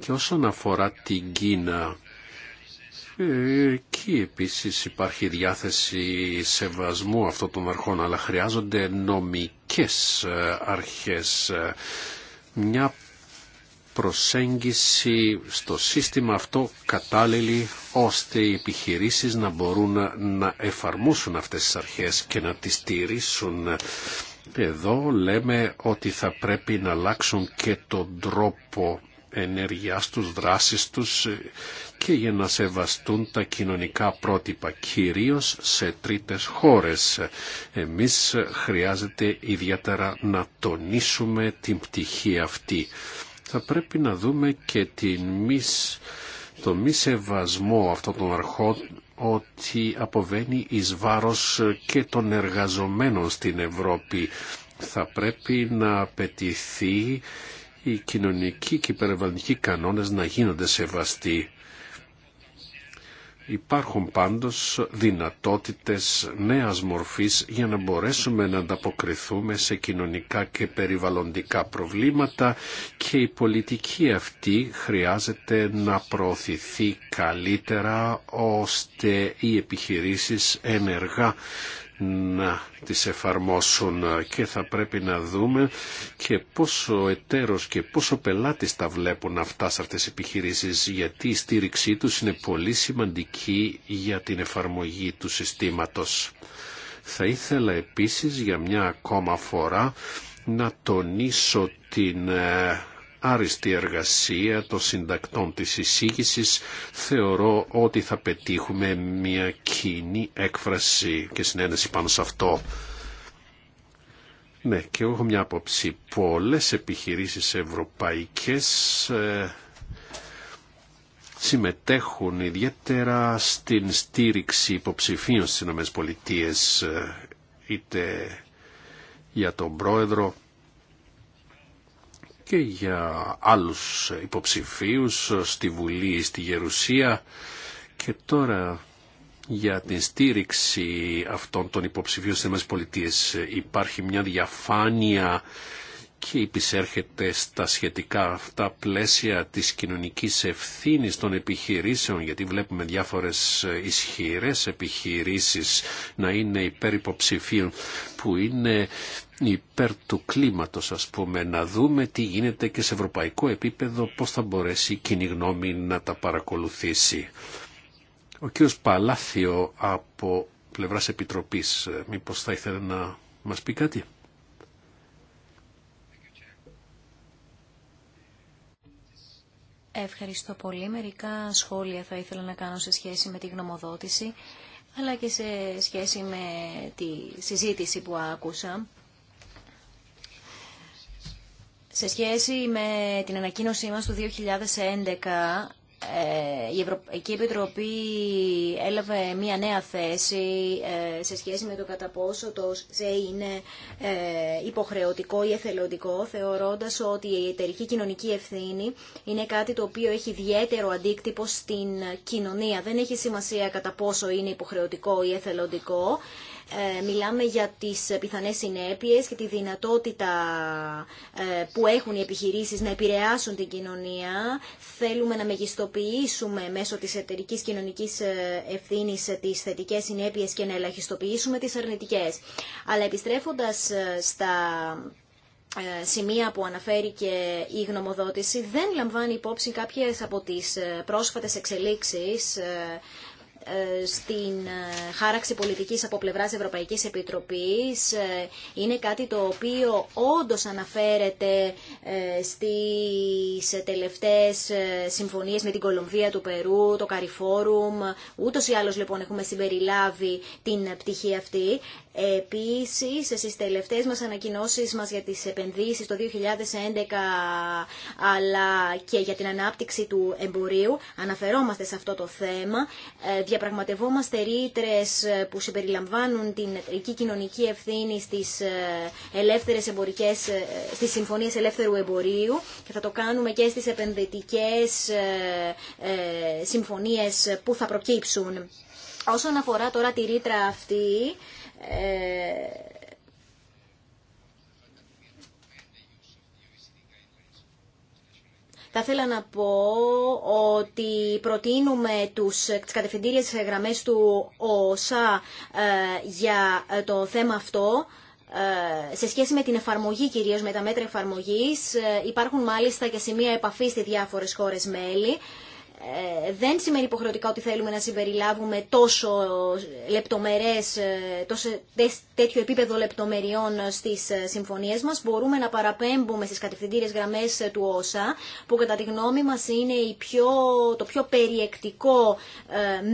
Και όσον αφορά την Κίνα, Εκεί επίσης υπάρχει διάθεση σεβασμού αυτών των αρχών, αλλά χρειάζονται νομικές ε, αρχές. Ε, μια προσέγγιση στο σύστημα αυτό κατάλληλη ώστε οι επιχειρήσεις να μπορούν να εφαρμόσουν αυτές τις αρχές και να τις στηρίσουν. Εδώ λέμε ότι θα πρέπει να αλλάξουν και τον τρόπο Ενεργεια τους, δράσεις τους ε, και για να σεβαστούν τα κοινωνικά πρότυπα, κυρίως σε τρίτες χώρες. Εμείς χρειάζεται ιδιαίτερα να τονίσουμε την πτυχή αυτή. Θα πρέπει να δούμε και την το μη σεβασμό αυτών των αρχών ότι αποβαίνει εις βάρος και των εργαζομένων στην Ευρώπη. Θα πρέπει να απαιτηθεί οι κοινωνικοί και οι περιβαλλοντικοί κανόνες να γίνονται σεβαστοί. Υπάρχουν πάντως δυνατότητες νέας μορφής για να μπορέσουμε να ανταποκριθούμε σε κοινωνικά και περιβαλλοντικά προβλήματα και η πολιτική αυτή χρειάζεται να προωθηθεί καλύτερα ώστε οι επιχειρήσεις ενεργά να τις εφαρμόσουν και θα πρέπει να δούμε και πόσο εταίρος και πόσο πελάτης τα βλέπουν αυτά σε αυτές τις επιχειρήσεις γιατί η στήριξή τους είναι πολύ σημαντική για την εφαρμογή του συστήματος. Θα ήθελα επίσης για μια ακόμα φορά να τονίσω την ε, άριστη εργασία των συντακτών της εισήγησης θεωρώ ότι θα πετύχουμε μια κοινή έκφραση και συνένεση πάνω σε αυτό. Ναι, και εγώ έχω μια άποψη. Πολλές επιχειρήσεις ευρωπαϊκές ε, συμμετέχουν ιδιαίτερα στην στήριξη υποψηφίων στις ΗΠΑ ε, είτε για τον πρόεδρο και για άλλους υποψηφίους στη Βουλή ή στη Γερουσία και τώρα για την στήριξη αυτών των υποψηφίων στις πολιτείες υπάρχει μια διαφάνεια και υπησέρχεται στα σχετικά αυτά πλαίσια της κοινωνικής ευθύνης των επιχειρήσεων, γιατί βλέπουμε διάφορες ισχυρές επιχειρήσεις να είναι υπέρ υποψηφίων που είναι υπέρ του κλίματος ας πούμε να δούμε τι γίνεται και σε ευρωπαϊκό επίπεδο πώς θα μπορέσει η κοινή γνώμη να τα παρακολουθήσει. Ο κύριος Παλάθιο από πλευράς Επιτροπής μήπως θα ήθελε να μας πει κάτι. Ευχαριστώ πολύ. Μερικά σχόλια θα ήθελα να κάνω σε σχέση με τη γνωμοδότηση αλλά και σε σχέση με τη συζήτηση που άκουσα σε σχέση με την ανακοίνωσή μας του 2011, ε, η Ευρωπαϊκή Επιτροπή έλαβε μία νέα θέση ε, σε σχέση με το κατά πόσο το ΣΕ είναι ε, υποχρεωτικό ή εθελοντικό, θεωρώντας ότι η εταιρική κοινωνική ευθύνη είναι κάτι το οποίο έχει ιδιαίτερο αντίκτυπο στην κοινωνία. Δεν έχει σημασία κατά πόσο είναι υποχρεωτικό ή εθελοντικό. Ε, μιλάμε για τις πιθανές συνέπειες και τη δυνατότητα ε, που έχουν οι επιχειρήσεις να επηρεάσουν την κοινωνία. Θέλουμε να μεγιστοποιήσουμε μέσω της εταιρικής κοινωνικής ε, ευθύνης τις θετικές συνέπειες και να ελαχιστοποιήσουμε τις αρνητικές. Αλλά επιστρέφοντας στα σημεία που αναφέρει και η γνωμοδότηση δεν λαμβάνει υπόψη κάποιες από τις πρόσφατες εξελίξεις ε, στην ε, χάραξη πολιτικής από πλευράς Ευρωπαϊκής Επιτροπής ε, είναι κάτι το οποίο όντως αναφέρεται στις τελευταίες συμφωνίες με την Κολομβία του Περού, το Καριφόρουμ, ούτως ή άλλως λοιπόν έχουμε συμπεριλάβει την πτυχή αυτή. Επίσης, στις τελευταίες μας ανακοινώσεις μας για τις επενδύσεις το 2011 αλλά και για την ανάπτυξη του εμπορίου αναφερόμαστε σε αυτό το θέμα διαπραγματευόμαστε ρήτρε ε, που συμπεριλαμβάνουν την εταιρική κοινωνική ευθύνη στις, ε, ελεύθερες εμπορικές, ε, στις συμφωνίες ελεύθερου εμπορίου και θα το κάνουμε και στις επενδυτικές συμφωνίες που θα προκύψουν. Όσον αφορά τώρα τη ρήτρα αυτή, Θα ήθελα να πω ότι προτείνουμε τους, τις κατευθυντήριες γραμμές του ΟΣΑ ε, για ε, το θέμα αυτό ε, σε σχέση με την εφαρμογή κυρίως, με τα μέτρα εφαρμογής. Υπάρχουν μάλιστα και σημεία επαφή στις διάφορες χώρες μέλη. Ε, δεν σημαίνει υποχρεωτικά ότι θέλουμε να συμπεριλάβουμε τόσο λεπτομερές, ε, τόσο τέτοιο επίπεδο λεπτομεριών στις ε, συμφωνίες μας. Μπορούμε να παραπέμπουμε στις κατευθυντήριες γραμμές του ΩΣΑ, που κατά τη γνώμη μας είναι η πιο, το πιο περιεκτικό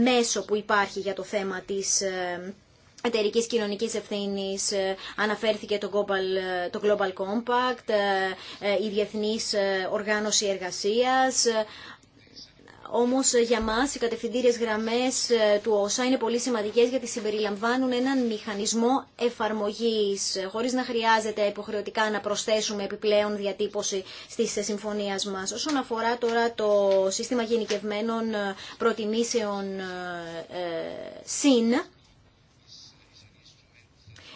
μέσο που υπάρχει για το θέμα της εταιρική κοινωνική ευθύνη αναφέρθηκε το Global, το Global Compact, η Διεθνή Οργάνωση Εργασία. Όμως ε, για μας οι κατευθυντήριες γραμμές ε, του ΩΣΑ είναι πολύ σημαντικές γιατί συμπεριλαμβάνουν έναν μηχανισμό εφαρμογής ε, χωρίς να χρειάζεται υποχρεωτικά να προσθέσουμε επιπλέον διατύπωση στις συμφωνίες μας. Όσον αφορά τώρα το σύστημα γενικευμένων προτιμήσεων ΣΥΝ,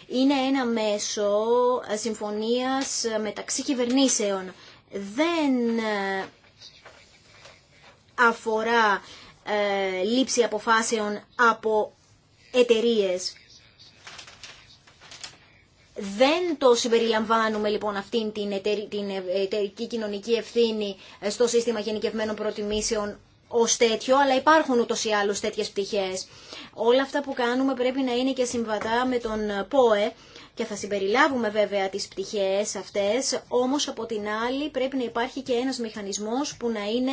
είναι ένα μέσο συμφωνίας μεταξύ κυβερνήσεων. Δεν αφορά ε, λήψη αποφάσεων από εταιρείε. Δεν το συμπεριλαμβάνουμε λοιπόν αυτήν την, την εταιρική κοινωνική ευθύνη ε, στο σύστημα γενικευμένων προτιμήσεων ω τέτοιο, αλλά υπάρχουν ούτω ή άλλω τέτοιε πτυχέ. Όλα αυτά που κάνουμε πρέπει να είναι και συμβατά με τον ΠΟΕ και θα συμπεριλάβουμε βέβαια τις πτυχές αυτές, όμως από την άλλη πρέπει να υπάρχει και ένας μηχανισμός που να είναι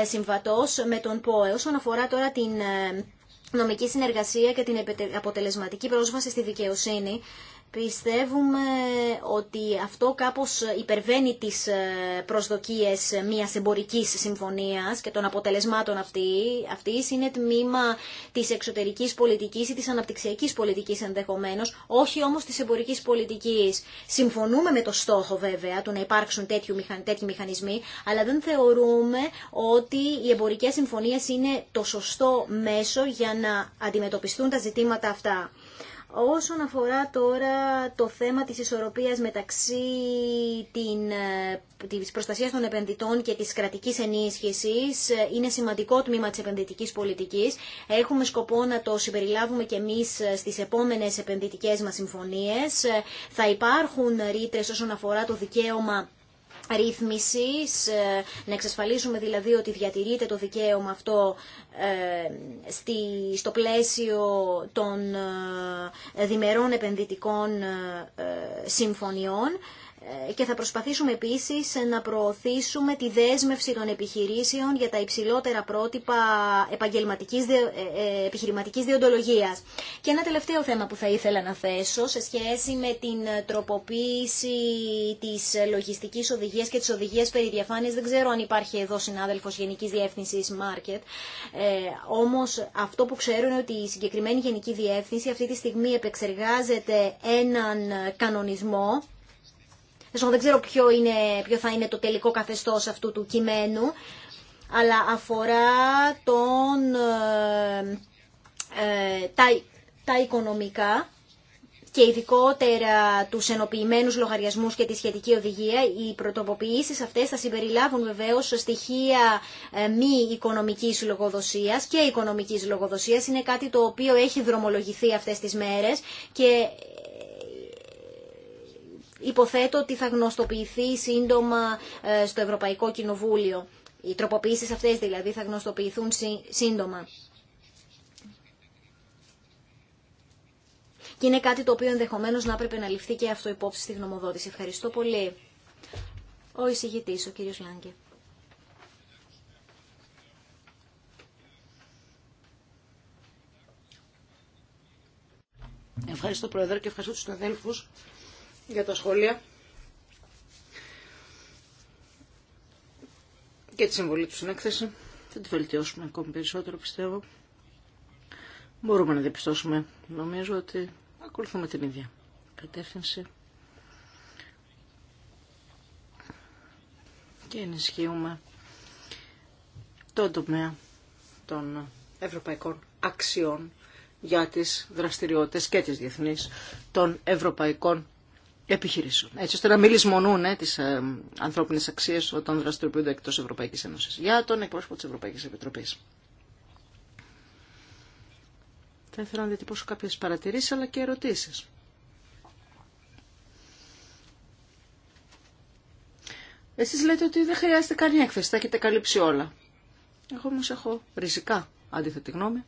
ε, συμβατός με τον ΠΟΕ. Όσον αφορά τώρα την ε, νομική συνεργασία και την αποτελεσματική πρόσβαση στη δικαιοσύνη, Πιστεύουμε ότι αυτό κάπως υπερβαίνει τις ε, προσδοκίες μιας εμπορικής συμφωνίας και των αποτελεσμάτων αυτή. Αυτής είναι τμήμα της εξωτερικής πολιτικής ή της αναπτυξιακής πολιτικής ενδεχομένως, όχι όμως της εμπορικής πολιτικής. Συμφωνούμε με το στόχο βέβαια του να υπάρξουν τέτοιοι μηχανισμοί, αλλά δεν θεωρούμε ότι οι εμπορικές συμφωνίες είναι το σωστό μέσο για να αντιμετωπιστούν τα ζητήματα αυτά. Όσον αφορά τώρα το θέμα της ισορροπίας μεταξύ την, ε, της προστασίας των επενδυτών και της κρατικής ενίσχυσης, ε, είναι σημαντικό τμήμα της επενδυτικής πολιτικής. Έχουμε σκοπό να το συμπεριλάβουμε και εμείς ε, στις επόμενες επενδυτικές μας συμφωνίες. Θα υπάρχουν ρήτρες όσον αφορά το δικαίωμα ρύθμισης, ε, να εξασφαλίσουμε δηλαδή ότι διατηρείται το δικαίωμα αυτό ε, στη, στο πλαίσιο των ε, διμερών επενδυτικών συμφωνιών ε, και θα προσπαθήσουμε επίσης να προωθήσουμε τη δέσμευση των επιχειρήσεων για τα υψηλότερα πρότυπα επαγγελματικής, ε, ε, επιχειρηματικής διοντολογίας. Και ένα τελευταίο θέμα που θα ήθελα να θέσω σε σχέση με την τροποποίηση της λογιστικής οδηγίας και της οδηγίας περί διαφάνειας. Δεν ξέρω αν υπάρχει εδώ συνάδελφος Γενικής Διεύθυνσης Μάρκετ. Ε, όμως αυτό που ξέρω είναι ότι η συγκεκριμένη Γενική Διεύθυνση αυτή τη στιγμή επεξεργάζεται έναν κανονισμό δεν ξέρω ποιο, θα είναι το τελικό καθεστώς αυτού του κειμένου, αλλά αφορά ε, ε, τα, οικονομικά και ειδικότερα του ενοποιημένου λογαριασμού και τη σχετική οδηγία. Οι πρωτοποποιήσει αυτέ θα συμπεριλάβουν βεβαίω στοιχεία ε, μη οικονομική λογοδοσία και οικονομική λογοδοσία. Είναι κάτι το οποίο έχει δρομολογηθεί αυτέ τι μέρε υποθέτω ότι θα γνωστοποιηθεί σύντομα ε, στο Ευρωπαϊκό Κοινοβούλιο. Οι τροποποιήσεις αυτές δηλαδή θα γνωστοποιηθούν σύντομα. Και είναι κάτι το οποίο ενδεχομένως να έπρεπε να ληφθεί και αυτό υπόψη στη γνωμοδότηση. Ευχαριστώ πολύ. Ο εισηγητής, ο κύριος Λάγκε. Ευχαριστώ Πρόεδρε και ευχαριστώ τους αδέλφους για τα σχόλια και τη συμβολή του στην έκθεση. Θα τη βελτιώσουμε ακόμη περισσότερο πιστεύω. Μπορούμε να διαπιστώσουμε νομίζω ότι ακολουθούμε την ίδια κατεύθυνση και ενισχύουμε τον τομέα των ευρωπαϊκών αξιών για τις δραστηριότητες και τις διεθνείς των ευρωπαϊκών επιχειρήσουν. Έτσι ώστε να μην λησμονούν ε, τι ε, ανθρώπινε αξίε όταν δραστηριοποιούνται εκτό Ευρωπαϊκή Ένωση. Για τον εκπρόσωπο τη Ευρωπαϊκή Επιτροπή. Θα ήθελα να διατυπώσω κάποιε παρατηρήσει αλλά και ερωτήσει. Εσείς λέτε ότι δεν χρειάζεται καν έκθεση, τα έχετε καλύψει όλα. Εγώ όμως έχω ριζικά αντίθετη γνώμη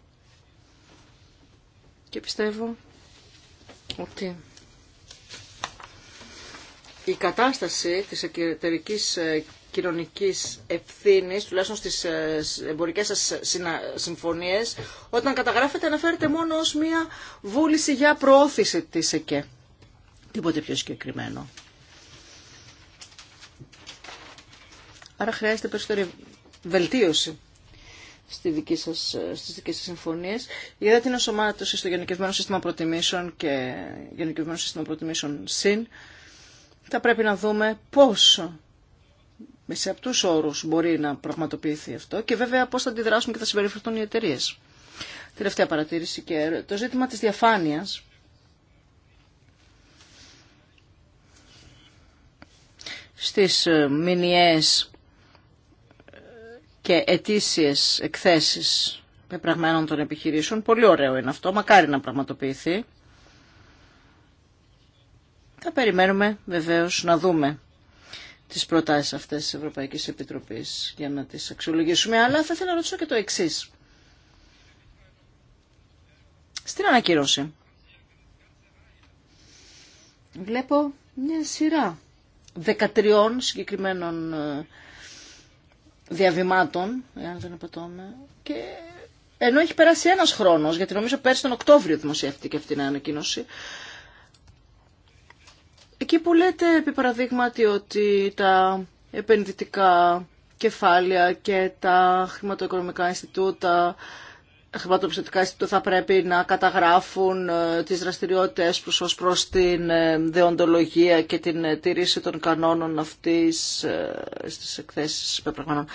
και πιστεύω ότι η κατάσταση της εταιρικής ε, κοινωνικής ευθύνης, τουλάχιστον στις ε, εμπορικές σας συμφωνίες, όταν καταγράφεται αναφέρεται μόνο ως μία βούληση για προώθηση της ΕΚΕ. Τίποτε πιο συγκεκριμένο. Άρα χρειάζεται περισσότερη βελτίωση στη δική σας, ε, στις δικές σας συμφωνίες. Η την ενσωμάτωση στο γενικευμένο σύστημα προτιμήσεων και γενικευμένο σύστημα προτιμήσεων συν θα πρέπει να δούμε πώς με σε αυτούς όρους μπορεί να πραγματοποιηθεί αυτό και βέβαια πώς θα αντιδράσουν και θα συμπεριφερθούν οι εταιρείε. Τελευταία παρατήρηση και το ζήτημα της διαφάνειας στις ε, μηνιαίες ε, και ετήσιες εκθέσεις πεπραγμένων των επιχειρήσεων. Πολύ ωραίο είναι αυτό, μακάρι να πραγματοποιηθεί. Θα περιμένουμε βεβαίως να δούμε τις προτάσεις αυτές της Ευρωπαϊκής Επιτροπής για να τις αξιολογήσουμε. Αλλά θα ήθελα να ρωτήσω και το εξή. Στην ανακοίνωση. Βλέπω μια σειρά 13 συγκεκριμένων ε, διαβημάτων, εάν δεν απατώμε, και ενώ έχει περάσει ένας χρόνος, γιατί νομίζω πέρσι τον Οκτώβριο δημοσιεύτηκε αυτή η ανακοίνωση, Εκεί που λέτε επί παραδείγματι ότι τα επενδυτικά κεφάλαια και τα χρηματοοικονομικά Ινστιτούτα χρηματοπιστωτικά Ινστιτούτα θα πρέπει να καταγράφουν ε, τις δραστηριότητες προς, ως προς την ε, δεοντολογία και την ε, τήρηση των κανόνων αυτής στις εκθέσεις πεπραγμένων.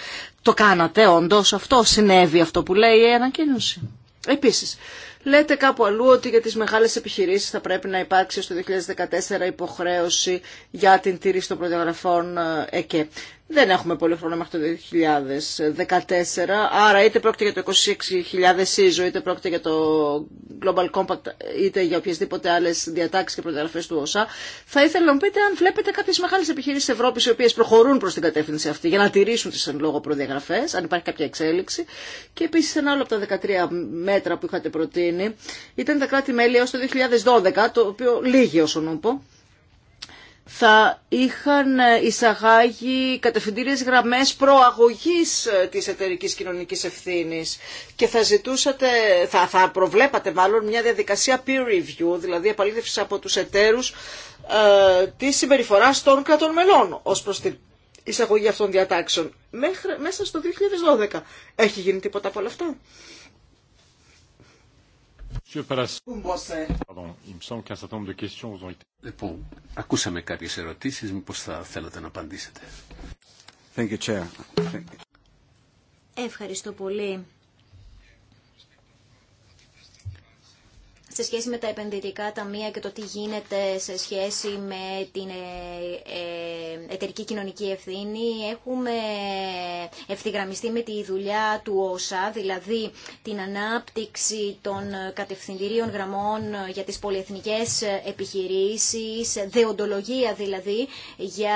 Το κάνατε όντως αυτό, συνέβη αυτό που λέει η ανακοίνωση. Επίσης, Λέτε κάπου αλλού ότι για τις μεγάλες επιχειρήσεις θα πρέπει να υπάρξει στο 2014 υποχρέωση για την τήρηση των προδιαγραφών ε, ΕΚΕ. Δεν έχουμε πολύ χρόνο μέχρι το 2014, άρα είτε πρόκειται για το 26.000 ίζο, είτε πρόκειται για το Global Compact, είτε για οποιασδήποτε άλλες διατάξεις και προδιαγραφές του ΩΣΑ. Θα ήθελα να μου πείτε αν βλέπετε κάποιες μεγάλες επιχειρήσεις της Ευρώπης οι οποίες προχωρούν προς την κατεύθυνση αυτή για να τηρήσουν τις εν λόγω προδιαγραφές, αν υπάρχει κάποια εξέλιξη. Και επίσης ένα άλλο από τα 13 μέτρα που είχατε προτείνει ήταν τα κράτη-μέλη έως το 2012, το οποίο λίγοι όσο πω θα είχαν εισαγάγει κατευθυντήριες γραμμές προαγωγής ε, της εταιρική κοινωνικής ευθύνης και θα ζητούσατε, θα, θα προβλέπατε μάλλον μια διαδικασία peer review, δηλαδή επαλήθευση από τους εταίρους ε, συμπεριφορά συμπεριφοράς των κρατών μελών ως προς την εισαγωγή αυτών διατάξεων. Μέχρι, μέσα στο 2012 έχει γίνει τίποτα από όλα αυτά. Λοιπόν, ακούσαμε κάποιες ερωτήσεις, μήπως θα θέλατε να απαντήσετε. Ευχαριστώ πολύ σε σχέση με τα επενδυτικά ταμεία και το τι γίνεται σε σχέση με την ε, ε, εταιρική κοινωνική ευθύνη. Έχουμε ευθυγραμμιστεί με τη δουλειά του ΩΣΑ, δηλαδή την ανάπτυξη των κατευθυντηρίων γραμμών για τις πολυεθνικές επιχειρήσεις, δεοντολογία δηλαδή για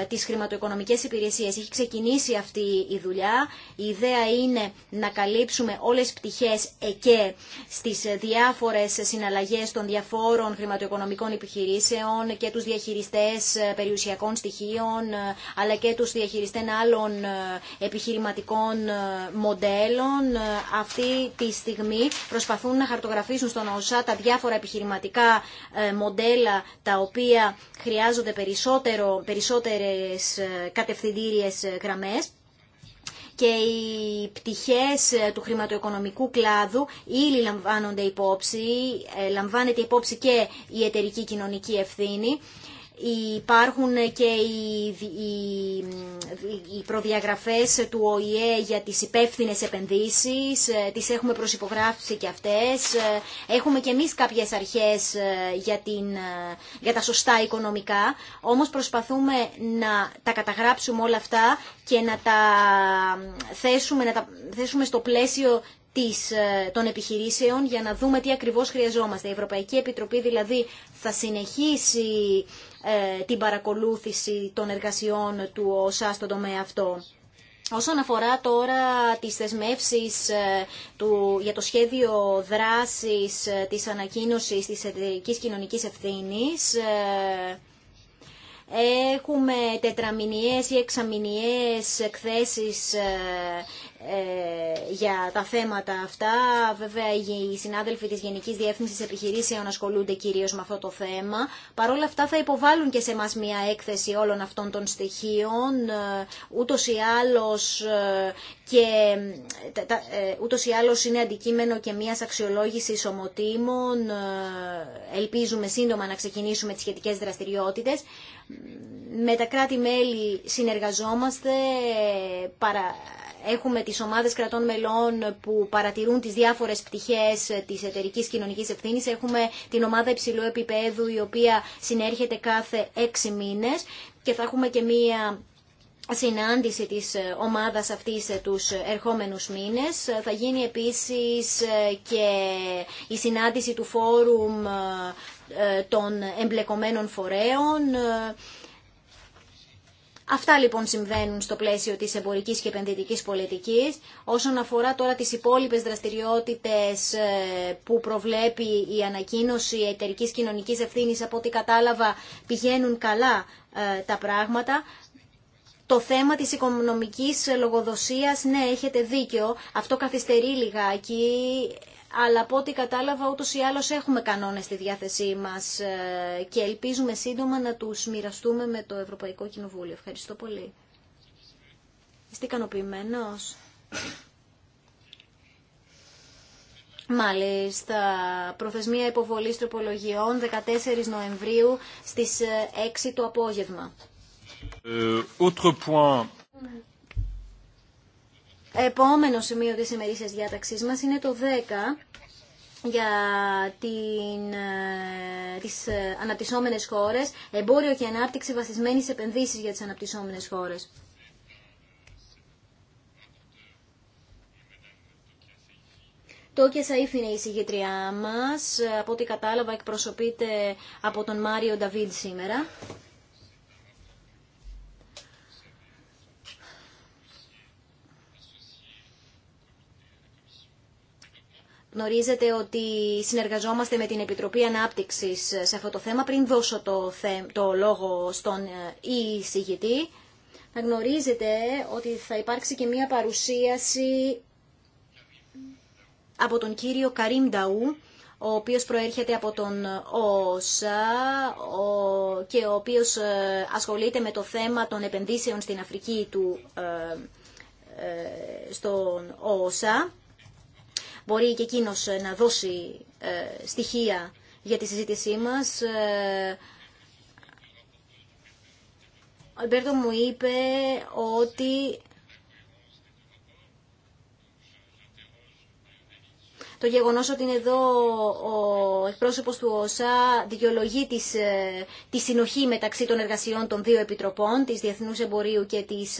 ε, τις χρηματοοικονομικές υπηρεσίες. Έχει ξεκινήσει αυτή η δουλειά η ιδέα είναι να καλύψουμε όλες τις πτυχές ΕΚΕ στις διάφορες συναλλαγές των διαφόρων χρηματοοικονομικών επιχειρήσεων και τους διαχειριστές περιουσιακών στοιχείων αλλά και τους διαχειριστές άλλων επιχειρηματικών μοντέλων. Αυτή τη στιγμή προσπαθούν να χαρτογραφήσουν στον ΟΣΑ τα διάφορα επιχειρηματικά ε, μοντέλα τα οποία χρειάζονται περισσότερο, περισσότερες ε, κατευθυντήριες ε, γραμμές και οι πτυχές ε, του χρηματοοικονομικού κλάδου ήδη λαμβάνονται υπόψη, ε, λαμβάνεται υπόψη και η εταιρική κοινωνική ευθύνη Υπάρχουν και οι προδιαγραφές του ΟΗΕ για τις υπεύθυνες επενδύσεις, ε, τις έχουμε προσυπογράψει και αυτές. Ε, έχουμε και εμείς κάποιες αρχές ε, για, την, για τα σωστά οικονομικά, όμως προσπαθούμε να τα καταγράψουμε όλα αυτά και να τα θέσουμε, να τα θέσουμε στο πλαίσιο της, των επιχειρήσεων για να δούμε τι ακριβώς χρειαζόμαστε. Η Ευρωπαϊκή Επιτροπή δηλαδή θα συνεχίσει ε, την παρακολούθηση των εργασιών του ΩΣΑ στον τομέα αυτό. Όσον αφορά τώρα τις θεσμεύσεις ε, του, για το σχέδιο δράσης ε, της ανακοίνωσης της εταιρικής κοινωνικής ευθύνης, Έχουμε τετραμηνιές ή εξαμηνιές εκθέσεις ε, για τα θέματα αυτά. Βέβαια, οι συνάδελφοι της Γενικής Διεύθυνσης Επιχειρήσεων ασχολούνται κυρίω με αυτό το θέμα. Παρ' όλα αυτά θα υποβάλουν και σε εμά μια έκθεση όλων αυτών των στοιχείων, ε, Ούτω ή άλλω ε, και, ούτως ή άλλως είναι αντικείμενο και μιας αξιολόγησης ομοτήμων. Ελπίζουμε σύντομα να ξεκινήσουμε τις σχετικές δραστηριότητες. Με τα κράτη-μέλη συνεργαζόμαστε, παρα, Έχουμε τις ομάδες κρατών μελών που παρατηρούν τις διάφορες πτυχές της εταιρική κοινωνικής ευθύνης. Έχουμε την ομάδα υψηλού επίπεδου η οποία συνέρχεται κάθε έξι μήνες και θα έχουμε και μία συνάντηση της ομάδας αυτής τους ερχόμενους μήνες. Θα γίνει επίσης και η συνάντηση του φόρουμ ε, των εμπλεκομένων φορέων Αυτά λοιπόν συμβαίνουν στο πλαίσιο της εμπορικής και επενδυτικής πολιτικής. Όσον αφορά τώρα τις υπόλοιπες δραστηριότητες ε, που προβλέπει η ανακοίνωση εταιρικής κοινωνικής ευθύνης, από ό,τι κατάλαβα πηγαίνουν καλά ε, τα πράγματα. Το θέμα της οικονομικής λογοδοσίας, ναι, έχετε δίκιο, αυτό καθυστερεί λιγάκι, αλλά από ό,τι κατάλαβα ούτως ή άλλως έχουμε κανόνες στη διάθεσή μας ε, και ελπίζουμε σύντομα να τους μοιραστούμε με το Ευρωπαϊκό Κοινοβούλιο. Ευχαριστώ πολύ. Είστε ικανοποιημένο. Μάλιστα, προθεσμία υποβολής τροπολογιών 14 Νοεμβρίου στις 6 ε, το απόγευμα. Ε, autre Επόμενο σημείο της ημερήσιας διάταξής μας είναι το 10 για την, ε, τις ε, αναπτυσσόμενες χώρες, εμπόριο και ανάπτυξη βασισμένη σε επενδύσεις για τις αναπτυσσόμενες χώρες. Το και είναι η συγγετριά μας, από ό,τι κατάλαβα εκπροσωπείται από τον Μάριο Νταβίδ σήμερα. Γνωρίζετε ότι συνεργαζόμαστε με την Επιτροπή Ανάπτυξης σε αυτό το θέμα. Πριν δώσω το, το λόγο στον ε, εισηγητή, να γνωρίζετε ότι θα υπάρξει και μία παρουσίαση από τον κύριο Καρίμ Νταού, ο οποίος προέρχεται από τον ΟΣΑ και ο οποίος ε, ασχολείται με το θέμα των επενδύσεων στην Αφρική του ε, στον ΟΣΑ μπορεί και εκείνο ε, να δώσει ε, στοιχεία για τη συζήτησή μας. Ο ε, Αλμπέρτο μου είπε ότι Το γεγονός ότι είναι εδώ ο εκπρόσωπος του ΟΣΑ δικαιολογεί της, ε, τη συνοχή μεταξύ των εργασιών των δύο επιτροπών, της Διεθνούς Εμπορίου και της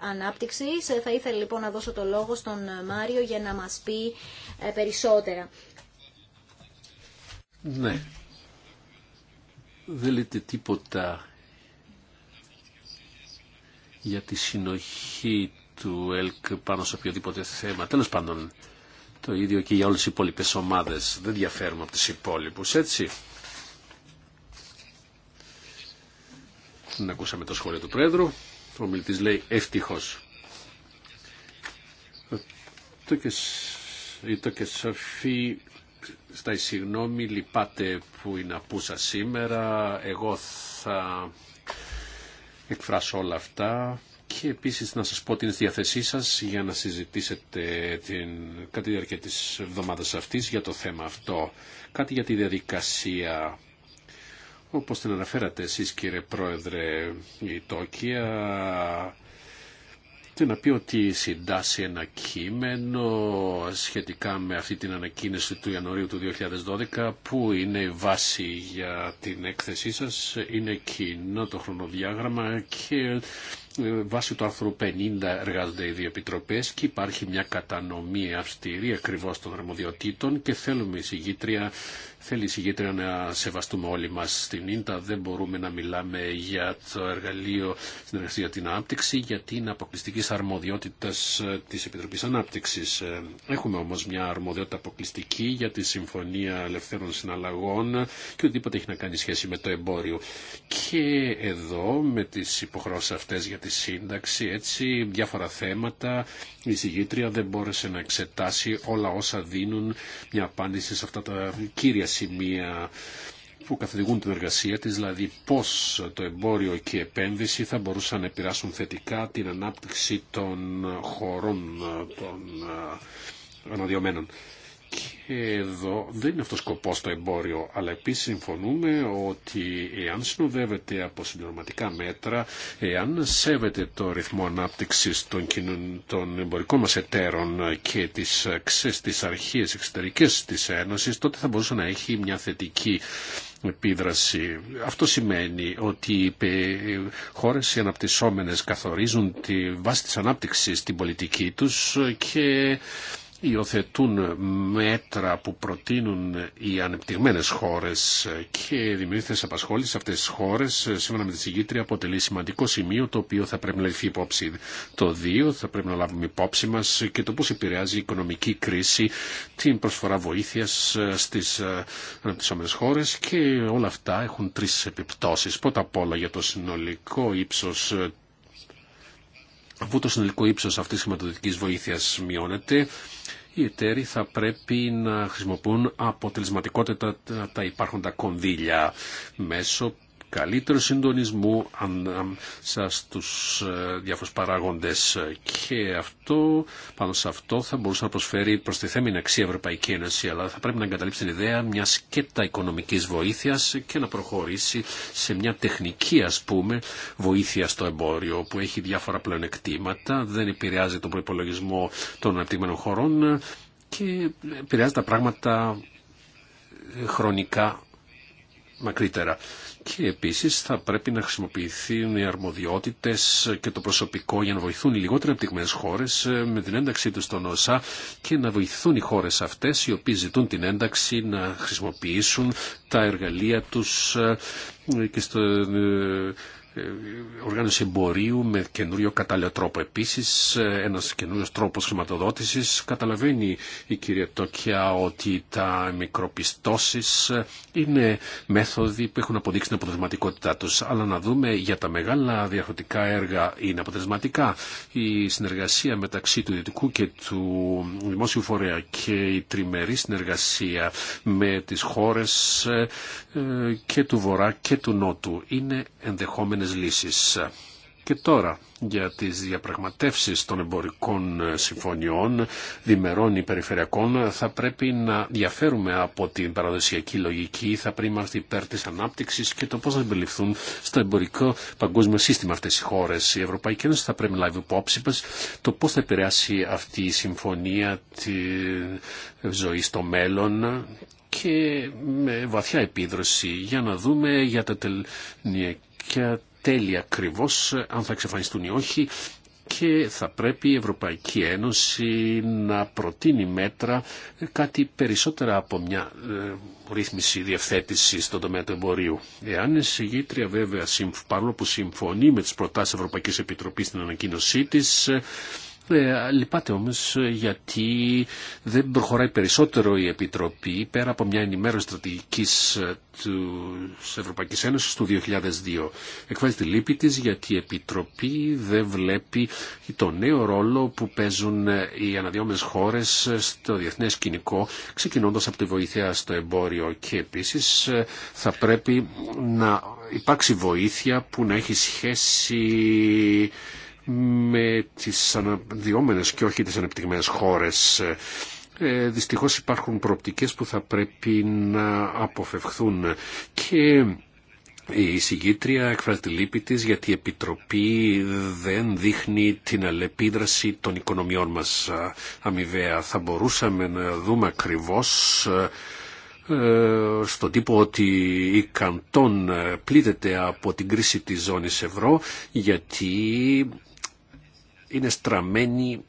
Ανάπτυξης. Ε, θα ήθελα λοιπόν να δώσω το λόγο στον ε, Μάριο για να μας πει περισσότερα. Ναι. Δεν λέτε τίποτα για τη συνοχή του ΕΛΚ πάνω σε οποιοδήποτε θέμα. Τέλος πάντων, το ίδιο και για όλες τις υπόλοιπες ομάδες. Δεν διαφέρουμε από τις υπόλοιπους, έτσι. Να ακούσαμε το σχόλιο του Πρόεδρου. Ο μιλητής λέει ευτυχώς. Το και σοφή στα συγγνώμη λυπάται που είναι απούσα σήμερα. Εγώ θα εκφράσω όλα αυτά και επίσης να σας πω την διαθεσή σας για να συζητήσετε την, κατά τη διάρκεια της εβδομάδας αυτής για το θέμα αυτό. Κάτι για τη διαδικασία. Όπως την αναφέρατε εσείς κύριε Πρόεδρε, η Τόκια τι να πει ότι συντάσσει ένα κείμενο σχετικά με αυτή την ανακοίνωση του Ιανουαρίου του 2012 που είναι η βάση για την έκθεσή σας, είναι κοινό το χρονοδιάγραμμα και ε, βάσει του άρθρου 50 εργάζονται οι δύο επιτροπέ και υπάρχει μια κατανομή αυστηρή ακριβώ των αρμοδιοτήτων και θέλουμε η συγγήτρια, θέλει η συγγήτρια να σεβαστούμε όλοι μα στην ίντα. Δεν μπορούμε να μιλάμε για το εργαλείο συνεργασία την ανάπτυξη γιατί είναι αποκλειστική αρμοδιότητα ε, τη επιτροπή ανάπτυξη. Ε, έχουμε όμω μια αρμοδιότητα αποκλειστική για τη Συμφωνία Ελευθέρων Συναλλαγών και οτιδήποτε έχει να κάνει σχέση με το εμπόριο. Και εδώ με τι υποχρεώσει αυτέ. για τη σύνταξη, έτσι διάφορα θέματα. Η συγγήτρια δεν μπόρεσε να εξετάσει όλα όσα δίνουν μια απάντηση σε αυτά τα κύρια σημεία που καθοδηγούν την εργασία της, δηλαδή πώς το εμπόριο και η επένδυση θα μπορούσαν να επηρεάσουν θετικά την ανάπτυξη των χωρών των ε, αναδειωμένων. Και εδώ δεν είναι αυτό σκοπό το εμπόριο, αλλά επίση συμφωνούμε ότι εάν συνοδεύεται από συμπληρωματικά μέτρα, εάν σέβεται το ρυθμό ανάπτυξη των, των εμπορικών μα εταίρων και τι τις αρχέ εξωτερικέ τη Ένωση, τότε θα μπορούσε να έχει μια θετική επίδραση. Αυτό σημαίνει ότι οι χώρες οι αναπτυσσόμενες καθορίζουν τη βάση της ανάπτυξης, στην πολιτική τους και υιοθετούν μέτρα που προτείνουν οι ανεπτυγμένες χώρες και δημιουργεί απασχόληση σε αυτές τις χώρες σύμφωνα με τη συγκήτρια αποτελεί σημαντικό σημείο το οποίο θα πρέπει να ληφθεί υπόψη. Το 2 θα πρέπει να λάβουμε υπόψη μας και το πώς επηρεάζει η οικονομική κρίση την προσφορά βοήθειας ε, στις ε, ανεπτυσσόμενες χώρες και όλα αυτά έχουν τρεις επιπτώσεις. Πρώτα απ' όλα για το συνολικό ύψος ε, αφού το συνολικό ύψος αυτής της χρηματοδοτικής βοήθειας μειώνεται, οι εταίροι θα πρέπει να χρησιμοποιούν αποτελεσματικότητα τα υπάρχοντα κονδύλια μέσω καλύτερου συντονισμού ανάμεσα στου ε, διάφορου παράγοντε. και αυτό, πάνω σε αυτό θα μπορούσε να προσφέρει προ τη προστιθέμενη αξία Ευρωπαϊκή Ένωση αλλά θα πρέπει να εγκαταλείψει την ιδέα μια σκέτα οικονομική βοήθεια και να προχωρήσει σε μια τεχνική ας πούμε βοήθεια στο εμπόριο που έχει διάφορα πλεονεκτήματα, δεν επηρεάζει τον προπολογισμό των αναπτυγμένων χωρών και επηρεάζει τα πράγματα χρονικά μακρύτερα και επίσης θα πρέπει να χρησιμοποιηθούν οι αρμοδιότητες και το προσωπικό για να βοηθούν οι λιγότερο επτυγμένες χώρες ε, με την ένταξή τους στον ΩΣΑ και να βοηθούν οι χώρες αυτές οι οποίες ζητούν την ένταξη να χρησιμοποιήσουν τα εργαλεία τους ε, και στο ε, ε, οργάνωση εμπορίου με καινούριο κατάλληλο τρόπο. Επίσης, ένας καινούριος τρόπος χρηματοδότησης καταλαβαίνει η κυρία Τόκια ότι τα μικροπιστώσεις είναι μέθοδοι που έχουν αποδείξει την αποτελεσματικότητά τους. Αλλά να δούμε για τα μεγάλα διαφορετικά έργα είναι αποτελεσματικά. Η συνεργασία μεταξύ του ιδιωτικού και του δημόσιου φορέα και η τριμερή συνεργασία με τις χώρες ε, και του Βορρά και του Νότου είναι συγκεκριμένες Και τώρα για τις διαπραγματεύσεις των εμπορικών συμφωνιών διμερών ή περιφερειακών θα πρέπει να διαφέρουμε από την παραδοσιακή λογική, θα πρέπει να είμαστε υπέρ της ανάπτυξης και το πώς θα συμπεριληφθούν στο εμπορικό παγκόσμιο σύστημα αυτές οι χώρες. Η Ευρωπαϊκή Ένωση θα πρέπει να λάβει υπόψη μας το πώς θα επηρεάσει αυτή η συμφωνία τη ζωή στο μέλλον και με βαθιά επίδροση για να δούμε για τα τέλει ακριβώς αν θα εξαφανιστούν ή όχι και θα πρέπει η Ευρωπαϊκή Ένωση να προτείνει μέτρα κάτι περισσότερα από μια ε, ρύθμιση διευθέτηση στον τομέα του εμπορίου. Εάν η συγγήτρια βέβαια παρόλο που συμφωνεί με τις προτάσεις Ευρωπαϊκής Επιτροπής στην ανακοίνωσή της ε, λυπάται όμως ε, γιατί δεν προχωράει περισσότερο η Επιτροπή πέρα από μια ενημέρωση στρατηγικής ε, της Ευρωπαϊκής Ένωσης του 2002. Εκφράζει τη λύπη της γιατί η Επιτροπή δεν βλέπει το νέο ρόλο που παίζουν ε, οι αναδυόμενες χώρες στο διεθνές κοινικό ξεκινώντας από τη βοήθεια στο εμπόριο και επίσης θα πρέπει να υπάρξει βοήθεια που να έχει σχέση με τις αναδυόμενες και όχι τις ανεπτυγμένες χώρες. Ε, δυστυχώς υπάρχουν προοπτικές που θα πρέπει να αποφευχθούν και η συγκήτρια εκφράζει τη λύπη γιατί η Επιτροπή δεν δείχνει την αλεπίδραση των οικονομιών μας αμοιβαία. Θα μπορούσαμε να δούμε ακριβώς ε, στον τύπο ότι η Καντών ε, πλήττεται από την κρίση της ζώνης ευρώ γιατί είναι στραμμένη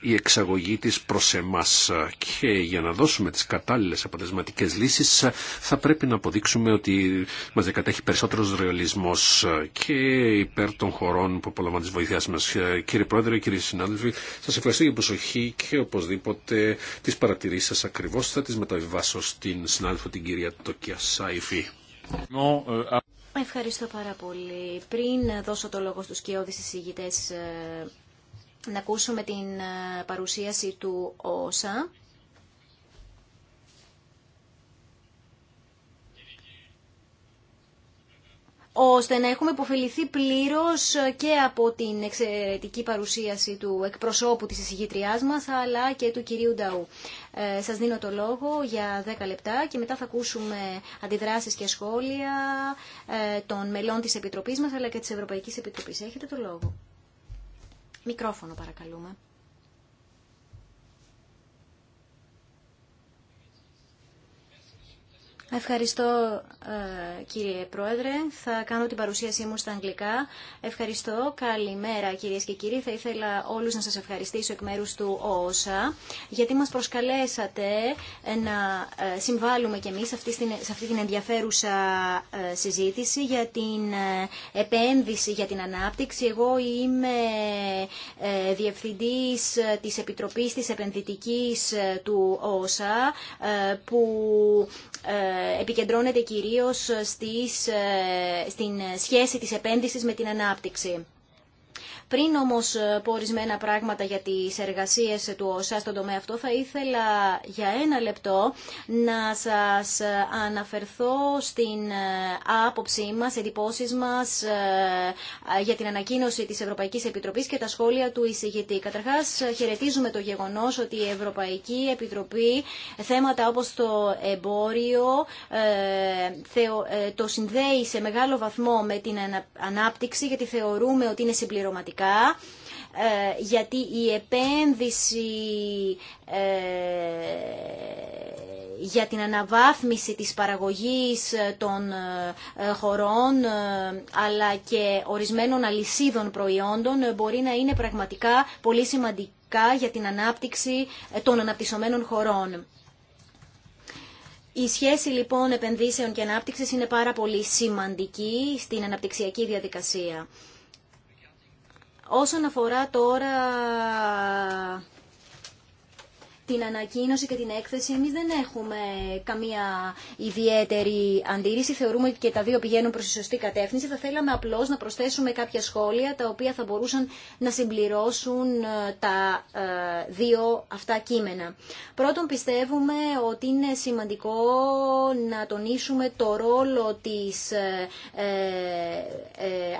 η εξαγωγή της προς εμάς και για να δώσουμε τις κατάλληλες αποτελεσματικές λύσεις θα πρέπει να αποδείξουμε ότι μας δεκατέχει περισσότερος ρεαλισμός και υπέρ των χωρών που απολαμβάνουν τις βοήθειάς μας. Κύριε Πρόεδρε, κύριοι συνάδελφοι, σας ευχαριστώ για την προσοχή και οπωσδήποτε τις παρατηρήσεις σας ακριβώς θα τις μεταβιβάσω στην συνάδελφο την κυρία Τοκία Σάιφη. Ευχαριστώ πάρα πολύ. Πριν δώσω το λόγο στους κοιόδης εισηγητές ε, να ακούσουμε την ε, παρουσίαση του ΩΣΑ. ώστε να έχουμε υποφεληθεί πλήρως ε, και από την εξαιρετική παρουσίαση του εκπροσώπου της εισηγήτριάς μας, αλλά και του κυρίου Νταού. Ε, σας δίνω το λόγο για 10 λεπτά και μετά θα ακούσουμε αντιδράσεις και σχόλια ε, των μελών της Επιτροπής μας, αλλά και της Ευρωπαϊκής Επιτροπής. Έχετε το λόγο. Μικρόφωνο παρακαλούμε. Ευχαριστώ ε, κύριε Πρόεδρε. Θα κάνω την παρουσίασή μου στα αγγλικά. Ευχαριστώ. Καλημέρα κυρίες και κύριοι. Θα ήθελα όλους να σας ευχαριστήσω εκ μέρους του ΟΟΣΑ γιατί μας προσκαλέσατε να ε, συμβάλλουμε κι εμείς σε αυτή την ενδιαφέρουσα ε, συζήτηση για την επένδυση για την ανάπτυξη. Εγώ είμαι διευθυντής της Επιτροπής της Επενδυτικής του ΟΟΣΑ που επικεντρώνεται κυρίως στις, ε, στην σχέση της επένδυσης με την ανάπτυξη. Πριν όμως ε, πω ορισμένα πράγματα για τι εργασίε του ΩΣΑ στον τομέα αυτό, θα ήθελα για ένα λεπτό να σας ε, αναφερθώ στην ε, άποψή μα εντυπωσει μας για την ανακοίνωση της Ευρωπαϊκής Επιτροπής και τα σχόλια του εισηγητή. Καταρχά χαιρετίζουμε το γεγονός ότι η Ευρωπαϊκή Επιτροπή θέματα όπως το εμπόριο το συνδέει σε μεγάλο βαθμό με την ανάπτυξη γιατί θεωρούμε ότι είναι συμπληρωματικά ε, γιατί η επένδυση ε, για την αναβάθμιση της παραγωγής ε, των χωρών αλλά και ορισμένων αλυσίδων προϊόντων μπορεί να είναι πραγματικά πολύ σημαντικά για την ανάπτυξη των αναπτυσσομένων χωρών. Η σχέση λοιπόν επενδύσεων και ανάπτυξης είναι πάρα πολύ σημαντική στην αναπτυξιακή διαδικασία. Όσον αφορά τώρα την ανακοίνωση και την έκθεση εμείς δεν έχουμε καμία ιδιαίτερη αντίρρηση. Θεωρούμε ότι και τα δύο πηγαίνουν προς τη σωστή κατεύθυνση. Θα θέλαμε απλώς να προσθέσουμε κάποια σχόλια τα οποία θα μπορούσαν να συμπληρώσουν ε, τα ε, δύο αυτά κείμενα. Πρώτον πιστεύουμε ότι είναι σημαντικό να τονίσουμε το ρόλο της ε,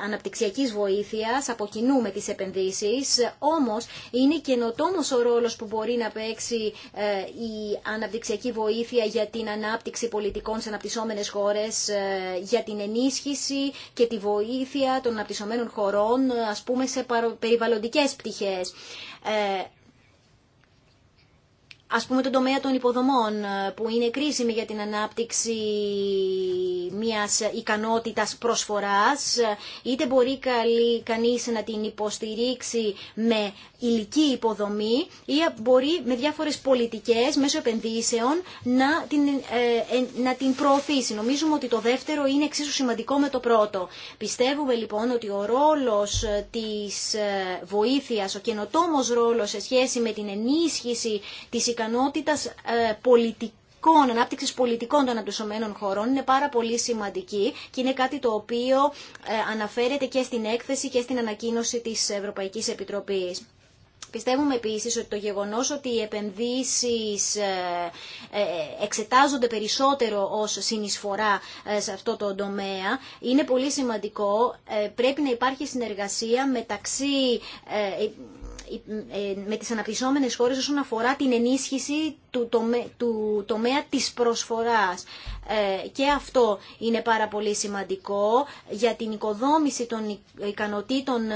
αναπτυξιακής βοήθειας, από κοινού με τις επενδύσεις, όμως είναι καινοτόμος ο ρόλος που μπορεί να παίξει ε, η αναπτυξιακή βοήθεια για την ανάπτυξη πολιτικών σε αναπτυσσόμενες χώρες, ε, για την ενίσχυση και τη βοήθεια των αναπτυσσομένων χωρών, ε, ας πούμε, σε περιβαλλοντικές πτυχές ας πούμε τον τομέα των υποδομών ε, που είναι κρίσιμη για την ανάπτυξη μιας ικανότητας προσφοράς ε, είτε μπορεί καλή, κανείς να την υποστηρίξει με υλική υποδομή ή μπορεί με διάφορες πολιτικές μέσω επενδύσεων να την, ε, να την προωθήσει. Νομίζουμε ότι το δεύτερο είναι εξίσου σημαντικό με το πρώτο. Πιστεύουμε λοιπόν ότι ο ρόλος της βοήθειας, ο καινοτόμος ρόλος σε σχέση με την ενίσχυση της ε, πολιτικών, ανάπτυξης πολιτικών των αντισωμένων χωρών είναι πάρα πολύ σημαντική και είναι κάτι το οποίο ε, αναφέρεται και στην έκθεση και στην ανακοίνωση της Ευρωπαϊκής Επιτροπής. Πιστεύουμε επίσης ότι το γεγονός ότι οι επενδύσεις ε, ε, εξετάζονται περισσότερο ως συνεισφορά σε αυτό το τομέα είναι πολύ σημαντικό. Πρέπει να υπάρχει συνεργασία μεταξύ με τις αναπτυσσόμενες χώρες όσον αφορά την ενίσχυση του, τομέα της προσφοράς. Ε, και αυτό είναι πάρα πολύ σημαντικό για την οικοδόμηση των ικανοτήτων ε,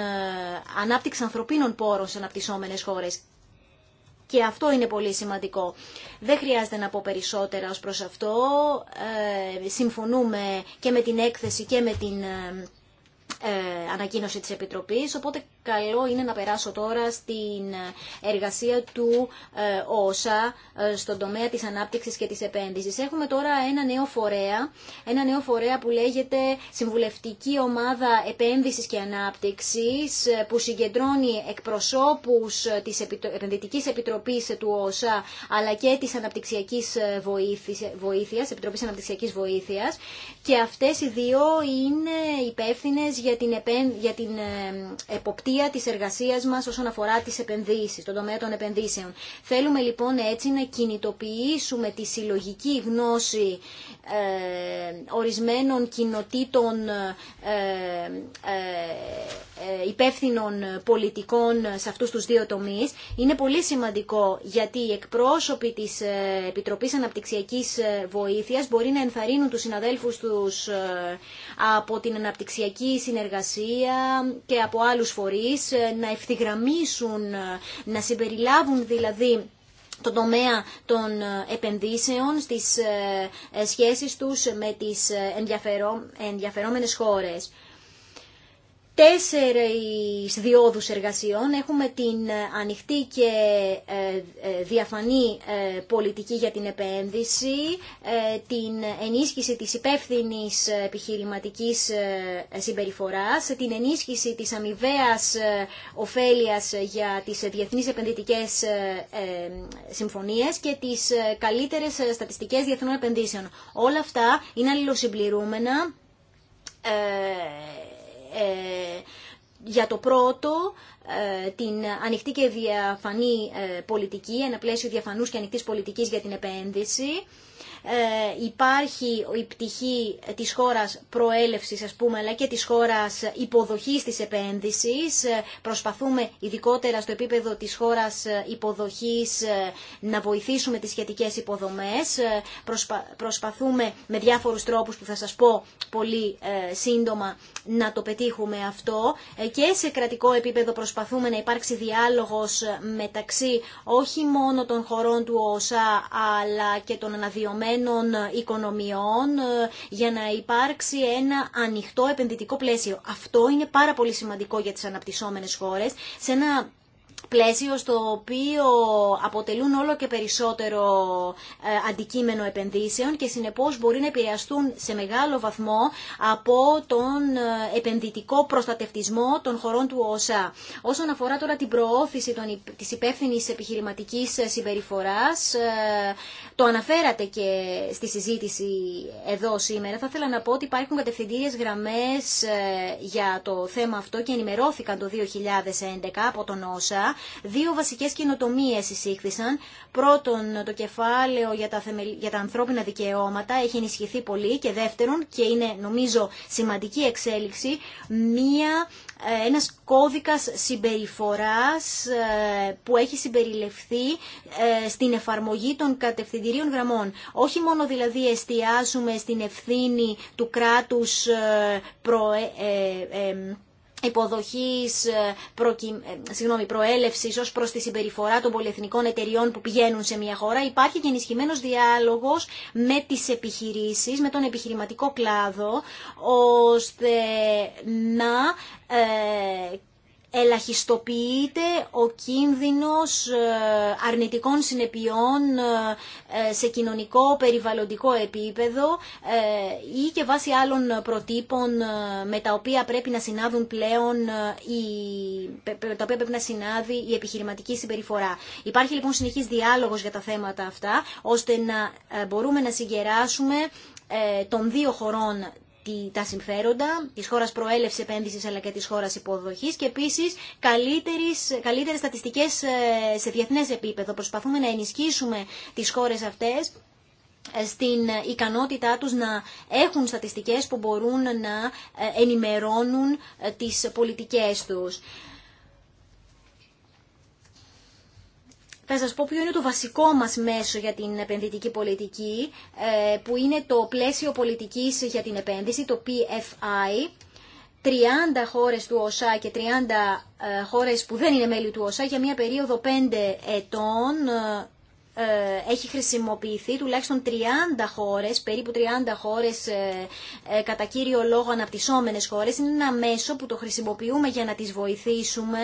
ανάπτυξη ανθρωπίνων πόρων σε αναπτυσσόμενες χώρες. Και αυτό είναι πολύ σημαντικό. Δεν χρειάζεται να πω περισσότερα ως προς αυτό. Ε, συμφωνούμε και με την έκθεση και με την ε, ανακοίνωση της Επιτροπής, οπότε καλό είναι να περάσω τώρα στην εργασία του ε, ΩΣΑ ε, στον τομέα της ανάπτυξης και της επένδυσης. Έχουμε τώρα ένα νέο φορέα, ένα νέο φορέα που λέγεται Συμβουλευτική Ομάδα Επένδυσης και Ανάπτυξης, που συγκεντρώνει εκπροσώπους της Επενδυτικής Επιτροπής του ΩΣΑ, αλλά και της Αναπτυξιακής Βοήθειας, Επιτροπής Αναπτυξιακής Βοήθειας, και αυτές οι δύο είναι υπεύθυνε για για την, επεν, για την ε, εποπτεία της εργασίας μας όσον αφορά τις επενδύσεις, τον τομέα των επενδύσεων. Θέλουμε λοιπόν έτσι να κινητοποιήσουμε τη συλλογική γνώση ε, ορισμένων κοινοτήτων ε, ε, ε, υπεύθυνων πολιτικών σε αυτούς τους δύο τομείς. Είναι πολύ σημαντικό γιατί οι εκπρόσωποι της Επιτροπής Αναπτυξιακής Βοήθειας μπορεί να ενθαρρύνουν τους συναδέλφους τους από την Αναπτυξιακή Συνεργασία συνεργασία και από άλλους φορείς ε, να ευθυγραμμίσουν, ε, να συμπεριλάβουν δηλαδή το τομέα των ε, επενδύσεων στις σχέσεις τους με τις ενδιαφερόμενες χώρες τέσσερις διόδους εργασιών. Έχουμε την ε, ανοιχτή και ε, ε, διαφανή πολιτική για την επένδυση, την ενίσχυση της υπεύθυνη επιχειρηματικής συμπεριφοράς, την ενίσχυση της αμοιβαία ωφέλειας για τις διεθνείς επενδυτικές συμφωνίες και τις καλύτερες στατιστικές διεθνών επενδύσεων. Όλα αυτά είναι αλληλοσυμπληρούμενα ε, για το πρώτο, ε, την ανοιχτή και διαφανή ε, πολιτική, ένα πλαίσιο διαφανούς και ανοιχτής πολιτικής για την επένδυση. Ε, υπάρχει η πτυχή της χώρας προέλευσης ας πούμε αλλά και της χώρας υποδοχής της επένδυσης. Ε, προσπαθούμε ειδικότερα στο επίπεδο της χώρας ε, υποδοχής να βοηθήσουμε τις σχετικές υποδομές. Προσπαθούμε με διάφορους τρόπους που θα σας πω πολύ σύντομα να το πετύχουμε αυτό και σε κρατικό επίπεδο προσπαθούμε να υπάρξει διάλογος μεταξύ όχι μόνο των χωρών του ΩΣΑ αλλά και των αναδειωμένων ανεπτυγμένων οικονομιών ε, για να υπάρξει ένα ανοιχτό επενδυτικό πλαίσιο. Αυτό είναι πάρα πολύ σημαντικό για τις αναπτυσσόμενες χώρες σε ένα πλαίσιο στο οποίο αποτελούν όλο και περισσότερο ε, αντικείμενο επενδύσεων και συνεπώς μπορεί να επηρεαστούν σε μεγάλο βαθμό από τον ε, επενδυτικό προστατευτισμό των χωρών του ΩΣΑ. Όσον αφορά τώρα την προώθηση των, της υπεύθυνη επιχειρηματικής συμπεριφοράς, ε, το αναφέρατε και στη συζήτηση εδώ σήμερα. Θα ήθελα να πω ότι υπάρχουν κατευθυντήριες γραμμές για το θέμα αυτό και ενημερώθηκαν το 2011 από τον ΩΣΑ δύο βασικές καινοτομίε εισήχθησαν. Πρώτον, το κεφάλαιο για τα, ανθρώπινα δικαιώματα έχει ενισχυθεί πολύ και δεύτερον, και είναι νομίζω σημαντική εξέλιξη, μία ε, ένας κώδικας συμπεριφοράς ε, που έχει συμπεριληφθεί ε, στην εφαρμογή των κατευθυντηρίων γραμμών. Όχι μόνο δηλαδή εστιάζουμε στην ευθύνη του κράτους προ, υποδοχής, ε, προκυ... Ε, συγγνώμη, προέλευσης ως προς τη συμπεριφορά των πολυεθνικών εταιριών που πηγαίνουν σε μια χώρα. Υπάρχει και ενισχυμένος διάλογος με τις επιχειρήσεις, με τον επιχειρηματικό κλάδο, ώστε να ε, ελαχιστοποιείται ο κίνδυνος ε, αρνητικών συνεπειών ε, ε, σε κοινωνικό, περιβαλλοντικό επίπεδο ή και βάσει άλλων προτύπων με τα οποία πρέπει να συνάδουν πλέον η, τα οποία πρέπει να συνάδει η επιχειρηματική συμπεριφορά. Υπάρχει λοιπόν συνεχής διάλογος για τα θέματα αυτά, ώστε να μπορούμε να συγκεράσουμε των δύο χωρών τα συμφέροντα της χώρας προέλευση επένδυσης αλλά και της χώρας υποδοχής και επίσης καλύτερες, καλύτερες στατιστικές ε, σε διεθνές επίπεδο. Προσπαθούμε να ενισχύσουμε τις χώρες αυτές ε, στην ικανότητά τους να έχουν στατιστικές που μπορούν να ε, ενημερώνουν τις πολιτικές τους. να σας πω ποιο είναι το βασικό μας μέσο για την επενδυτική πολιτική, ε, που είναι το πλαίσιο πολιτικής για την επένδυση, το PFI. 30 χώρες του ΩΣΑ και 30 ε, χώρες που δεν είναι μέλη του ΩΣΑ για μια περίοδο 5 ετών ε, έχει χρησιμοποιηθεί τουλάχιστον 30 χώρες, περίπου 30 χώρες κατά κύριο λόγο αναπτυσσόμενες χώρες. Είναι ένα μέσο που το χρησιμοποιούμε για να τις βοηθήσουμε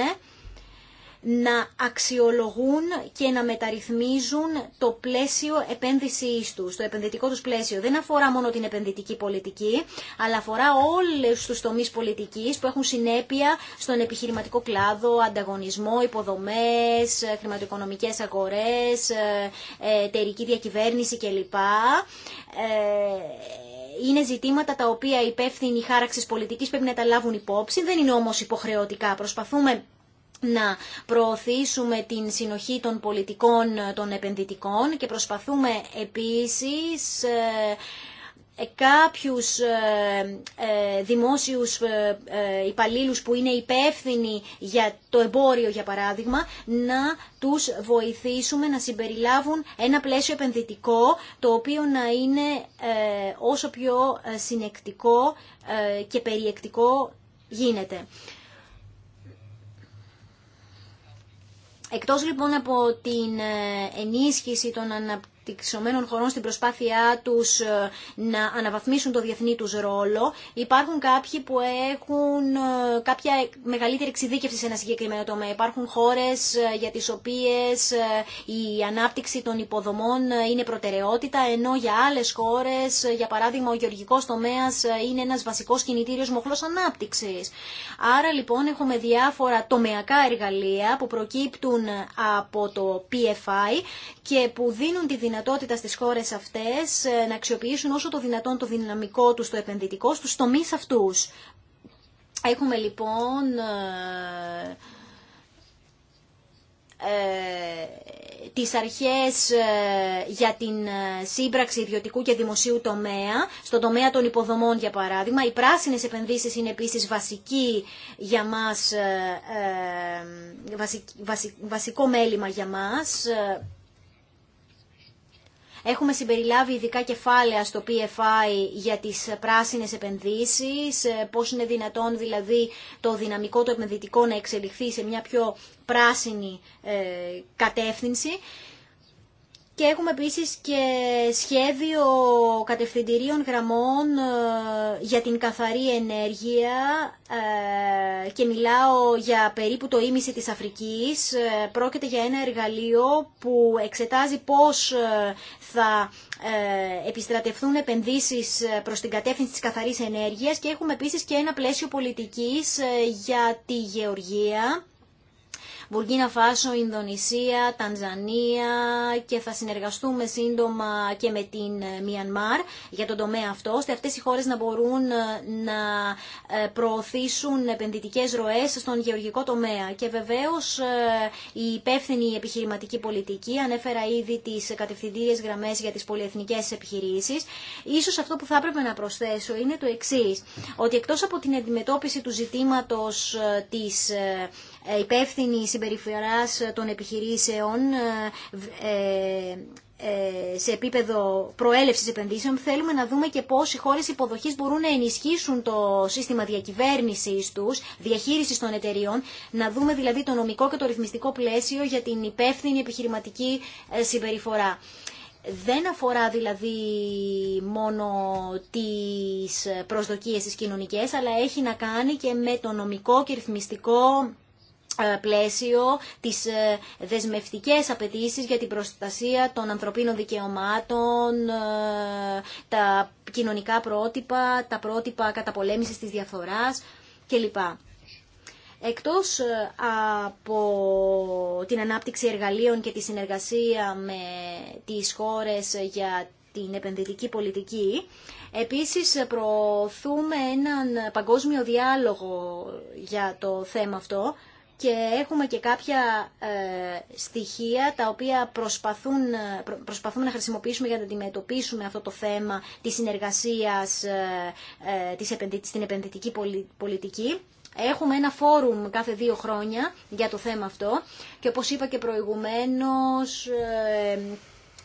να αξιολογούν και να μεταρρυθμίζουν το πλαίσιο επένδυσης τους, το επενδυτικό τους πλαίσιο. Δεν αφορά μόνο την επενδυτική πολιτική, αλλά αφορά όλους τους τομείς πολιτικής που έχουν συνέπεια στον επιχειρηματικό κλάδο, ανταγωνισμό, υποδομές, χρηματοοικονομικές αγορές, ε, ε, εταιρική διακυβέρνηση κλπ ε, είναι ζητήματα τα οποία υπεύθυνοι χάραξη πολιτική πρέπει να τα λάβουν υπόψη. Δεν είναι όμω υποχρεωτικά. Προσπαθούμε να προωθήσουμε την συνοχή των πολιτικών ε, των επενδυτικών και προσπαθούμε επίσης ε, ε, κάποιους δημόσιους υπαλλήλους που είναι υπεύθυνοι για το εμπόριο για παράδειγμα να τους βοηθήσουμε να συμπεριλάβουν ένα πλαίσιο επενδυτικό το οποίο να είναι όσο πιο συνεκτικό και περιεκτικό γίνεται. Εκτός λοιπόν από την ε, ενίσχυση των αναπτύξεων αναπτυξωμένων χωρών στην προσπάθειά τους ε, να αναβαθμίσουν το διεθνή τους ρόλο. Υπάρχουν κάποιοι που έχουν ε, κάποια μεγαλύτερη εξειδίκευση σε ένα συγκεκριμένο τομέα. Υπάρχουν χώρες ε, για τις οποίες η ανάπτυξη των υποδομών είναι προτεραιότητα, ενώ για άλλες χώρες, για παράδειγμα ο γεωργικός τομέας είναι ένας βασικός κινητήριος μοχλός ανάπτυξης. Άρα λοιπόν έχουμε διάφορα τομεακά εργαλεία που προκύπτουν από το PFI και που δίνουν τη δυνατότητα δυνατότητα στις χώρες αυτές ε, να αξιοποιήσουν όσο το δυνατόν το δυναμικό τους, το επενδυτικό το τομείς αυτούς. Έχουμε λοιπόν ε, ε, τις αρχές για την σύμπραξη ιδιωτικού και δημοσίου τομέα, στον τομέα των υποδομών για παράδειγμα. Οι πράσινες επενδύσεις είναι επίσης βασική για μας, βασικό μέλημα για μας, Έχουμε συμπεριλάβει ειδικά κεφάλαια στο PFI για τις πράσινες επενδύσεις, ε, πώς είναι δυνατόν δηλαδή το δυναμικό το επενδυτικό να εξελιχθεί σε μια πιο πράσινη ε, κατεύθυνση και έχουμε επίσης και σχέδιο κατευθυντηρίων γραμμών ε, για την καθαρή ενέργεια ε, και μιλάω για περίπου το ίμιση της Αφρικής. Ε, πρόκειται για ένα εργαλείο που εξετάζει πώς θα επιστρατευτούν επενδύσεις προς την κατεύθυνση της καθαρής ενέργειας και έχουμε επίσης και ένα πλαίσιο πολιτικής για τη γεωργία Μπουργκίνα Φάσο, Ινδονησία, Τανζανία και θα συνεργαστούμε σύντομα και με την ε, Μιανμάρ για τον τομέα αυτό, ώστε αυτές οι χώρες να μπορούν ε, να ε, προωθήσουν επενδυτικές ροές στον γεωργικό τομέα. Και βεβαίως η υπεύθυνη επιχειρηματική πολιτική, ανέφερα ήδη τις κατευθυντήριες γραμμές για τις πολυεθνικές επιχειρήσεις. Ίσως αυτό που θα έπρεπε να προσθέσω είναι το εξής, ότι εκτός από την αντιμετώπιση του ζητήματος της ε, υπεύθυνη συμπεριφοράς των επιχειρήσεων ε, ε, σε επίπεδο προέλευση επενδύσεων, θέλουμε να δούμε και πώ οι χώρε υποδοχή μπορούν να ενισχύσουν το σύστημα διακυβέρνηση του, διαχείριση των εταιριών, να δούμε δηλαδή το νομικό και το ρυθμιστικό πλαίσιο για την υπεύθυνη επιχειρηματική συμπεριφορά. Δεν αφορά δηλαδή μόνο τις προσδοκίες τις κοινωνικές, αλλά έχει να κάνει και με το νομικό και ρυθμιστικό ε, πλαίσιο τις ε, δεσμευτικές απαιτήσεις για την προστασία των ανθρωπίνων δικαιωμάτων, ε, τα κοινωνικά πρότυπα, τα πρότυπα καταπολέμησης της διαφθοράς κλπ. Εκτός από την ανάπτυξη εργαλείων και τη συνεργασία με τις χώρες για την επενδυτική πολιτική, επίσης προωθούμε έναν παγκόσμιο διάλογο για το θέμα αυτό, και έχουμε και κάποια ε, στοιχεία τα οποία προσπαθούν, ε, προσπαθούμε να χρησιμοποιήσουμε για να αντιμετωπίσουμε αυτό το θέμα της συνεργασίας ε, της επενδυ, στην επενδυτική πολιτική. Έχουμε ένα φόρουμ κάθε δύο χρόνια για το θέμα αυτό και όπως είπα και προηγουμένως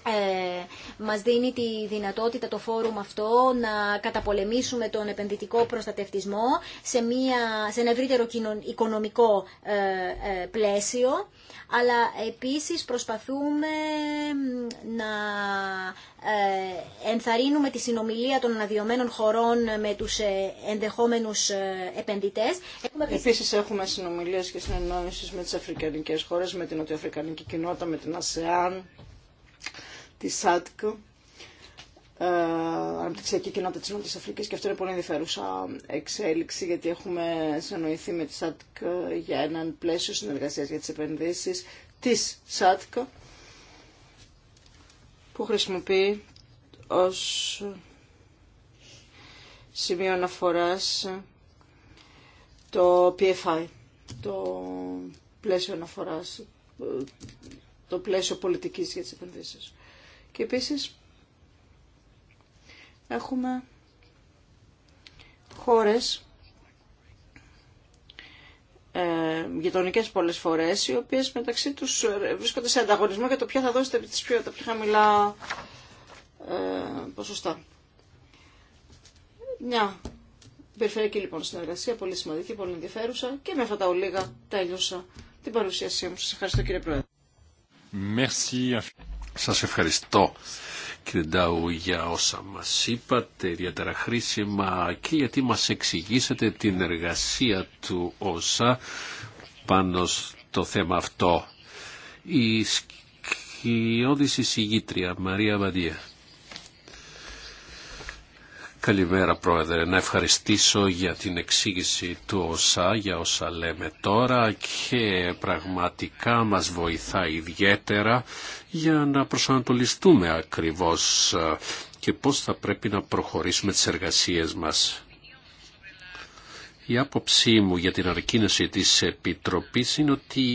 ε, μας δίνει τη δυνατότητα το φόρουμ αυτό να καταπολεμήσουμε τον επενδυτικό προστατευτισμό σε, μια, σε ένα ευρύτερο οικονομικό ε, ε, πλαίσιο, αλλά επίσης προσπαθούμε να ε, ενθαρρύνουμε τη συνομιλία των αναδειωμένων χωρών με τους ενδεχόμενους επενδυτές. Έχουμε... Επίσης έχουμε συνομιλίες και συνεννόησεις με τις αφρικανικές χώρες, με την νοτιοαφρικανική κοινότητα, με την ΑΣΕΑΝ της ΣΑΤΚ ε, Αναπτυξιακή Κοινότητα της Νότια Αφρικής και αυτό είναι πολύ ενδιαφέρουσα εξέλιξη γιατί έχουμε συνοηθεί με τη ΣΑΤΚ για έναν πλαίσιο συνεργασία για τι επενδύσει τη ΣΑΤΚ που χρησιμοποιεί ω σημείο αναφορά το PFI, το πλαίσιο αναφοράς, το πλαίσιο πολιτικής για τις επενδύσεις. Και επίσης έχουμε χώρες ε, γειτονικέ πολλές φορές, οι οποίες μεταξύ τους ε, βρίσκονται σε ανταγωνισμό για το ποια θα δώσετε τις πιο, τα πιο χαμηλά ε, ποσοστά. Μια περιφερειακή λοιπόν συνεργασία, πολύ σημαντική, πολύ ενδιαφέρουσα και με αυτά τα ολίγα τέλειωσα την παρουσίασή μου. Σας ευχαριστώ κύριε Πρόεδρε. Merci. Σας ευχαριστώ κύριε Ντάου για όσα μας είπατε, ιδιαίτερα χρήσιμα και γιατί μας εξηγήσατε την εργασία του ΩΣΑ πάνω στο θέμα αυτό. Η σκιώδηση συγγήτρια Μαρία Βαντία. Καλημέρα Πρόεδρε, να ευχαριστήσω για την εξήγηση του ΩΣΑ, για όσα λέμε τώρα και πραγματικά μας βοηθά ιδιαίτερα για να προσανατολιστούμε ακριβώς ε, και πώς θα πρέπει να προχωρήσουμε τις εργασίες μας. Η άποψή μου για την αρκίνωση της Επιτροπής είναι ότι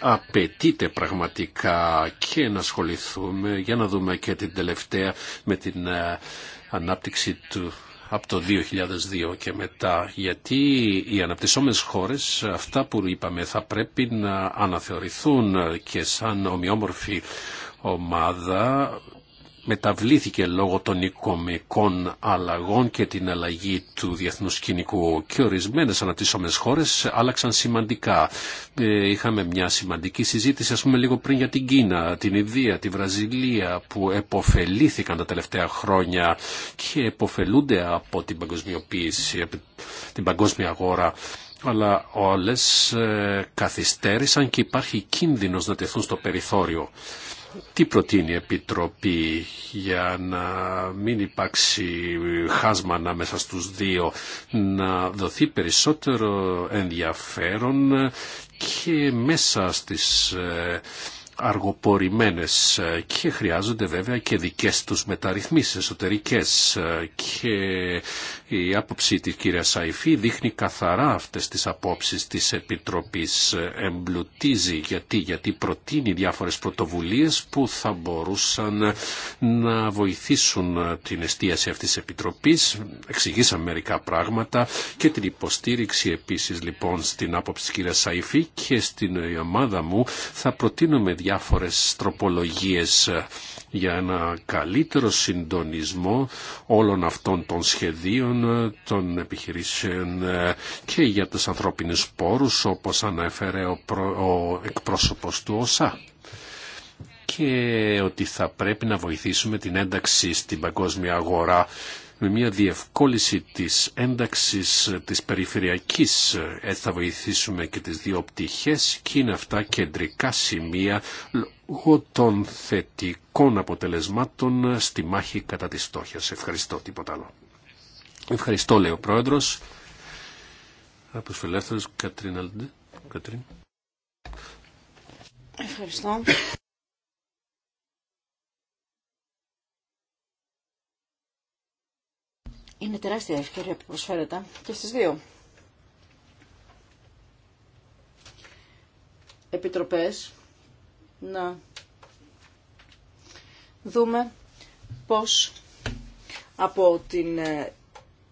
απαιτείται πραγματικά και να ασχοληθούμε για να δούμε και την τελευταία με την ε, ανάπτυξη του από το 2002 και μετά, γιατί οι αναπτυσσόμενες χώρες, αυτά που είπαμε, θα πρέπει να αναθεωρηθούν και σαν ομοιόμορφη ομάδα μεταβλήθηκε λόγω των οικομικών αλλαγών και την αλλαγή του διεθνού κοινικού και ορισμένε αναπτυσσόμενε χώρε άλλαξαν σημαντικά. Ε, είχαμε μια σημαντική συζήτηση, α πούμε, λίγο πριν για την Κίνα, την Ιδία, τη Βραζιλία που εποφελήθηκαν τα τελευταία χρόνια και εποφελούνται από την παγκοσμιοποίηση, την παγκόσμια αγορά αλλά όλες ε, καθυστέρησαν και υπάρχει κίνδυνος να τεθούν στο περιθώριο τι προτείνει η Επιτροπή για να μην υπάρξει χάσμα ανάμεσα στους δύο, να δοθεί περισσότερο ενδιαφέρον και μέσα στις ε, αργοπορημένες ε, και χρειάζονται βέβαια και δικές τους μεταρρυθμίσεις εσωτερικές ε, και η άποψη της κυρία Σαϊφή δείχνει καθαρά αυτές τις απόψεις της Επιτροπής ε, εμπλουτίζει γιατί, γιατί προτείνει διάφορες πρωτοβουλίες που θα μπορούσαν να βοηθήσουν την εστίαση αυτής της Επιτροπής εξηγήσαμε μερικά πράγματα και την υποστήριξη επίσης λοιπόν στην άποψη της κυρία Σαϊφή και στην ομάδα μου θα προτείνουμε διάφορες τροπολογίες ε, για ένα καλύτερο συντονισμό όλων αυτών των σχεδίων, ε, των επιχειρήσεων ε, και για τους ανθρώπινους πόρους όπως ανέφερε ο, προ... ο εκπρόσωπος του ΟΣΑ και ότι θα πρέπει να βοηθήσουμε την ένταξη στην παγκόσμια αγορά με μια διευκόλυση της ένταξης της περιφερειακής. Έτσι ε, θα βοηθήσουμε και τις δύο πτυχές και είναι αυτά κεντρικά σημεία λόγω των θετικών αποτελεσμάτων στη μάχη κατά της στόχιας. Ευχαριστώ, τίποτα άλλο. Ευχαριστώ, λέει ο Πρόεδρος. Από τους Ευχαριστώ. Είναι τεράστια ευκαιρία που προσφέρεται και στις δύο. Επιτροπές να δούμε πώς από την ε,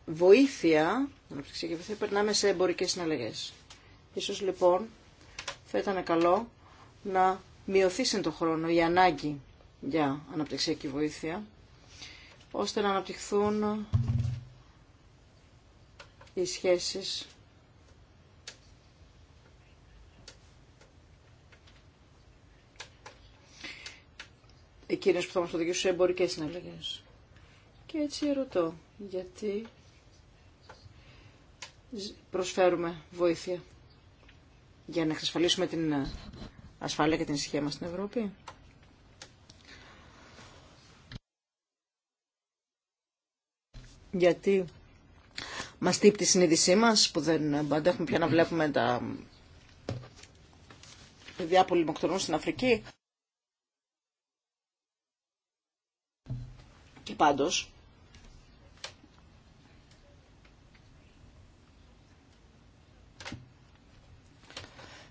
βοήθεια, να περνάμε σε εμπορικές συναλλαγές. Ίσως λοιπόν θα ήταν καλό να μειωθεί σε το χρόνο η ανάγκη για αναπτυξιακή βοήθεια, ώστε να αναπτυχθούν οι σχέσεις εκείνες που θα μας οδηγήσουν σε εμπορικές συναλλαγές. Και έτσι ρωτώ, γιατί προσφέρουμε βοήθεια για να εξασφαλίσουμε την ε, ασφάλεια και την ησυχία μας στην Ευρώπη. Γιατί μας τύπτει τη συνείδησή μας που δεν αντέχουμε πια να βλέπουμε τα παιδιά που λιμοκτονούν στην Αφρική. Και πάντως,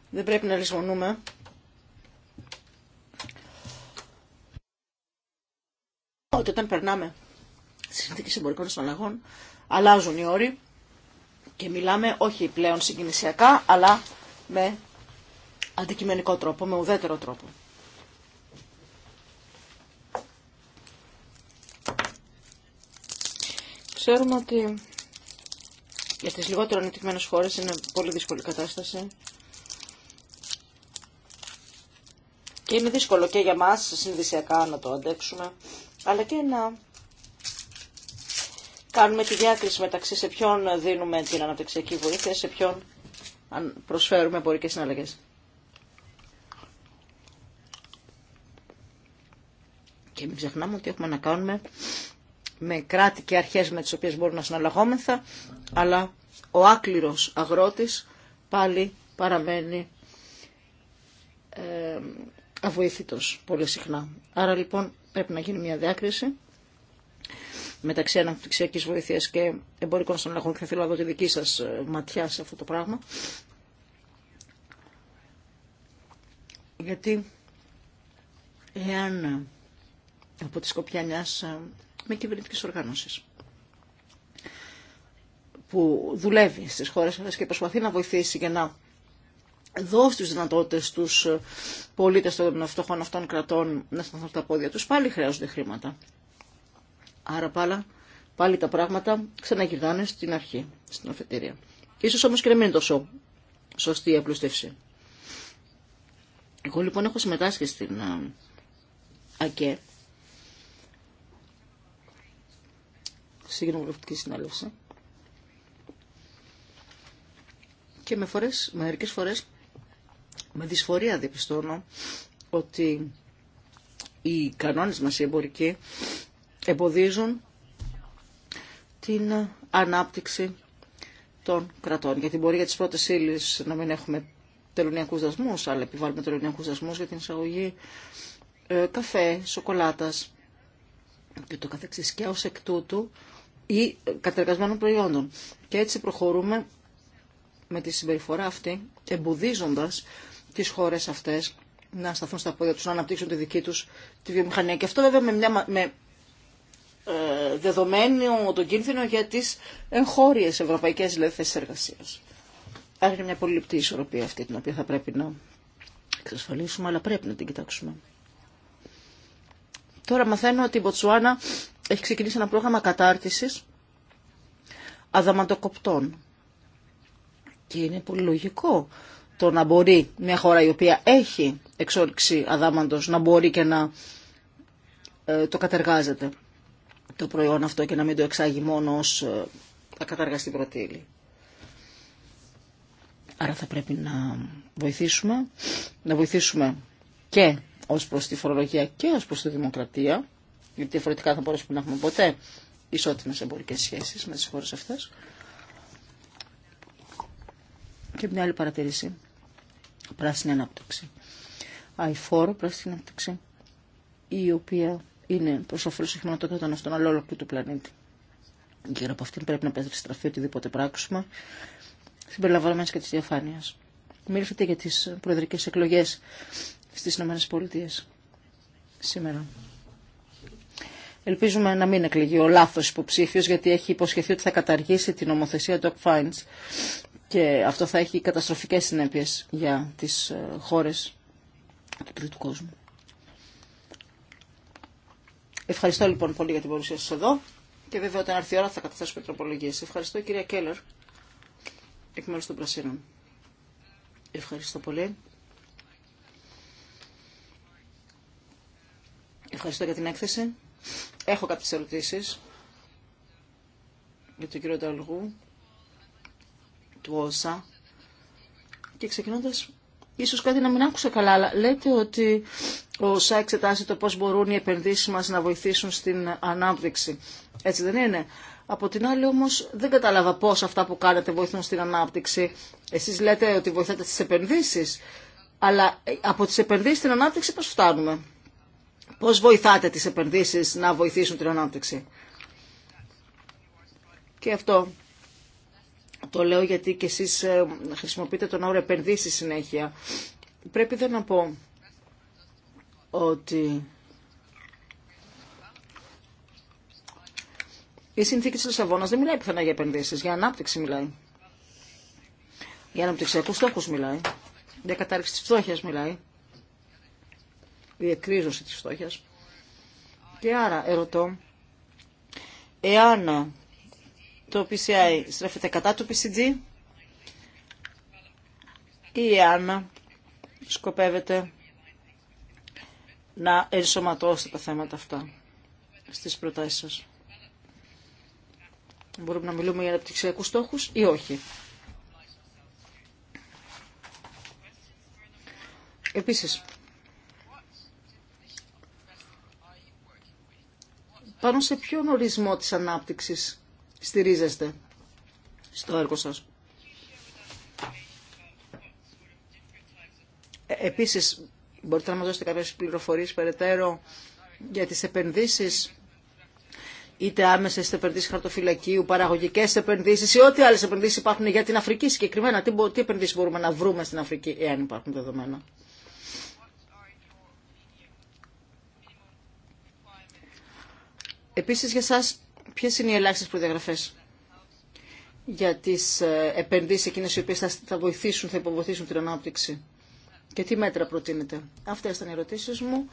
δεν πρέπει να λησμονούμε ότι όταν περνάμε συνθήκες εμπορικών συναλλαγών αλλάζουν οι όροι και μιλάμε όχι πλέον συγκινησιακά, αλλά με αντικειμενικό τρόπο, με ουδέτερο τρόπο. Ξέρουμε ότι για τις λιγότερο ανεπτυγμένες χώρες είναι πολύ δύσκολη κατάσταση. Και είναι δύσκολο και για μας συνδυσιακά να το αντέξουμε, αλλά και να κάνουμε τη διάκριση μεταξύ σε ποιον δίνουμε την αναπτυξιακή βοήθεια, σε ποιον αν προσφέρουμε εμπορικές συναλλαγές. Και μην ξεχνάμε ότι έχουμε να κάνουμε με κράτη και αρχές με τις οποίες μπορούμε να συναλλαγόμεθα, αλλά ο άκληρος αγρότης πάλι παραμένει ε, αβοήθητος πολύ συχνά. Άρα λοιπόν πρέπει να γίνει μια διάκριση μεταξύ αναπτυξιακή βοήθεια και εμπορικών συναλλαγών. Θα θέλω να δω τη δική σα ε, ματιά σε αυτό το πράγμα. Γιατί εάν ε, από τη σκοπιά με κυβερνητική οργάνωση που δουλεύει στι χώρε αυτέ και προσπαθεί να βοηθήσει για να δώσει τι δυνατότητε στους ε, πολίτες των φτωχών αυτών κρατών να σταθούν τα πόδια του, πάλι χρειάζονται χρήματα. Άρα πάλι, πάλι τα πράγματα ξαναγυρνάνε στην αρχή, στην αφετηρία. Ίσως όμως και να μην είναι τόσο σωστή η απλούστευση. Εγώ λοιπόν έχω συμμετάσχει στην ΑΚΕ, στην κοινοβουλευτική συνέλευση, και με φορές, μερικές φορές με δυσφορία διαπιστώνω ότι οι κανόνες μας οι εμπορικοί εμποδίζουν την ανάπτυξη των κρατών. Γιατί μπορεί για τις πρώτες ύλε να μην έχουμε τελωνιακούς δασμούς, αλλά επιβάλλουμε τελωνιακούς δασμούς για την εισαγωγή ε, καφέ, σοκολάτας και το καθεξής και ως εκ τούτου ή ε, κατεργασμένων προϊόντων. Και έτσι προχωρούμε με τη συμπεριφορά αυτή, εμποδίζοντας τις χώρες αυτές να σταθούν στα πόδια τους, να αναπτύξουν τη δική τους τη βιομηχανία. Και αυτό βέβαια με, μια, με ε, δεδομένου τον κίνδυνο για τις εγχώριες ευρωπαϊκές δηλαδή, θέσεις εργασίας. Άρα είναι μια πολύ λεπτή ισορροπία αυτή την οποία θα πρέπει να εξασφαλίσουμε, αλλά πρέπει να την κοιτάξουμε. Τώρα μαθαίνω ότι η Μποτσουάνα έχει ξεκινήσει ένα πρόγραμμα κατάρτισης αδαμαντοκοπτών. Και είναι πολύ λογικό το να μπορεί μια χώρα η οποία έχει εξόρυξη αδάμαντος να μπορεί και να ε, το κατεργάζεται το προϊόν αυτό και να μην το εξάγει μόνο ως ε, ακαταργαστή πρωτήλη. Άρα θα πρέπει να βοηθήσουμε, να βοηθήσουμε και ως προς τη φορολογία και ως προς τη δημοκρατία, γιατί διαφορετικά θα μπορέσουμε να έχουμε ποτέ ισότιμες εμπορικές σχέσεις με τις χώρες αυτές. Και μια άλλη παρατηρήση. Πράσινη ανάπτυξη. Αϊφόρο πράσινη ανάπτυξη, η οποία είναι προ όφελο των αυτών, αλλά ολόκληρου του πλανήτη. Γύρω από αυτήν πρέπει να περιστραφεί οτιδήποτε πράξουμε, συμπεριλαμβανομένη και τη διαφάνεια. Μίλησατε για τι προεδρικέ εκλογέ στι ΗΠΑ σήμερα. Ελπίζουμε να μην εκλεγεί ο λάθο υποψήφιο, γιατί έχει υποσχεθεί ότι θα καταργήσει την νομοθεσία του Fines και αυτό θα έχει καταστροφικέ συνέπειε για τι ε, χώρε του τρίτου κόσμου. Ευχαριστώ λοιπόν πολύ για την παρουσία σα εδώ και βέβαια όταν έρθει η ώρα θα καταθέσω πετροπολογίες. Ευχαριστώ κυρία Κέλλερ εκ μέρου των Πρασίνων. Ευχαριστώ πολύ. Ευχαριστώ για την έκθεση. Έχω κάποιες ερωτήσει για τον κύριο Ταλγού του ΩΣΑ και ξεκινώντα, ίσως κάτι να μην άκουσα καλά αλλά λέτε ότι ο ΣΑ εξετάζει το πώς μπορούν οι επενδύσεις μας να βοηθήσουν στην ανάπτυξη. Έτσι δεν είναι. Από την άλλη όμως δεν κατάλαβα πώς αυτά που κάνετε βοηθούν στην ανάπτυξη. Εσείς λέτε ότι βοηθάτε στις επενδύσεις, αλλά ε, από τις επενδύσεις στην ανάπτυξη πώς φτάνουμε. Πώς βοηθάτε τις επενδύσεις να βοηθήσουν την ανάπτυξη. Και αυτό το λέω γιατί και εσείς ε, χρησιμοποιείτε τον όρο επενδύσεις συνέχεια. Πρέπει δεν να πω ότι η συνθήκη της Λισαβόνας δεν μιλάει πιθανά για επενδύσεις, για ανάπτυξη μιλάει. Για αναπτυξιακούς στόχους μιλάει. Για κατάρριξη της φτώχειας μιλάει. Η εκρίζωση της φτώχειας. Και άρα ερωτώ, εάν το PCI στρέφεται κατά του PCG ή εάν σκοπεύεται να ενσωματώσετε τα θέματα αυτά στις προτάσεις σας. Μπορούμε να μιλούμε για αναπτυξιακούς στόχους ή όχι. Επίσης, πάνω σε ποιον ορισμό της ανάπτυξης στηρίζεστε στο έργο σας. Ε, επίσης, Μπορείτε να μας δώσετε κάποιες πληροφορίες περαιτέρω για τις επενδύσεις είτε άμεσε επενδύσει χαρτοφυλακίου, παραγωγικέ επενδύσει ή ό,τι άλλε επενδύσει υπάρχουν για την Αφρική συγκεκριμένα. Τι, τι επενδύσει μπορούμε να βρούμε στην Αφρική, εάν υπάρχουν δεδομένα. Επίσης για σας, ποιε είναι οι ελάχιστες προδιαγραφές για τις ε, επενδύσεις εκείνες οι οποίες θα βοηθήσουν, θα υποβοηθήσουν την ανάπτυξη και τι μέτρα προτείνετε. Αυτές ήταν οι ερωτήσεις μου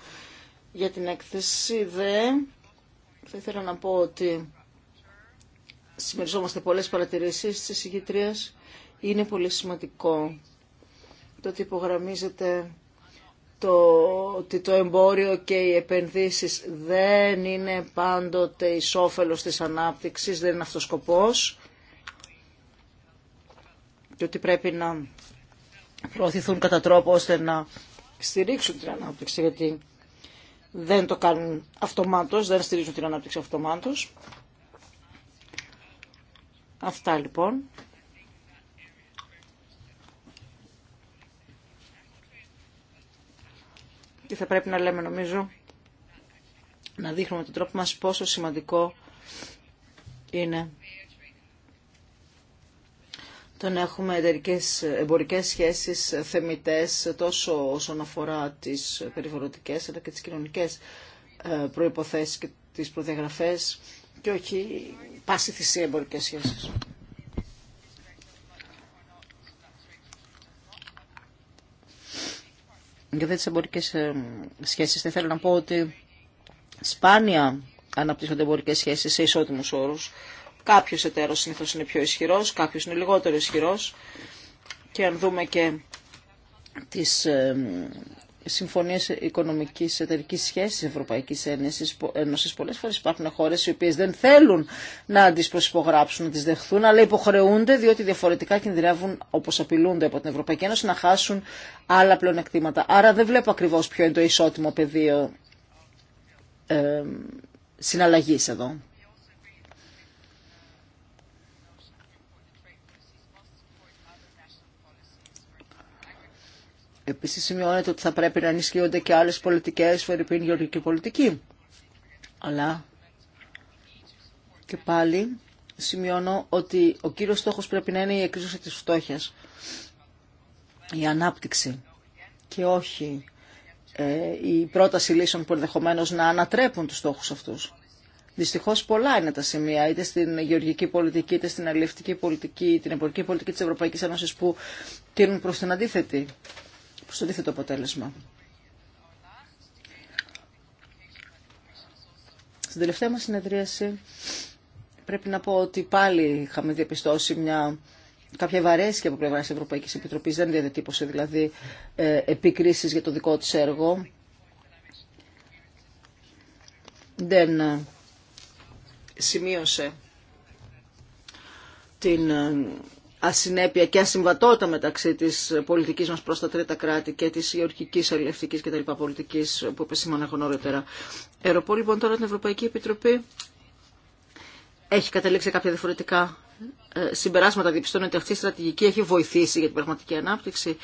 για την έκθεση δε. Θα ήθελα να πω ότι συμμεριζόμαστε πολλές παρατηρήσεις της συγκήτριας. Είναι πολύ σημαντικό το ότι υπογραμμίζεται το ότι το εμπόριο και οι επενδύσεις δεν είναι πάντοτε ισόφελος της ανάπτυξης, δεν είναι αυτός σκοπός και ότι πρέπει να προωθηθούν κατά τρόπο ώστε να στηρίξουν την ανάπτυξη, γιατί δεν το κάνουν αυτομάτως, δεν στηρίζουν την ανάπτυξη αυτομάτως. Αυτά λοιπόν. Και θα πρέπει να λέμε νομίζω να δείχνουμε τον τρόπο μας πόσο σημαντικό είναι το να έχουμε εταιρικές, εμπορικές σχέσεις θεμητές τόσο όσον αφορά τις περιβαλλοντικές αλλά και τις κοινωνικές ε, προϋποθέσεις και τις προδιαγραφές και όχι πάση θυσία εμπορικές σχέσεις. Για τις εμπορικές ε, σχέσεις δεν θέλω να πω ότι σπάνια αναπτύσσονται εμπορικές σχέσεις σε ισότιμους όρους Κάποιο εταίρο συνήθω είναι πιο ισχυρό, κάποιο είναι λιγότερο ισχυρό. Και αν δούμε και τις ε, συμφωνίες οικονομικής εταιρικής σχέσης Ευρωπαϊκή Ένωση. Πολλές φορέ υπάρχουν χώρες οι οποίε δεν θέλουν να τι προσυπογράψουν, να τι δεχθούν, αλλά υποχρεούνται διότι διαφορετικά κινδυνεύουν όπω απειλούνται από την Ευρωπαϊκή Ένωση να χάσουν άλλα πλεονεκτήματα. Άρα δεν βλέπω ακριβώ ποιο είναι το ισότιμο πεδίο ε, συναλλαγής εδώ. Επίσης σημειώνεται ότι θα πρέπει να ενισχύονται και άλλες πολιτικές, φερειπίν γεωργική πολιτική. Αλλά και πάλι σημειώνω ότι ο κύριος στόχος πρέπει να είναι η εκρίζωση της φτώχειας, η ανάπτυξη και όχι ε, η πρόταση λύσεων που ενδεχομένω να ανατρέπουν τους στόχους αυτούς. Δυστυχώ πολλά είναι τα σημεία, είτε στην γεωργική πολιτική, είτε στην αλληλευτική πολιτική, την εμπορική πολιτική τη Ευρωπαϊκή Ένωση που τείνουν προ την αντίθετη προς το αντίθετο αποτέλεσμα. Στην τελευταία μας συνεδρίαση πρέπει να πω ότι πάλι είχαμε διαπιστώσει μια κάποια βαρέσκεια από πλευρά της Ευρωπαϊκής Επιτροπής. δεν διαδετύπωσε δηλαδή ε, για το δικό της έργο. Δεν ε, σημείωσε την ε, ασυνέπεια και ασυμβατότητα μεταξύ τη πολιτική μα προ τα τρίτα κράτη και της και αλληλευτικής κτλ. πολιτική που επεσήμανα νωρίτερα. Ερωπό λοιπόν τώρα την Ευρωπαϊκή Επιτροπή έχει καταλήξει κάποια διαφορετικά ε, συμπεράσματα. Διεπιστώνεται ότι αυτή η στρατηγική έχει βοηθήσει για την πραγματική ανάπτυξη.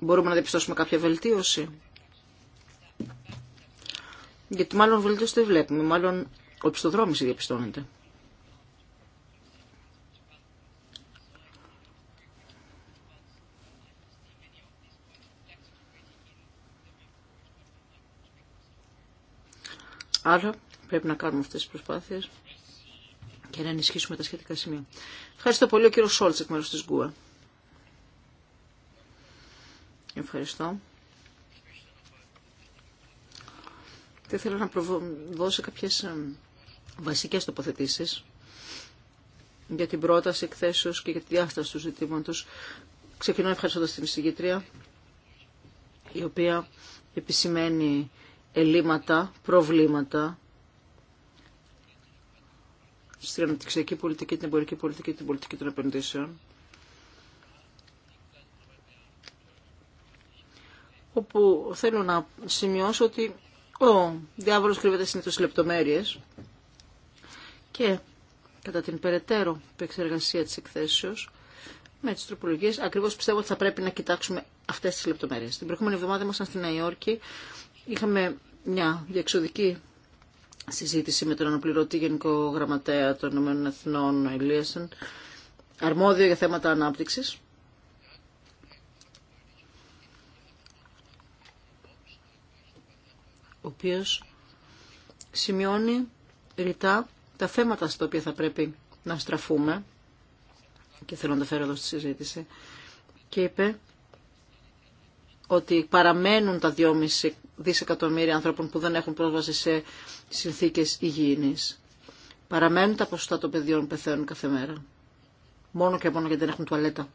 Μπορούμε να διαπιστώσουμε κάποια βελτίωση. Γιατί μάλλον βελτίωση δεν βλέπουμε, μάλλον οπισθοδρόμηση διαπιστώνεται. Άρα πρέπει να κάνουμε αυτές τις προσπάθειες και να ενισχύσουμε τα σχετικά σημεία. Ευχαριστώ πολύ ο κύριο Σόλτς εκ μέρους της ΓΚΟΕ. Ευχαριστώ. Και θέλω να δώσω κάποιες ε, βασικές τοποθετήσεις για την πρόταση εκθέσεως και για τη διάσταση του ζητήματος. Ξεκινώ ευχαριστώντας την εισηγήτρια, η οποία επισημαίνει ελλείμματα, προβλήματα στην αναπτυξιακή πολιτική, την εμπορική πολιτική, την πολιτική των επενδύσεων. Όπου θέλω να σημειώσω ότι ο διάβολος κρύβεται συνήθως λεπτομέρειες και κατά την περαιτέρω επεξεργασία της εκθέσεως με τις τροπολογίες ακριβώς πιστεύω ότι θα πρέπει να κοιτάξουμε αυτές τις λεπτομέρειες. Την προηγούμενη εβδομάδα ήμασταν στην Νέα Υόρκη Είχαμε μια διεξοδική συζήτηση με τον αναπληρωτή Γενικό Γραμματέα των Ηνωμένων Εθνών, αρμόδιο για θέματα ανάπτυξης. ο οποίος σημειώνει ρητά τα θέματα στα οποία θα πρέπει να στραφούμε και θέλω να τα φέρω εδώ στη συζήτηση και είπε ότι παραμένουν τα 2,5 δισεκατομμύρια ανθρώπων που δεν έχουν πρόσβαση σε συνθήκες υγιεινής. Παραμένουν τα ποσοστά των παιδιών που πεθαίνουν κάθε μέρα. Μόνο και μόνο γιατί δεν έχουν τουαλέτα.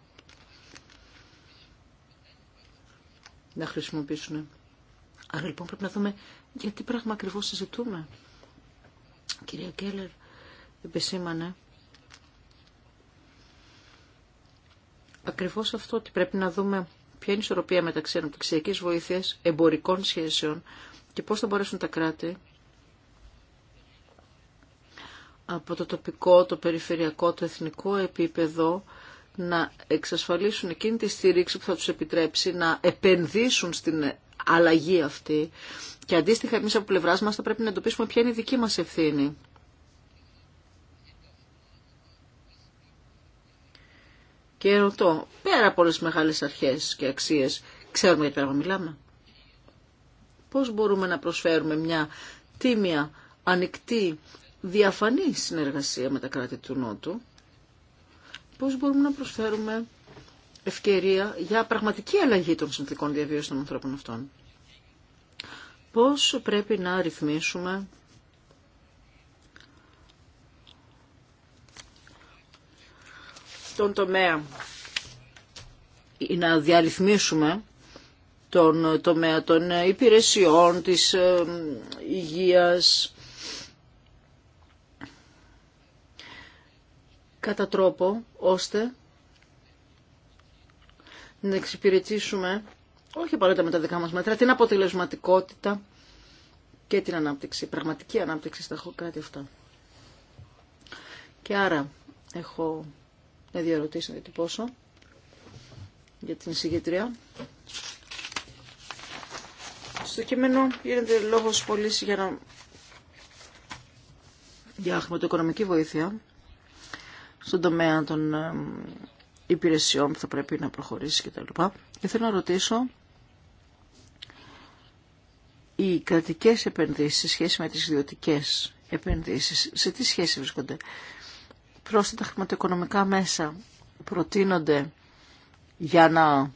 Να χρησιμοποιήσουν. Άρα λοιπόν πρέπει να δούμε γιατί τι πράγμα ακριβώ συζητούμε. κυρία Κέλλερ επισήμανε ακριβώς αυτό ότι πρέπει να δούμε ποια είναι η ισορροπία μεταξύ αναπτυξιακή βοήθεια, εμπορικών σχέσεων και πώ θα μπορέσουν τα κράτη από το τοπικό, το περιφερειακό, το εθνικό επίπεδο να εξασφαλίσουν εκείνη τη στήριξη που θα τους επιτρέψει να επενδύσουν στην αλλαγή αυτή και αντίστοιχα εμείς από πλευράς μας θα πρέπει να εντοπίσουμε ποια είναι η δική μας ευθύνη και ρωτώ, πέρα από όλες τις μεγάλες αρχές και αξίες, ξέρουμε γιατί πράγμα μιλάμε. Πώς μπορούμε να προσφέρουμε μια τίμια, ανοιχτή, διαφανή συνεργασία με τα κράτη του Νότου. Πώς μπορούμε να προσφέρουμε ευκαιρία για πραγματική αλλαγή των συνθήκων διαβίωσης των ανθρώπων αυτών. Πώς πρέπει να ρυθμίσουμε τον τομέα ή να διαρρυθμίσουμε τον τομέα των υπηρεσιών, της ε, υγείας, κατά τρόπο ώστε να εξυπηρετήσουμε όχι απαραίτητα με τα δικά μας μέτρα, την αποτελεσματικότητα και την ανάπτυξη, πραγματική ανάπτυξη στα κάτι αυτά. Και άρα έχω να διαρωτήσω γιατί να για την συγκεκριά. Στο κείμενο γίνεται λόγος πολύ για, να... για χρηματοοικονομική βοήθεια στον τομέα των υπηρεσιών που θα πρέπει να προχωρήσει κτλ. Και θέλω να ρωτήσω οι κρατικές επενδύσεις σε σχέση με τις ιδιωτικές επενδύσεις, σε τι σχέση βρίσκονται πρόσθετα χρηματοοικονομικά μέσα προτείνονται για να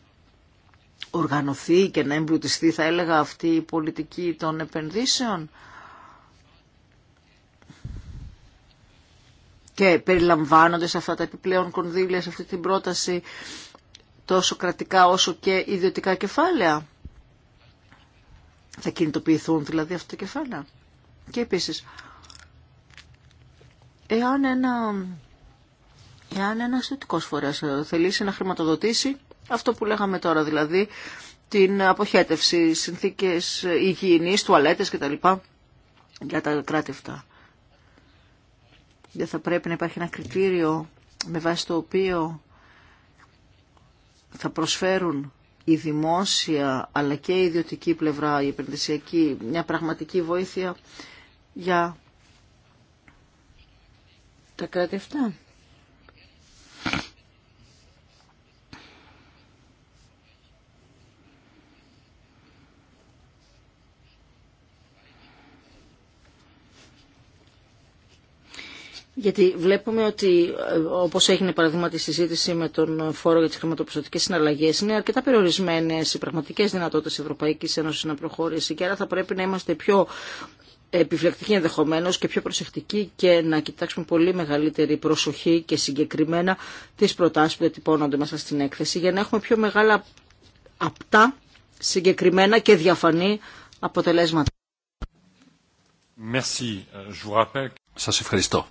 οργανωθεί και να εμπλουτιστεί, θα έλεγα, αυτή η πολιτική των επενδύσεων και περιλαμβάνονται σε αυτά τα επιπλέον κονδύλια, σε αυτή την πρόταση, τόσο κρατικά όσο και ιδιωτικά κεφάλαια. Θα κινητοποιηθούν δηλαδή αυτά τα κεφάλαια. Και επίσης, Εάν ένα, εάν ένα φορέας ε, θελήσει να χρηματοδοτήσει αυτό που λέγαμε τώρα, δηλαδή την αποχέτευση, συνθήκες υγιεινής, τουαλέτες κτλ. για τα κράτη αυτά. Δεν θα πρέπει να υπάρχει ένα κριτήριο με βάση το οποίο θα προσφέρουν η δημόσια αλλά και η ιδιωτική πλευρά, η επενδυσιακή, μια πραγματική βοήθεια για τα κράτη αυτά. Γιατί βλέπουμε ότι ε, όπως έγινε παραδείγμα τη συζήτηση με τον φόρο για τις χρηματοπιστωτικές συναλλαγές είναι αρκετά περιορισμένες οι πραγματικές δυνατότητες της Ευρωπαϊκής Ένωσης να προχωρήσει και άρα θα πρέπει να είμαστε πιο επιφυλακτική ενδεχομένω και πιο προσεκτική και να κοιτάξουμε πολύ μεγαλύτερη προσοχή και συγκεκριμένα τις προτάσεις που διατυπώνονται μέσα στην έκθεση για να έχουμε πιο μεγάλα απτά, συγκεκριμένα και διαφανή αποτελέσματα. Merci. Σας ευχαριστώ.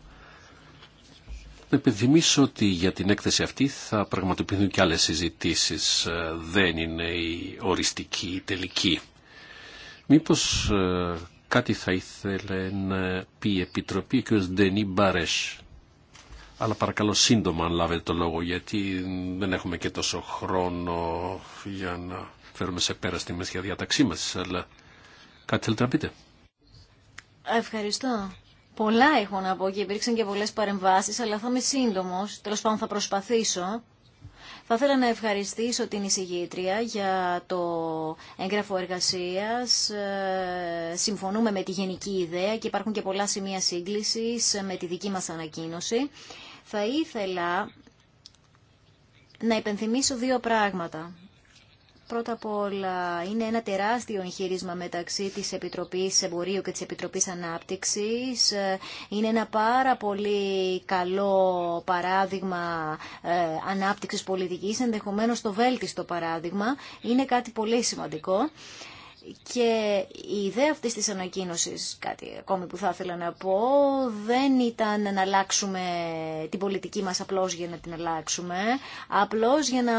Να υπενθυμίσω ότι για την έκθεση αυτή θα πραγματοποιηθούν και άλλες συζητήσεις. Ε, δεν είναι η οριστική, η τελική. Μήπως ε, Κάτι θα ήθελε να πει η Επιτροπή και ο Ντενί Μπαρέσ. Αλλά παρακαλώ σύντομα αν λάβετε το λόγο γιατί δεν έχουμε και τόσο χρόνο για να φέρουμε σε πέρα στη μέση διάταξή μας. Αλλά κάτι θέλετε να πείτε. Ευχαριστώ. Πολλά έχω να πω και υπήρξαν και πολλές παρεμβάσεις αλλά θα είμαι σύντομος. Τέλος πάντων θα προσπαθήσω. Θα ήθελα να ευχαριστήσω την εισηγήτρια για το έγγραφο εργασίας. Ε, συμφωνούμε με τη γενική ιδέα και υπάρχουν και πολλά σημεία σύγκλησης με τη δική μας ανακοίνωση. Θα ήθελα να υπενθυμίσω δύο πράγματα. Πρώτα απ' όλα είναι ένα τεράστιο εγχειρίσμα μεταξύ της Επιτροπής Εμπορίου και τη Επιτροπής ανάπτυξη. Ε, είναι ένα πάρα πολύ καλό παράδειγμα ε, ανάπτυξης πολιτικής, ενδεχομένως το βέλτιστο παράδειγμα. Είναι κάτι πολύ σημαντικό. Και η ιδέα αυτής της ανακοίνωση, κάτι ακόμη που θα ήθελα να πω, δεν ήταν να αλλάξουμε την πολιτική μας απλώς για να την αλλάξουμε, απλώς για να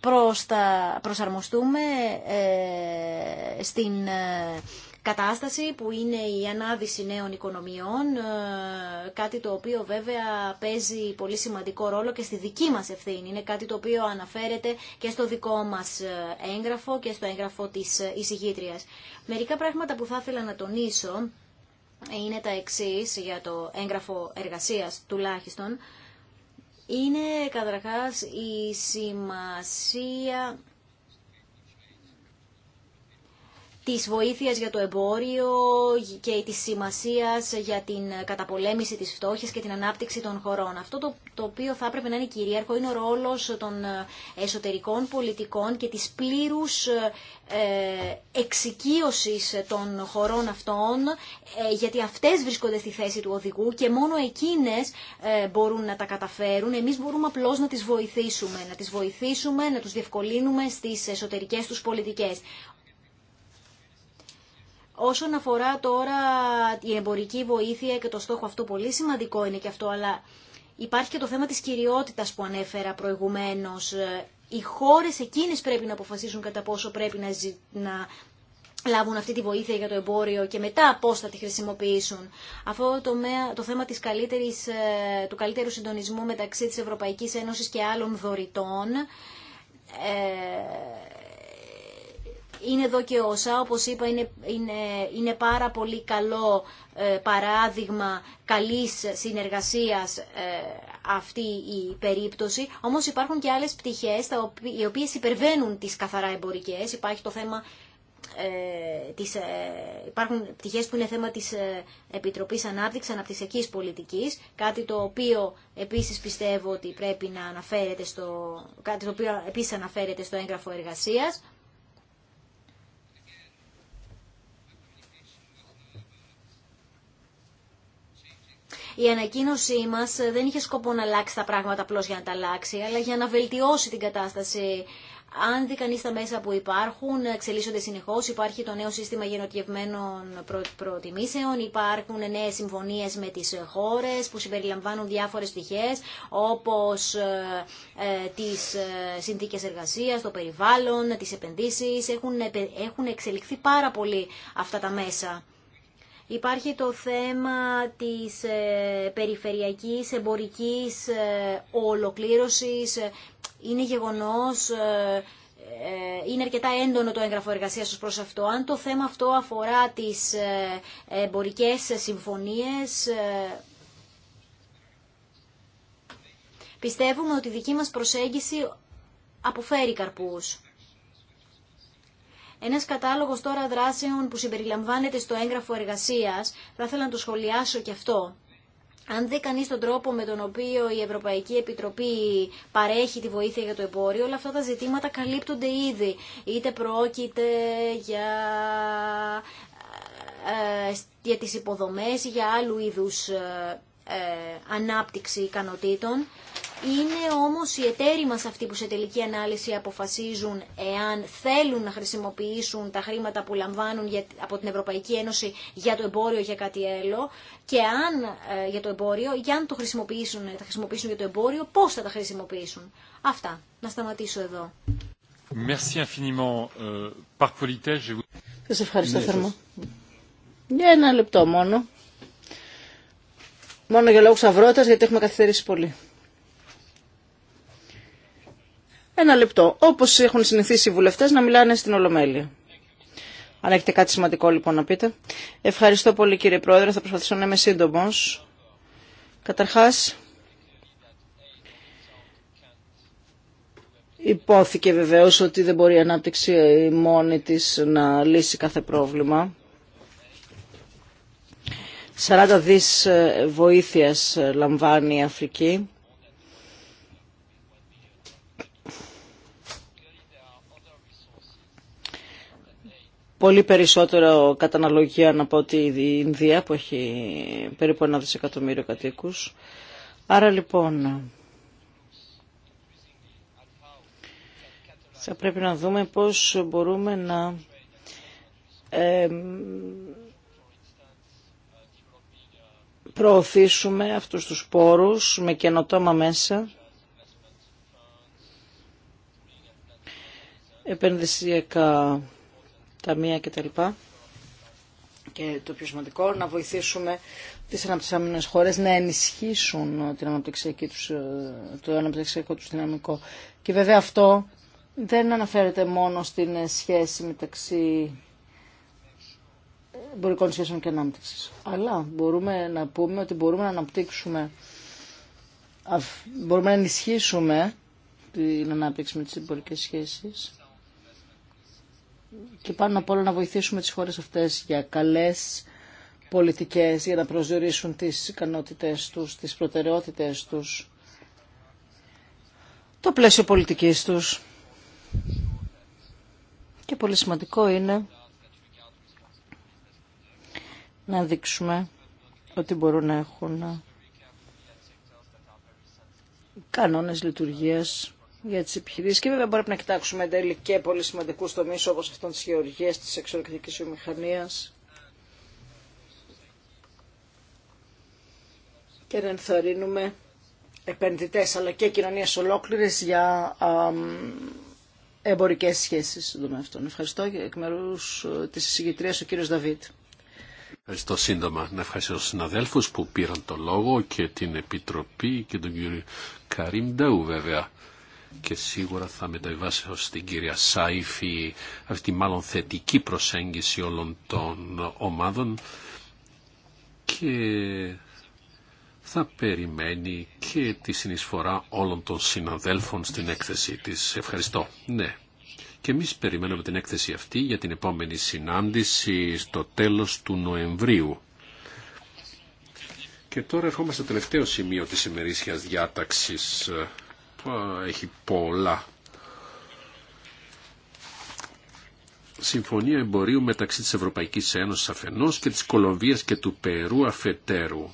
προστα... προσαρμοστούμε ε, στην... Ε, κατάσταση που είναι η ανάδυση νέων οικονομιών, ε, κάτι το οποίο βέβαια παίζει πολύ σημαντικό ρόλο και στη δική μας ευθύνη. Είναι κάτι το οποίο αναφέρεται και στο δικό μας ε, έγγραφο και στο έγγραφο της ε, εισηγήτριας. Μερικά πράγματα που θα ήθελα να τονίσω είναι τα εξής για το έγγραφο εργασίας τουλάχιστον. Είναι καταρχάς η σημασία της βοήθειας για το εμπόριο και της σημασίας για την καταπολέμηση της φτώχειας και την ανάπτυξη των χωρών. Αυτό το, το οποίο θα έπρεπε να είναι κυρίαρχο είναι ο ρόλος των ε, εσωτερικών πολιτικών και της πλήρους ε, εξοικείωσης των χωρών αυτών, ε, γιατί αυτές βρίσκονται στη θέση του οδηγού και μόνο εκείνες μπορούν να τα καταφέρουν. Εμείς μπορούμε απλώς να τις βοηθήσουμε, να τις βοηθήσουμε, να τους διευκολύνουμε στις εσωτερικές τους πολιτικές. Όσον αφορά τώρα η εμπορική βοήθεια και το στόχο αυτό, πολύ σημαντικό είναι και αυτό, αλλά υπάρχει και το θέμα της κυριότητας που ανέφερα προηγουμένως. Οι χώρες εκείνες πρέπει να αποφασίσουν κατά πόσο πρέπει να, να λάβουν αυτή τη βοήθεια για το εμπόριο και μετά πώς θα τη χρησιμοποιήσουν. Αυτό το, το θέμα της ε, του καλύτερου συντονισμού μεταξύ της Ευρωπαϊκής Ένωσης και άλλων δωρητών... Ε, είναι εδώ και όσα, όπως είπα, είναι, είναι, είναι πάρα πολύ καλό ε, παράδειγμα καλής συνεργασίας ε, αυτή η περίπτωση. Όμως υπάρχουν και άλλες πτυχές οι οποίες υπερβαίνουν τις καθαρά εμπορικές. Υπάρχει το θέμα ε, ε, υπάρχουν πτυχές που είναι θέμα της ε, Επιτροπής Ανάπτυξης Αναπτυξιακής Πολιτικής, κάτι το οποίο επίσης πιστεύω ότι πρέπει να αναφέρεται στο, κάτι το οποίο επίσης αναφέρεται στο έγγραφο εργασίας. η ανακοίνωσή μα ε, δεν είχε σκοπό να αλλάξει τα πράγματα απλώ για να τα αλλάξει, αλλά για να βελτιώσει την κατάσταση. Αν δει κανεί τα μέσα που υπάρχουν, ε, εξελίσσονται συνεχώ. Υπάρχει το νέο σύστημα γενοτιευμένων προ... προτιμήσεων, υπάρχουν νέε συμφωνίε με τι ε, χώρε που συμπεριλαμβάνουν διάφορε πτυχέ, όπω ε, τι συνθήκε εργασία, το περιβάλλον, τι επενδύσει. Έχουν, έχουν εξελιχθεί πάρα πολύ αυτά τα μέσα. Υπάρχει το θέμα της ε, περιφερειακής εμπορικής ε, ολοκλήρωσης. Είναι γεγονός, ε, είναι αρκετά έντονο το έγγραφο εργασίας προς αυτό. Αν το θέμα αυτό αφορά τις εμπορικές συμφωνίες, πιστεύουμε ότι η δική μας προσέγγιση αποφέρει καρπούς. Ένα κατάλογο τώρα δράσεων που συμπεριλαμβάνεται στο έγγραφο εργασία, θα ήθελα να το σχολιάσω και αυτό. Αν δει κανεί τον τρόπο με τον οποίο η Ευρωπαϊκή Επιτροπή παρέχει τη βοήθεια για το εμπόριο, όλα αυτά τα ζητήματα καλύπτονται ήδη. Είτε πρόκειται για ε, για τις υποδομές ή για άλλου είδους ε, ε, ανάπτυξη ικανοτήτων. Είναι όμως οι εταίροι μας αυτοί που σε τελική ανάλυση αποφασίζουν εάν θέλουν να χρησιμοποιήσουν τα χρήματα που λαμβάνουν από την Ευρωπαϊκή Ένωση για το εμπόριο για κάτι άλλο και αν ε, για το εμπόριο, για αν το χρησιμοποιήσουν, τα χρησιμοποιήσουν για το εμπόριο, πώς θα τα χρησιμοποιήσουν. Αυτά. Να σταματήσω εδώ. Euh, σας ευχαριστώ ναι, Για ένα λεπτό μόνο. Μόνο για λόγους αυρότητας, γιατί έχουμε καθυστερήσει πολύ ένα λεπτό, όπως έχουν συνηθίσει οι βουλευτές να μιλάνε στην Ολομέλεια. Αν έχετε κάτι σημαντικό λοιπόν να πείτε. Ευχαριστώ πολύ κύριε Πρόεδρε, θα προσπαθήσω να είμαι σύντομο. Καταρχά, υπόθηκε βεβαίω ότι δεν μπορεί η ανάπτυξη η μόνη τη να λύσει κάθε πρόβλημα. 40 δις βοήθειας λαμβάνει η Αφρική πολύ περισσότερο καταναλογία να πω ότι η Ινδία που έχει περίπου ένα δισεκατομμύριο κατοίκους. Άρα λοιπόν θα πρέπει να δούμε πώς μπορούμε να ε, προωθήσουμε αυτούς τους πόρους με καινοτόμα μέσα επενδυσιακά ταμεία κτλ. Και το πιο σημαντικό, να βοηθήσουμε τις αναπτυσσόμενες χώρες να ενισχύσουν την τους, ε, το αναπτυξιακό του δυναμικό. Και βέβαια αυτό δεν αναφέρεται μόνο στην σχέση μεταξύ εμπορικών σχέσεων και ανάπτυξη. Αλλά μπορούμε να πούμε ότι μπορούμε να αναπτύξουμε, μπορούμε να ενισχύσουμε την ανάπτυξη με τι εμπορικέ σχέσει και πάνω απ' όλα να βοηθήσουμε τις χώρες αυτές για καλές πολιτικές, για να προσδιορίσουν τις ικανότητες τους, τις προτεραιότητες τους, το πλαίσιο πολιτικής τους. Και πολύ σημαντικό είναι να δείξουμε ότι μπορούν να έχουν κανόνες λειτουργίας για τι επιχειρήσει και βέβαια μπορεί να κοιτάξουμε εν τέλει και πολύ σημαντικού τομεί όπω αυτών τη γεωργία, τη εξωτερική βιομηχανία. και να ενθαρρύνουμε επενδυτέ, αλλά και κοινωνίε ολόκληρε για εμπορικές σχέσεις στον Ευχαριστώ εκ μέρου ε, της συγκεκριτή, ο κύριος Δαβίτ. Ευχαριστώ σύντομα. Να ευχαριστώ του συναδέλφους που πήραν το λόγο και την Επιτροπή και τον κύριο Καρίμ Ντεού βέβαια και σίγουρα θα μεταβιβάσω στην κυρία Σάιφη αυτή μάλλον θετική προσέγγιση όλων των ομάδων και θα περιμένει και τη συνεισφορά όλων των συναδέλφων στην έκθεση της. Ευχαριστώ. Ναι. Και εμείς περιμένουμε την έκθεση αυτή για την επόμενη συνάντηση στο τέλος του Νοεμβρίου. Και τώρα ερχόμαστε στο τελευταίο σημείο της ημερήσιας διάταξης έχει πολλά. Συμφωνία εμπορίου μεταξύ της Ευρωπαϊκής Ένωσης αφενός και της Κολομβίας και του Περού αφετέρου.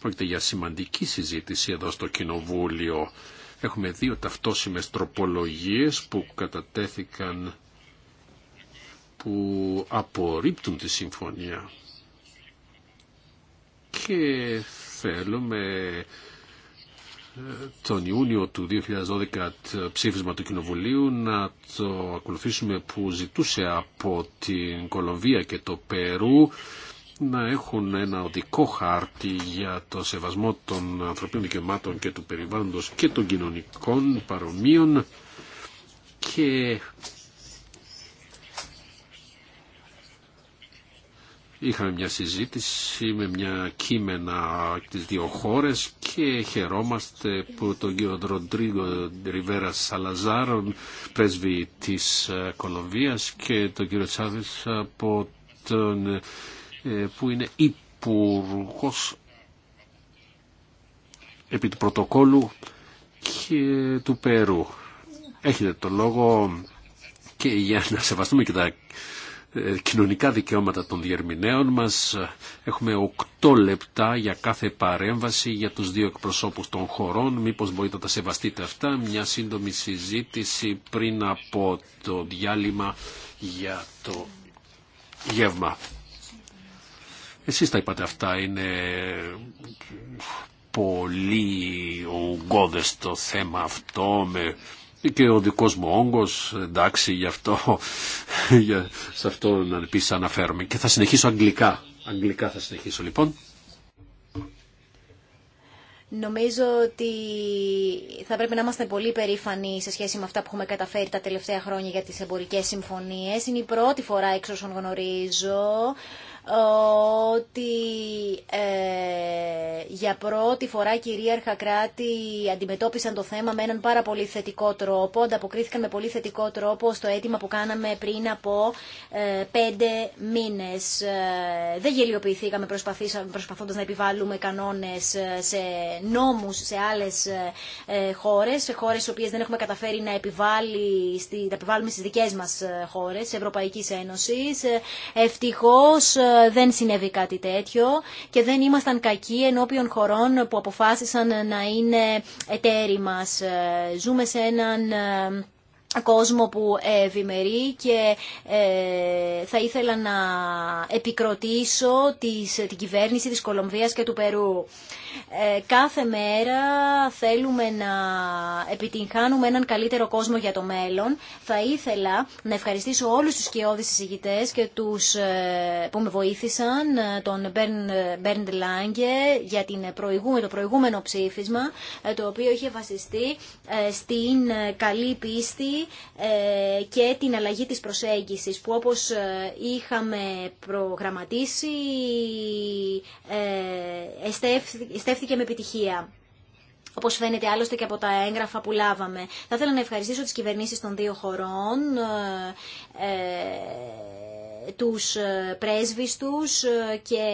Πρόκειται για σημαντική συζήτηση εδώ στο Κοινοβούλιο. Έχουμε δύο ταυτόσιμες τροπολογίες που κατατέθηκαν που απορρίπτουν τη συμφωνία. Και θέλουμε τον Ιούνιο του 2012 ψήφισμα του Κοινοβουλίου να το ακολουθήσουμε που ζητούσε από την Κολομβία και το Περού να έχουν ένα οδικό χάρτη για το σεβασμό των ανθρωπίνων δικαιωμάτων και του περιβάλλοντος και των κοινωνικών παρομοίων και Είχαμε μια συζήτηση με μια κείμενα τις δύο χώρες και χαιρόμαστε που τον κύριο Ροντρίγκο Ριβέρα Σαλαζάρον, πρέσβη της ε, Κολομβίας και τον κύριο Τσάβης από ε, που είναι υπουργό επί του πρωτοκόλου και του Περού. Έχετε το λόγο και για να σεβαστούμε και τα κοινωνικά δικαιώματα των διερμηνέων μας. Έχουμε οκτώ λεπτά για κάθε παρέμβαση για τους δύο εκπροσώπους των χωρών. Μήπως μπορείτε να τα σεβαστείτε αυτά. Μια σύντομη συζήτηση πριν από το διάλειμμα για το γεύμα. Εσείς τα είπατε αυτά, είναι πολύ ογκώδες το θέμα αυτό με και ο δικός μου όγκος, εντάξει, γι' αυτό, για, σε αυτό να επίσης αναφέρομαι. Και θα συνεχίσω αγγλικά. Αγγλικά θα συνεχίσω λοιπόν. Νομίζω ότι θα πρέπει να είμαστε πολύ περήφανοι σε σχέση με αυτά που έχουμε καταφέρει τα τελευταία χρόνια για τις εμπορικές συμφωνίες. Είναι η πρώτη φορά, εξ όσων γνωρίζω, ότι ε, για πρώτη φορά κυρίαρχα κράτη αντιμετώπισαν το θέμα με έναν πάρα πολύ θετικό τρόπο, ανταποκρίθηκαν με πολύ θετικό τρόπο στο αίτημα που κάναμε πριν από ε, πέντε μήνες. Ε, δεν γελιοποιηθήκαμε προσπαθώντας να επιβάλλουμε κανόνες σε νόμους σε άλλες χώρες, σε χώρες στις οποίες δεν έχουμε καταφέρει να, επιβάλλει, να επιβάλλουμε στις δικές μας χώρες, Ευρωπαϊκής Ένωσης. Ευτυχώς δεν συνέβη κάτι τέτοιο και δεν ήμασταν κακοί ενώπιον χωρών που αποφάσισαν να είναι εταίροι μας. Ε, ζούμε σε έναν ε, κόσμο που ευημερεί και ε, θα ήθελα να επικροτήσω τις, την κυβέρνηση της Κολομβίας και του Περού. Ε, κάθε μέρα θέλουμε να επιτυγχάνουμε έναν καλύτερο κόσμο για το μέλλον. Θα ήθελα να ευχαριστήσω όλους τους σκιώδεις συζητητές και τους ε, που με βοήθησαν, ε, τον Μπέρντ Λάγκε για την προηγούμε, το προηγούμενο ψήφισμα, το οποίο είχε βασιστεί στην καλή πίστη ε, και την αλλαγή της προσέγγισης που όπως ε, είχαμε προγραμματίσει ε, εστέφθηκε με επιτυχία. Όπω φαίνεται άλλωστε και από τα έγγραφα που λάβαμε. Θα ήθελα να ευχαριστήσω τι κυβερνήσει των δύο χωρών. Ε, τους ε, πρέσβεις τους ε, και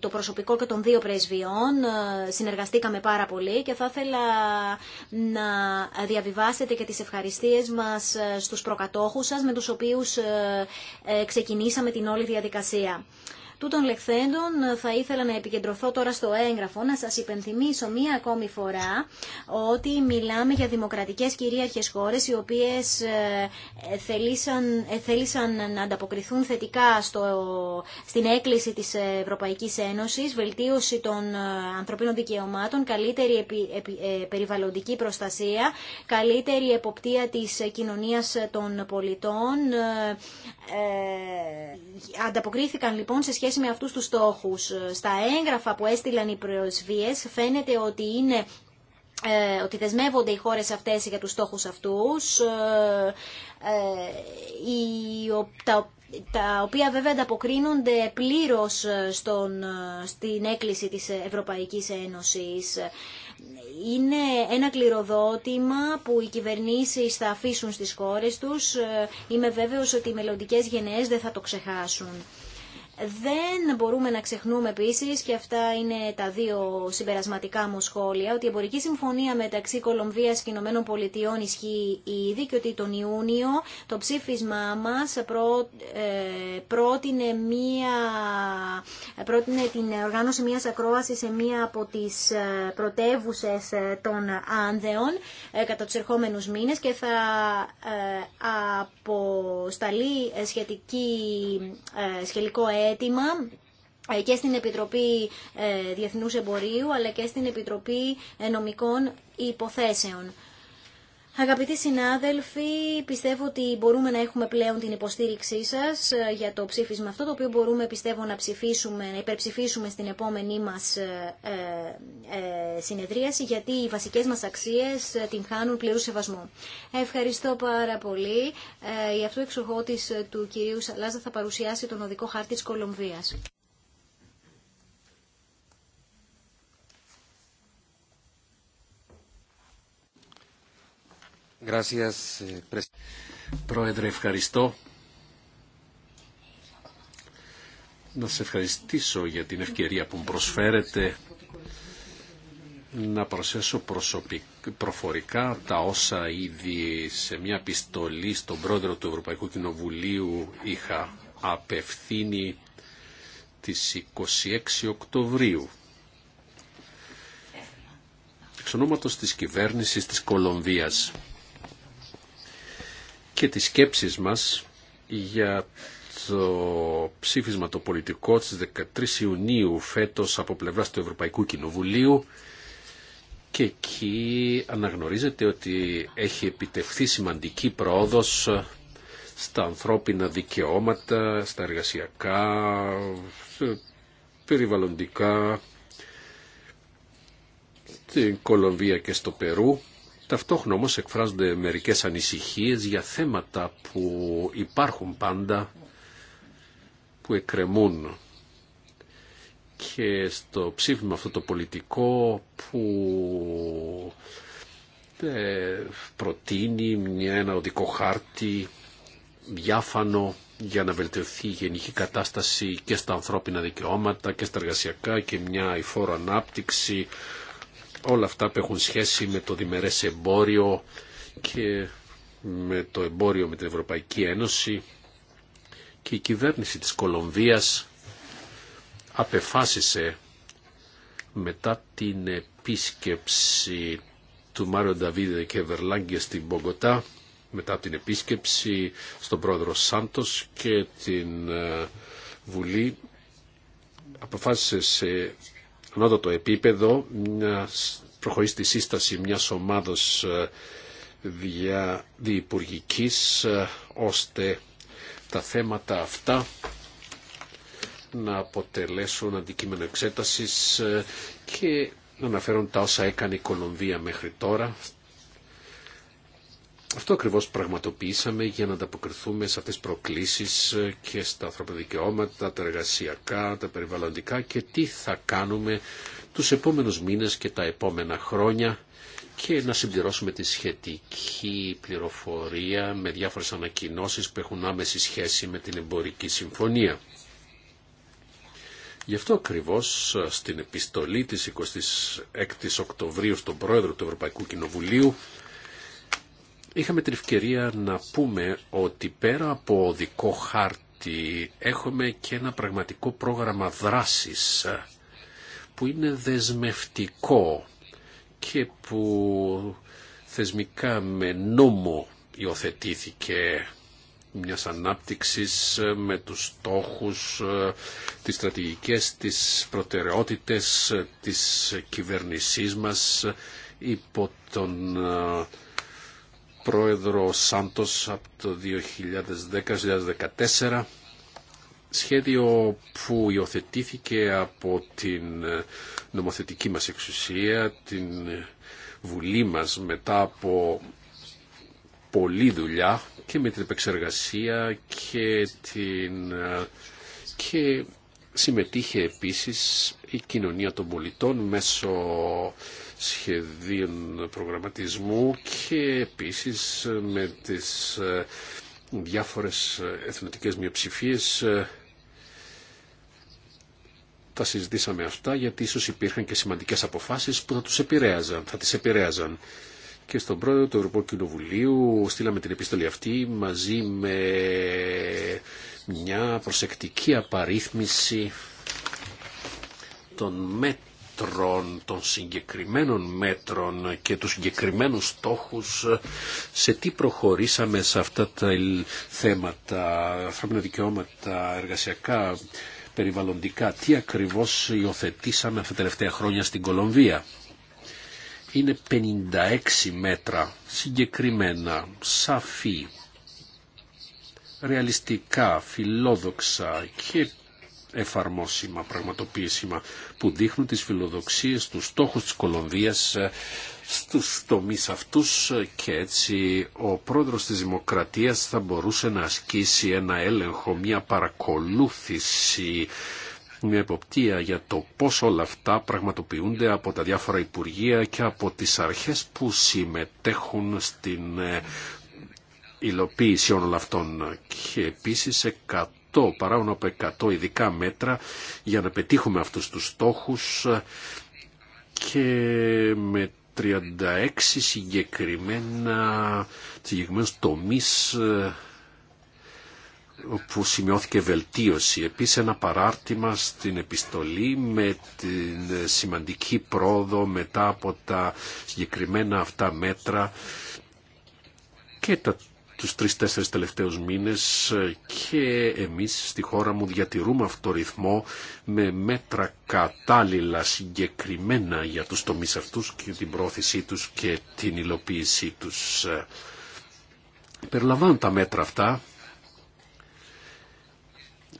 το προσωπικό και των δύο πρεσβειών. Ε, συνεργαστήκαμε πάρα πολύ και θα ήθελα να διαβιβάσετε και τις ευχαριστίες μας στους προκατόχους σας με τους οποίους ξεκινήσαμε την όλη διαδικασία. Τούτων λεχθέντων ε, θα ήθελα να επικεντρωθώ τώρα στο έγγραφο, να σας υπενθυμίσω μία ακόμη φορά ότι μιλάμε για δημοκρατικές κυρίαρχες χώρες οι οποίες ε, θελήσαν, ε, θελήσαν να ανταποκριθούν θετικά στο, στην έκκληση της Ευρωπαϊκής Ένωσης, βελτίωση των ανθρωπίνων δικαιωμάτων, καλύτερη επι, επι, περιβαλλοντική προστασία, καλύτερη εποπτεία της κοινωνίας των πολιτών. ανταποκρίθηκαν λοιπόν σε σχέση σχέση με αυτούς τους στόχους. Ε, στα έγγραφα που έστειλαν οι προσβίες φαίνεται ότι είναι ε, ότι δεσμεύονται οι χώρες αυτές για τους στόχους αυτούς, ε, τα οποία βέβαια ανταποκρίνονται πλήρως στον, στην έκκληση της Ευρωπαϊκής Ένωσης. Είναι ένα κληροδότημα που οι κυβερνήσεις θα αφήσουν στις χώρες τους. Είμαι βέβαιος ότι οι μελλοντικές γενναίες δεν θα το ξεχάσουν. Δεν μπορούμε να ξεχνούμε επίση και αυτά είναι τα δύο συμπερασματικά μου σχόλια, ότι η εμπορική συμφωνία μεταξύ Κολομβίας και Ηνωμένων Πολιτειών ισχύει ήδη και ότι τον Ιούνιο το ψήφισμά μας πρό, ε, πρότεινε, πρότεινε την οργάνωση μιας ακρόασης σε μία από τις ε, πρωτεύουσε ε, των Άνδεων ε, κατά του ερχόμενου μήνε και θα αποσταλεί σχετική, έργο ε, και στην Επιτροπή ε, Διεθνούς Εμπορίου αλλά και στην Επιτροπή ε, Νομικών Υποθέσεων. Αγαπητοί συνάδελφοι, πιστεύω ότι μπορούμε να έχουμε πλέον την υποστήριξή σας ε, για το ψήφισμα αυτό, το οποίο μπορούμε πιστεύω να, ψηφίσουμε, να υπερψηφίσουμε στην επόμενή μας ε, ε, συνεδρίαση, γιατί οι βασικές μας αξίες την χάνουν πλήρου σεβασμού. Ευχαριστώ πάρα πολύ. η αυτού εξοχότη του κυρίου Σαλάζα θα παρουσιάσει τον οδικό χάρτη της Κολομβίας. Gracias, eh, Πρόεδρε, ευχαριστώ. Να σε ευχαριστήσω για την ευκαιρία που μου προσφέρετε να προσθέσω προφορικά τα όσα ήδη σε μια επιστολή στον πρόεδρο του Ευρωπαϊκού Κοινοβουλίου είχα απευθύνει της 26 Οκτωβρίου. Εξ ονόματος της κυβέρνησης της Κολομβίας και τις σκέψεις μας για το ψήφισμα το πολιτικό της 13 Ιουνίου φέτος από πλευράς του Ευρωπαϊκού Κοινοβουλίου και εκεί αναγνωρίζεται ότι έχει επιτευχθεί σημαντική πρόοδος στα ανθρώπινα δικαιώματα, στα εργασιακά, περιβαλλοντικά, στην Κολομβία και στο Περού Ταυτόχρονα όμως εκφράζονται μερικές ανησυχίες για θέματα που υπάρχουν πάντα, που εκκρεμούν και στο ψήφισμα αυτό το πολιτικό που ε, προτείνει μια, ένα οδικό χάρτη διάφανο για να βελτιωθεί η γενική κατάσταση και στα ανθρώπινα δικαιώματα και στα εργασιακά και μια υφόρο ανάπτυξη όλα αυτά που έχουν σχέση με το διμερές εμπόριο και με το εμπόριο με την Ευρωπαϊκή Ένωση και η κυβέρνηση της Κολομβίας απεφάσισε μετά την επίσκεψη του Μάριο Νταβίδε και Βερλάγκε στην Μπογκοτά μετά την επίσκεψη στον πρόεδρο Σάντος και την ε, Βουλή αποφάσισε σε ανώτατο επίπεδο μια, προχωρήσει τη σύσταση μιας ομάδος ε, δια, ε, ώστε τα θέματα αυτά να αποτελέσουν αντικείμενο εξέτασης ε, και να αναφέρουν τα όσα έκανε η Κολομβία μέχρι τώρα αυτό ακριβώς πραγματοποιήσαμε για να ανταποκριθούμε σε αυτές τις προκλήσεις ε, και στα ανθρώπινα τα εργασιακά, τα περιβαλλοντικά και τι θα κάνουμε τους επόμενους μήνες και τα επόμενα χρόνια και να συμπληρώσουμε τη σχετική πληροφορία με διάφορες ανακοινώσεις που έχουν άμεση σχέση με την εμπορική συμφωνία. Γι' αυτό ακριβώς ε, στην επιστολή της 26 Οκτωβρίου στον Πρόεδρο του Ευρωπαϊκού Κοινοβουλίου είχαμε την ευκαιρία να πούμε ότι πέρα από δικό χάρτη έχουμε και ένα πραγματικό πρόγραμμα δράσης ε, που είναι δεσμευτικό και που θεσμικά με νόμο υιοθετήθηκε μια ανάπτυξης ε, με τους στόχους, ε, τις στρατηγικές, τις προτεραιότητες της κυβερνησής μας υπό τον πρόεδρο Σάντος από το 2010-2014 σχέδιο που υιοθετήθηκε από την ε, νομοθετική μας εξουσία, την ε, Βουλή μας μετά από πολλή δουλειά και με την επεξεργασία και την... Ε, και συμμετείχε επίσης η κοινωνία των πολιτών μέσω σχεδίων προγραμματισμού και επίσης με τις ε, διάφορες εθνοτικές μειοψηφίες ε, τα συζητήσαμε αυτά γιατί ίσως υπήρχαν και σημαντικές αποφάσεις που θα τους επηρέαζαν, θα τις επηρέαζαν. Και στον πρόεδρο του Ευρωπαϊκού Κοινοβουλίου στείλαμε την επιστολή αυτή μαζί με μια προσεκτική απαρίθμηση των μέτρων των συγκεκριμένων μέτρων και τους συγκεκριμένους στόχους, σε τι προχωρήσαμε σε αυτά τα θέματα, ανθρώπινα δικαιώματα, εργασιακά, περιβαλλοντικά, τι ακριβώς υιοθετήσαμε αυτά τα τελευταία χρόνια στην Κολομβία. Είναι 56 μέτρα συγκεκριμένα, σαφή, ρεαλιστικά, φιλόδοξα και εφαρμόσιμα, πραγματοποιήσιμα που δείχνουν τις φιλοδοξίες, τους στόχους της Κολομβίας ε, στους τομείς αυτούς και έτσι ο πρόεδρος της Δημοκρατίας θα μπορούσε να ασκήσει ένα έλεγχο, μια παρακολούθηση, μια εποπτεία για το πώς όλα αυτά πραγματοποιούνται από τα διάφορα Υπουργεία και από τις αρχές που συμμετέχουν στην ε, υλοποίηση όλων αυτών και επίσης 100, παράγουν από 100 ειδικά μέτρα για να πετύχουμε αυτούς τους στόχους και με 36 συγκεκριμένα, συγκεκριμένους τομείς ε, όπου σημειώθηκε βελτίωση. Επίσης ένα παράρτημα στην επιστολή με την σημαντική πρόοδο μετά από τα συγκεκριμένα αυτά μέτρα και τα τους τρεις-τέσσερις τελευταίους μήνες και εμείς στη χώρα μου διατηρούμε αυτό το ρυθμό με μέτρα κατάλληλα συγκεκριμένα για τους τομείς αυτούς και την πρόθεσή τους και την υλοποίησή τους. Περιλαμβάνουν τα μέτρα αυτά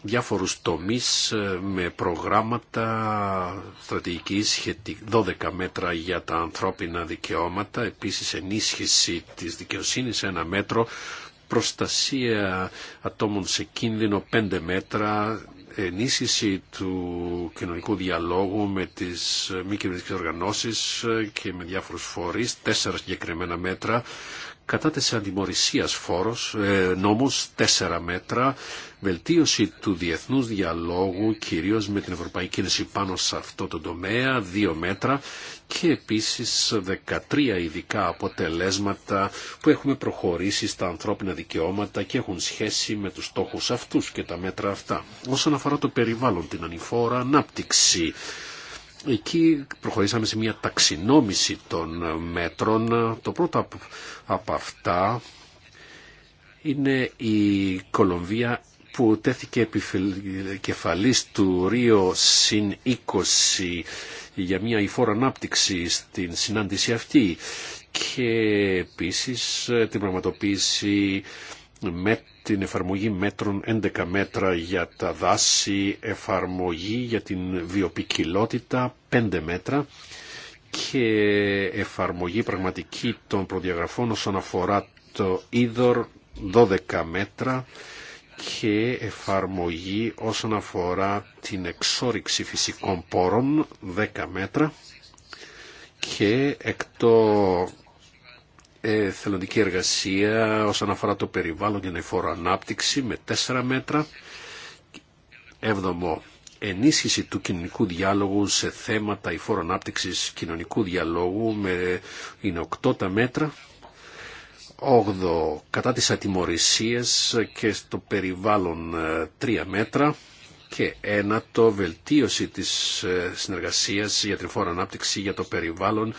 διάφορους τομείς ε, με προγράμματα στρατηγικής 12 μέτρα για τα ανθρώπινα δικαιώματα, επίσης ενίσχυση της δικαιοσύνης ένα μέτρο, προστασία ατόμων σε κίνδυνο 5 μέτρα, ενίσχυση του κοινωνικού διαλόγου με τις μη κυβερνητικές οργανώσεις ε, και με διάφορους φορείς, 4 συγκεκριμένα μέτρα, κατά της αντιμορρησίας φόρος, ε, νόμους τέσσερα μέτρα, βελτίωση του διεθνούς διαλόγου κυρίως με την Ευρωπαϊκή Ένωση πάνω σε αυτό το τομέα, δύο μέτρα και επίσης 13 ειδικά αποτελέσματα που έχουμε προχωρήσει στα ανθρώπινα δικαιώματα και έχουν σχέση με τους στόχους αυτούς και τα μέτρα αυτά. Όσον αφορά το περιβάλλον, την ανηφόρα ανάπτυξη, Εκεί προχωρήσαμε σε μια ταξινόμηση των μέτρων. Το πρώτο από αυτά είναι η Κολομβία που τέθηκε επικεφαλής του Ρίο συν 20 για μια υφόρα ανάπτυξη στην συνάντηση αυτή και επίσης ε, την πραγματοποίηση με την εφαρμογή μέτρων 11 μέτρα για τα δάση, εφαρμογή για την βιοπικιλότητα 5 μέτρα και εφαρμογή πραγματική των προδιαγραφών όσον αφορά το είδωρ 12 μέτρα και εφαρμογή όσον αφορά την εξόριξη φυσικών πόρων 10 μέτρα και εκτό ε, θελοντική εργασία όσον αφορά το περιβάλλον και εφόρο ανάπτυξη με 4 μέτρα. Έβδομο, ενίσχυση του κοινωνικού διάλογου σε θέματα εφοροανάπτυξης ανάπτυξης κοινωνικού διαλόγου με είναι 8 τα μέτρα 8 κατά τις ατιμορρησίας και στο περιβάλλον 3 ε, μέτρα και ένα το βελτίωση της ε, συνεργασίας για την φόρα ανάπτυξη για το περιβάλλον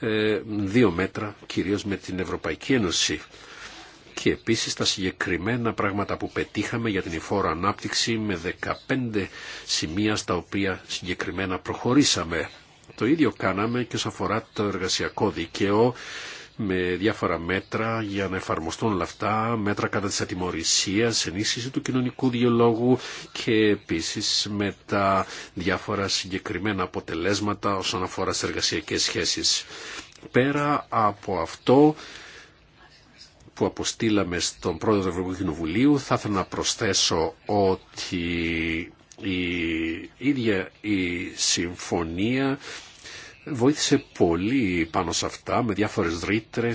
ε, δύο μέτρα κυρίως με την Ευρωπαϊκή Ένωση και επίσης τα συγκεκριμένα πράγματα που πετύχαμε για την φόρο ανάπτυξη με 15 σημεία στα οποία συγκεκριμένα προχωρήσαμε. Το ίδιο κάναμε και όσον αφορά το εργασιακό δικαίωμα με διάφορα μέτρα για να εφαρμοστούν όλα αυτά, μέτρα κατά της ατιμορρησίας, ενίσχυση του κοινωνικού διολόγου... και επίσης με τα διάφορα συγκεκριμένα αποτελέσματα όσον αφορά στις εργασιακές σχέσεις. Πέρα από αυτό, που αποστήλαμε στον πρόεδρο του Ευρωπαϊκού Κοινοβουλίου θα ήθελα να προσθέσω ότι η ίδια η συμφωνία βοήθησε πολύ πάνω σε αυτά με διάφορες ρήτρε,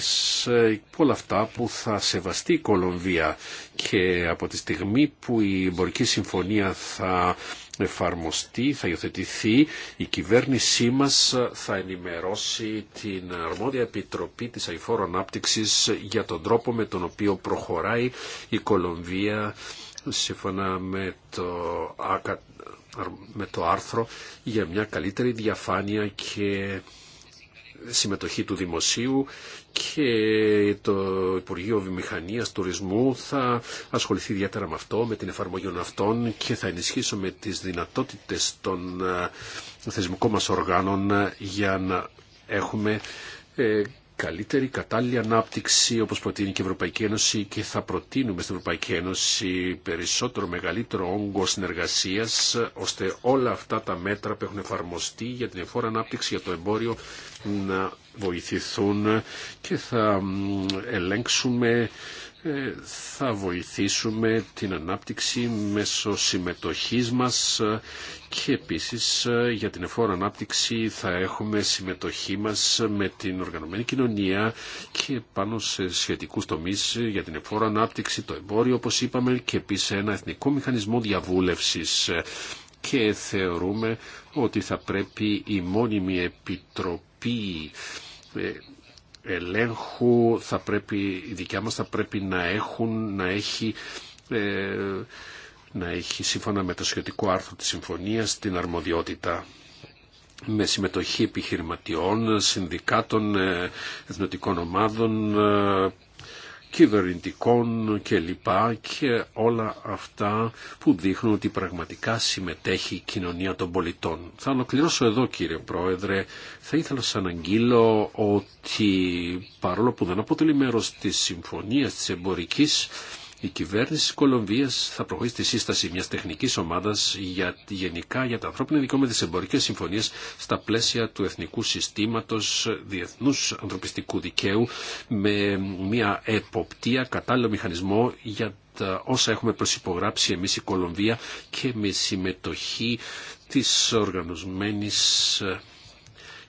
ε, όλα αυτά που θα σεβαστεί η Κολομβία και από τη στιγμή που η εμπορική συμφωνία θα εφαρμοστεί, θα υιοθετηθεί, η κυβέρνησή μας θα ενημερώσει την αρμόδια επιτροπή της αιφόρου ανάπτυξης για τον τρόπο με τον οποίο προχωράει η Κολομβία σύμφωνα με το ΑΚΑΤ με το άρθρο για μια καλύτερη διαφάνεια και συμμετοχή του Δημοσίου και το Υπουργείο Βιομηχανίας Τουρισμού θα ασχοληθεί ιδιαίτερα με αυτό, με την εφαρμογή των αυτών και θα ενισχύσουμε τις δυνατότητες των ε, θεσμικών μας οργάνων για να έχουμε ε, καλύτερη κατάλληλη ανάπτυξη όπως προτείνει και η Ευρωπαϊκή Ένωση και θα προτείνουμε στην Ευρωπαϊκή Ένωση περισσότερο μεγαλύτερο όγκο συνεργασίας ώστε όλα αυτά τα μέτρα που έχουν εφαρμοστεί για την εφόρα ανάπτυξη για το εμπόριο να βοηθηθούν και θα ελέγξουμε ε, θα βοηθήσουμε την ανάπτυξη μέσω συμμετοχής μας και επίσης ε, για την εφόρα ανάπτυξη θα έχουμε συμμετοχή μας με την οργανωμένη κοινωνία και πάνω σε σχετικούς τομείς για την εφόρα ανάπτυξη, το εμπόριο όπως είπαμε και επίσης ένα εθνικό μηχανισμό διαβούλευσης και θεωρούμε ότι θα πρέπει η μόνιμη επιτροπή ε, ελέγχου θα πρέπει, η δικιά μας θα πρέπει να έχουν, να έχει ε, να έχει σύμφωνα με το σχετικό άρθρο της συμφωνίας την αρμοδιότητα με συμμετοχή επιχειρηματιών, συνδικάτων, ε, εθνοτικών ομάδων, ε, κυβερνητικών και λοιπά και όλα αυτά που δείχνουν ότι πραγματικά συμμετέχει η κοινωνία των πολιτών. Θα ολοκληρώσω εδώ κύριε Πρόεδρε. Θα ήθελα σαν αγγείλω ότι παρόλο που δεν αποτελεί μέρος της συμφωνίας της εμπορικής η κυβέρνηση της Κολομβίας θα προχωρήσει τη σύσταση μιας τεχνικής ομάδας για, γενικά για τα ανθρώπινα δικαιώματα τις εμπορικές συμφωνίες στα πλαίσια του Εθνικού Συστήματος Διεθνούς Ανθρωπιστικού Δικαίου με μια εποπτεία κατάλληλο μηχανισμό για τα όσα έχουμε προσυπογράψει εμείς η Κολομβία και με συμμετοχή της οργανωσμένης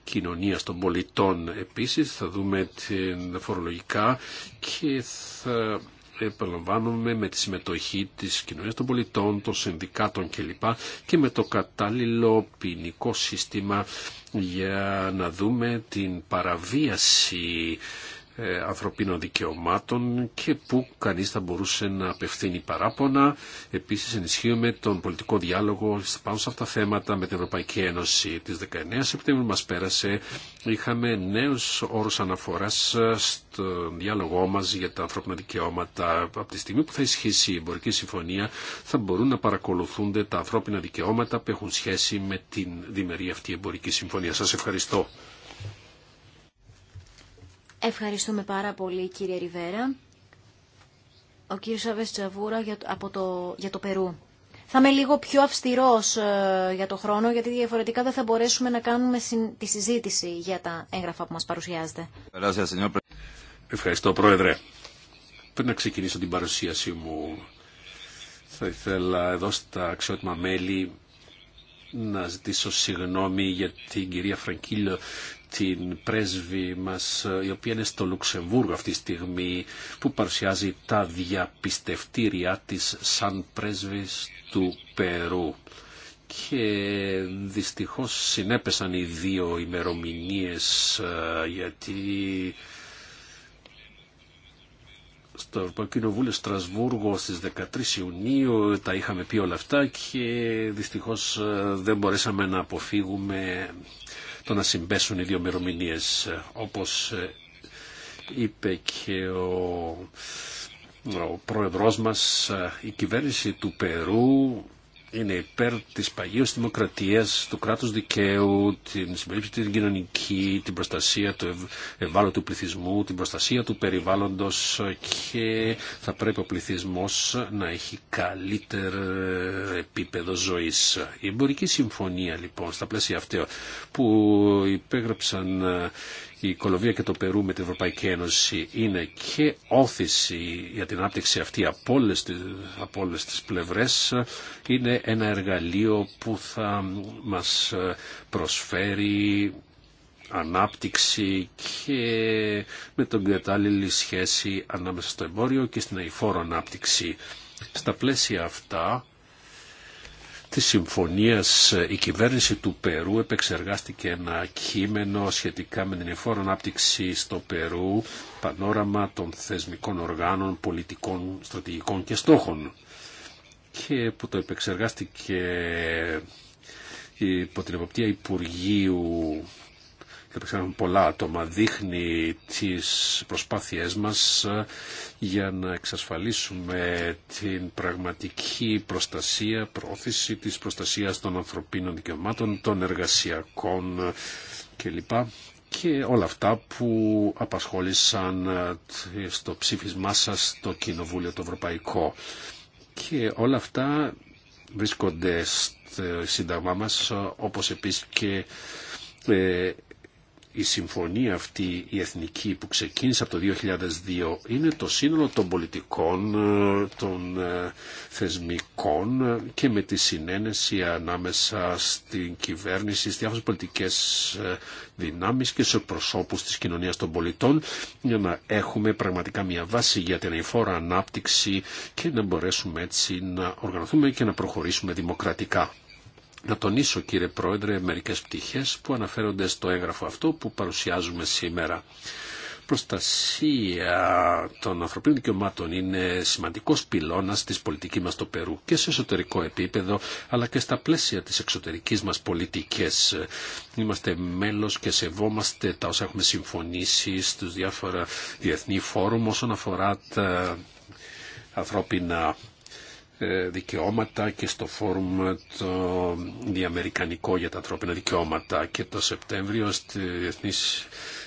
κοινωνία των πολιτών. Επίσης θα δούμε την φορολογικά και θα Επαναλαμβάνομαι με τη συμμετοχή της κοινωνίας των πολιτών, των συνδικάτων κλπ. και με το κατάλληλο ποινικό σύστημα για να δούμε την παραβίαση ε, ανθρωπίνων δικαιωμάτων και που κανείς θα μπορούσε να απευθύνει παράπονα. Επίσης ενισχύουμε τον πολιτικό διάλογο πάνω σε αυτά τα θέματα με την Ευρωπαϊκή Ένωση. της 19 Σεπτέμβρη μας πέρασε είχαμε νέους όρους αναφοράς στον διάλογό μας για τα ανθρώπινα δικαιώματα. Από τη στιγμή που θα ισχύσει η εμπορική συμφωνία θα μπορούν να παρακολουθούνται τα ανθρώπινα δικαιώματα που έχουν σχέση με την διμερή αυτή εμπορική συμφωνία. Σας ευχαριστώ. Ευχαριστούμε πάρα πολύ κύριε Ριβέρα. Ο κύριος Αβεστσαβούρα για, από το, για το Περού. Θα είμαι λίγο πιο αυστηρός ε, για το χρόνο, γιατί διαφορετικά δεν θα μπορέσουμε να κάνουμε τη συζήτηση για τα έγγραφα που μας παρουσιάζετε. Ευχαριστώ, Πρόεδρε. Πριν να ξεκινήσω την παρουσίασή μου, θα ήθελα εδώ στα αξιότιμα μέλη να ζητήσω συγγνώμη για την κυρία Φραγκίλιο, την πρέσβη μας ε, η οποία είναι στο Λουξεμβούργο αυτή τη στιγμή που παρουσιάζει τα διαπιστευτήριά της σαν πρέσβης του Περού και δυστυχώς συνέπεσαν οι δύο ημερομηνίες ε, γιατί στο Ευρωπαϊκό Κοινοβούλιο Στρασβούργο στις 13 Ιουνίου τα είχαμε πει όλα αυτά και δυστυχώς ε, δεν μπορέσαμε να αποφύγουμε το να συμπέσουν οι δύο μερομηνίε. Όπως ε, είπε και ο, ο πρόεδρός μας, ε, η κυβέρνηση του Περού είναι υπέρ της παγίω δημοκρατίας, του κράτους δικαίου, την συμπερίπτωση την κοινωνική, την προστασία του ευάλωτου πληθυσμού, την προστασία του περιβάλλοντος και θα πρέπει ο πληθυσμός να έχει καλύτερο επίπεδο ζωής. Η εμπορική συμφωνία λοιπόν στα πλαίσια αυτά που υπέγραψαν η Κολομβία και το Περού με την Ευρωπαϊκή Ένωση είναι και όθηση για την ανάπτυξη αυτή από όλες, τις, από πλευρές είναι ένα εργαλείο που θα μας προσφέρει ανάπτυξη και με τον κατάλληλη σχέση ανάμεσα στο εμπόριο και στην αηφόρο ανάπτυξη. Στα πλαίσια αυτά της συμφωνίας ε, η κυβέρνηση του Περού επεξεργάστηκε ένα κείμενο σχετικά με την εφόρον άπτυξη στο Περού, πανόραμα των θεσμικών οργάνων, πολιτικών, στρατηγικών και στόχων και που το επεξεργάστηκε ε, υπό την εποπτεία Υπουργείου πολά πολλά άτομα, δείχνει τις προσπάθειές μας ε, για να εξασφαλίσουμε την πραγματική προστασία, πρόθεση της προστασίας των ανθρωπίνων δικαιωμάτων, των εργασιακών ε, κλπ και όλα αυτά που απασχόλησαν ε, στο ψήφισμά σας στο Κοινοβούλιο το Ευρωπαϊκό. Και όλα αυτά βρίσκονται στο Σύνταγμά μας, όπως επίσης και η συμφωνία αυτή η εθνική που ξεκίνησε από το 2002 είναι το σύνολο των πολιτικών, ε, των ε, θεσμικών ε, και με τη συνένεση ανάμεσα στην κυβέρνηση, στις διάφορες πολιτικές δυνάμεις και σε προσώπους της κοινωνίας των πολιτών για να έχουμε πραγματικά μια βάση για την εφόρα ανάπτυξη και να μπορέσουμε έτσι να οργανωθούμε και να προχωρήσουμε δημοκρατικά να τονίσω κύριε Πρόεδρε μερικές πτυχές που αναφέρονται στο έγγραφο αυτό που παρουσιάζουμε σήμερα. Προστασία των ανθρωπίνων δικαιωμάτων είναι σημαντικός πυλώνας της πολιτική μας στο Περού και σε εσωτερικό επίπεδο αλλά και στα πλαίσια της εξωτερικής μας πολιτικής. Είμαστε μέλος και σεβόμαστε τα όσα έχουμε συμφωνήσει στους διάφορα διεθνή φόρουμ όσον αφορά τα ανθρώπινα ε, δικαιώματα και στο φόρουμ το διαμερικανικό για τα ανθρώπινα δικαιώματα και το Σεπτέμβριο στη Διεθνή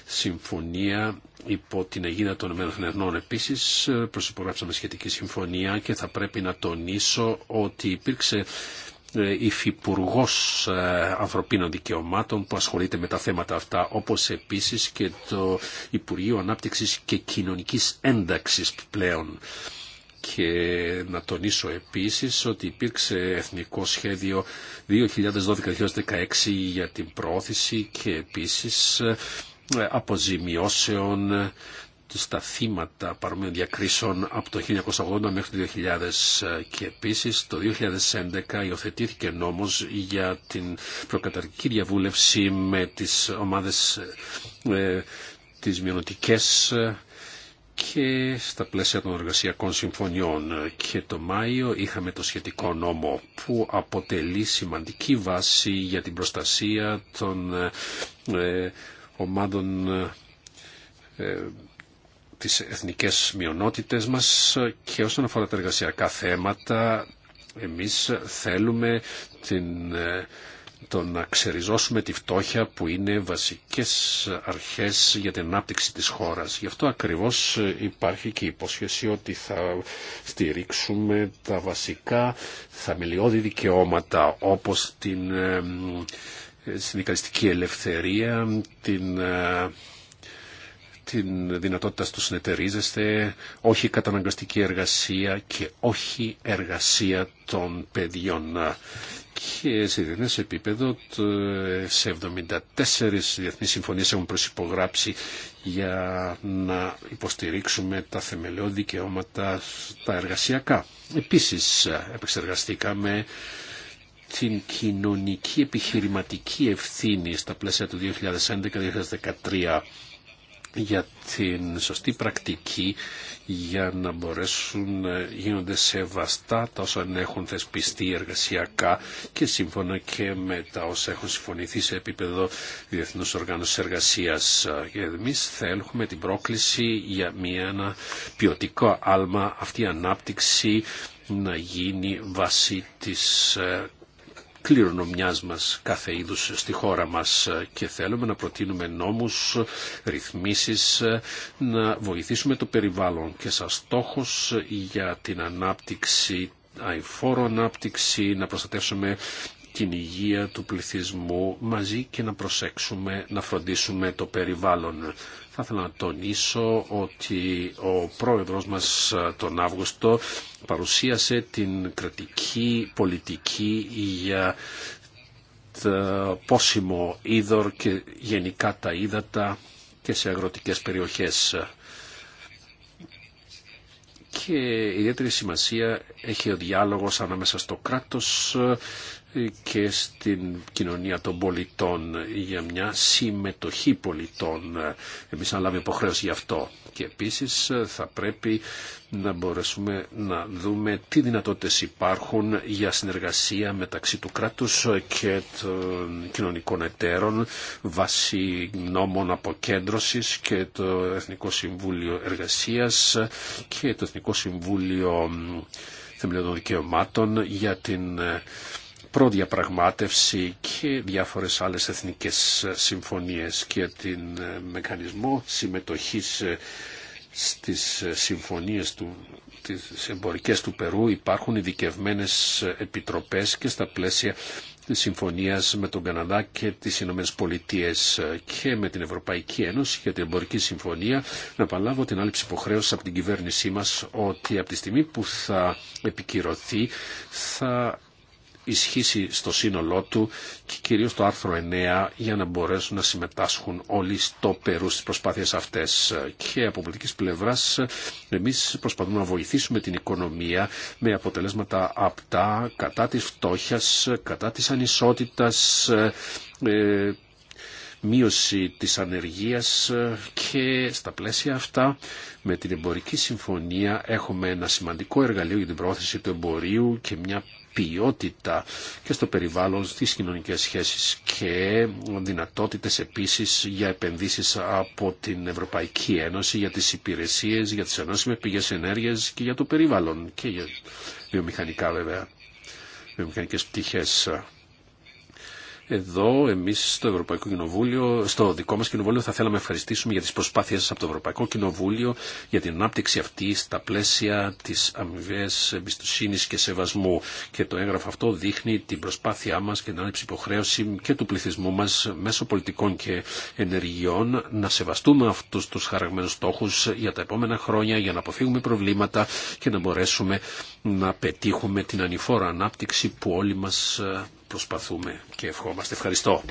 Συμφωνία υπό την αιγύδα των ΗΠΑ επίσης ε, προσυπογράψαμε σχετική συμφωνία και θα πρέπει να τονίσω ότι υπήρξε ε, υφυπουργό ανθρωπίνων δικαιωμάτων που ασχολείται με τα θέματα αυτά, όπως επίσης και το Υπουργείο Ανάπτυξης και Κοινωνικής Ένταξης πλέον. Και να τονίσω επίσης ότι υπήρξε εθνικό σχέδιο 2012-2016 για την πρόθεση και επίσης ε, αποζημιώσεων στα θύματα παρομοίων διακρίσεων από το 1980 μέχρι το 2000 ε, και επίσης το 2011 υιοθετήθηκε νόμος για την προκαταρκή διαβούλευση με τις ομάδες ε, ε τις μειονοτικές και στα πλαίσια των εργασιακών συμφωνιών και το Μάιο είχαμε το σχετικό νόμο που αποτελεί σημαντική βάση για την προστασία των ε, ομάδων ε, εθνικές μειονότητες μας και όσον αφορά τα εργασιακά θέματα εμείς θέλουμε την ε, το να ξεριζώσουμε τη φτώχεια που είναι βασικές αρχές για την ανάπτυξη της χώρας. Γι' αυτό ακριβώς υπάρχει και η υπόσχεση ότι θα στηρίξουμε τα βασικά θαμελιώδη δικαιώματα όπως την συνδικαλιστική ελευθερία, την ε, την δυνατότητα στους συνεταιρίζεστε, όχι καταναγκαστική εργασία και όχι εργασία των παιδιών και σε διεθνέ επίπεδο ε, σε 74 διεθνείς συμφωνίες έχουν προσυπογράψει για να υποστηρίξουμε τα θεμελιώδη δικαιώματα τα εργασιακά. Επίσης επεξεργαστήκαμε την κοινωνική επιχειρηματική ευθύνη στα πλαίσια του 2011-2013 για την σωστή πρακτική για να μπορέσουν να γίνονται σεβαστά τα όσα έχουν θεσπιστεί εργασιακά και σύμφωνα και με τα όσα έχουν συμφωνηθεί σε επίπεδο Διεθνούς Οργάνωσης Εργασίας. Εμείς θέλουμε την πρόκληση για μια, ένα ποιοτικό άλμα αυτή η ανάπτυξη να γίνει βάση της ε, κληρονομιάς μας κάθε είδους στη χώρα μας και θέλουμε να προτείνουμε νόμους, ρυθμίσεις, να βοηθήσουμε το περιβάλλον και σαν στόχος για την ανάπτυξη αηφόρο ανάπτυξη, να προστατεύσουμε την υγεία του πληθυσμού μαζί και να προσέξουμε, να φροντίσουμε το περιβάλλον. Θα ήθελα να τονίσω ότι ο πρόεδρος μας τον Αύγουστο παρουσίασε την κρατική πολιτική για το πόσιμο είδωρ και γενικά τα ύδατα και σε αγροτικές περιοχές. Και ιδιαίτερη σημασία έχει ο διάλογος ανάμεσα στο κράτος και στην κοινωνία των πολιτών για μια συμμετοχή πολιτών. Εμείς να λάβουμε υποχρέωση γι' αυτό. Και επίσης ε, θα πρέπει να μπορέσουμε να δούμε τι δυνατότητες υπάρχουν για συνεργασία μεταξύ του κράτους και των κοινωνικών εταίρων βάσει νόμων αποκέντρωσης και το Εθνικό Συμβούλιο Εργασίας και το Εθνικό Συμβούλιο Θεμελιωδών Δικαιωμάτων για την ε, προδιαπραγμάτευση και διάφορες άλλες εθνικές συμφωνίες και την ε, μεχανισμό συμμετοχής ε, στις ε, συμφωνίες του, τις εμπορικές του Περού υπάρχουν ειδικευμένε επιτροπές και στα πλαίσια της συμφωνίας με τον Καναδά και τις Ηνωμένες Πολιτείες και με την Ευρωπαϊκή Ένωση για την εμπορική συμφωνία να παλάβω την άλλη υποχρέωση από την κυβέρνησή μας ότι από τη στιγμή που θα επικυρωθεί θα ισχύσει στο σύνολό του και κυρίως το άρθρο 9 για να μπορέσουν να συμμετάσχουν όλοι στο Περού στις προσπάθειες αυτές. Και από πολιτικής πλευράς εμείς προσπαθούμε να βοηθήσουμε την οικονομία με αποτελέσματα απτά κατά της φτώχειας, κατά της ανισότητας, ε, μείωση της ανεργίας και στα πλαίσια αυτά με την εμπορική συμφωνία έχουμε ένα σημαντικό εργαλείο για την πρόθεση του εμπορίου και μια ποιότητα και στο περιβάλλον, στις κοινωνικές σχέσεις και δυνατότητες επίσης για επενδύσεις από την Ευρωπαϊκή Ένωση για τις υπηρεσίες, για τις ανώσιμες πηγές ενέργειας και για το περιβάλλον και για βιομηχανικά βέβαια, βιομηχανικές πτυχές. Εδώ εμείς στο Ευρωπαϊκό Κοινοβούλιο, στο δικό μας Κοινοβούλιο θα θέλαμε να ευχαριστήσουμε για τις προσπάθειές σας από το Ευρωπαϊκό Κοινοβούλιο για την ανάπτυξη αυτή στα πλαίσια της αμοιβές εμπιστοσύνη και σεβασμού. Και το έγγραφο αυτό δείχνει την προσπάθειά μας και την άνοιξη υποχρέωση και του πληθυσμού μας μέσω πολιτικών και ενεργειών να σεβαστούμε αυτούς τους χαραγμένους στόχους για τα επόμενα χρόνια για να αποφύγουμε προβλήματα και να μπορέσουμε να πετύχουμε την ανηφόρα ανάπτυξη που όλοι μας ε, προσπαθούμε και ευχόμαστε. Ευχαριστώ.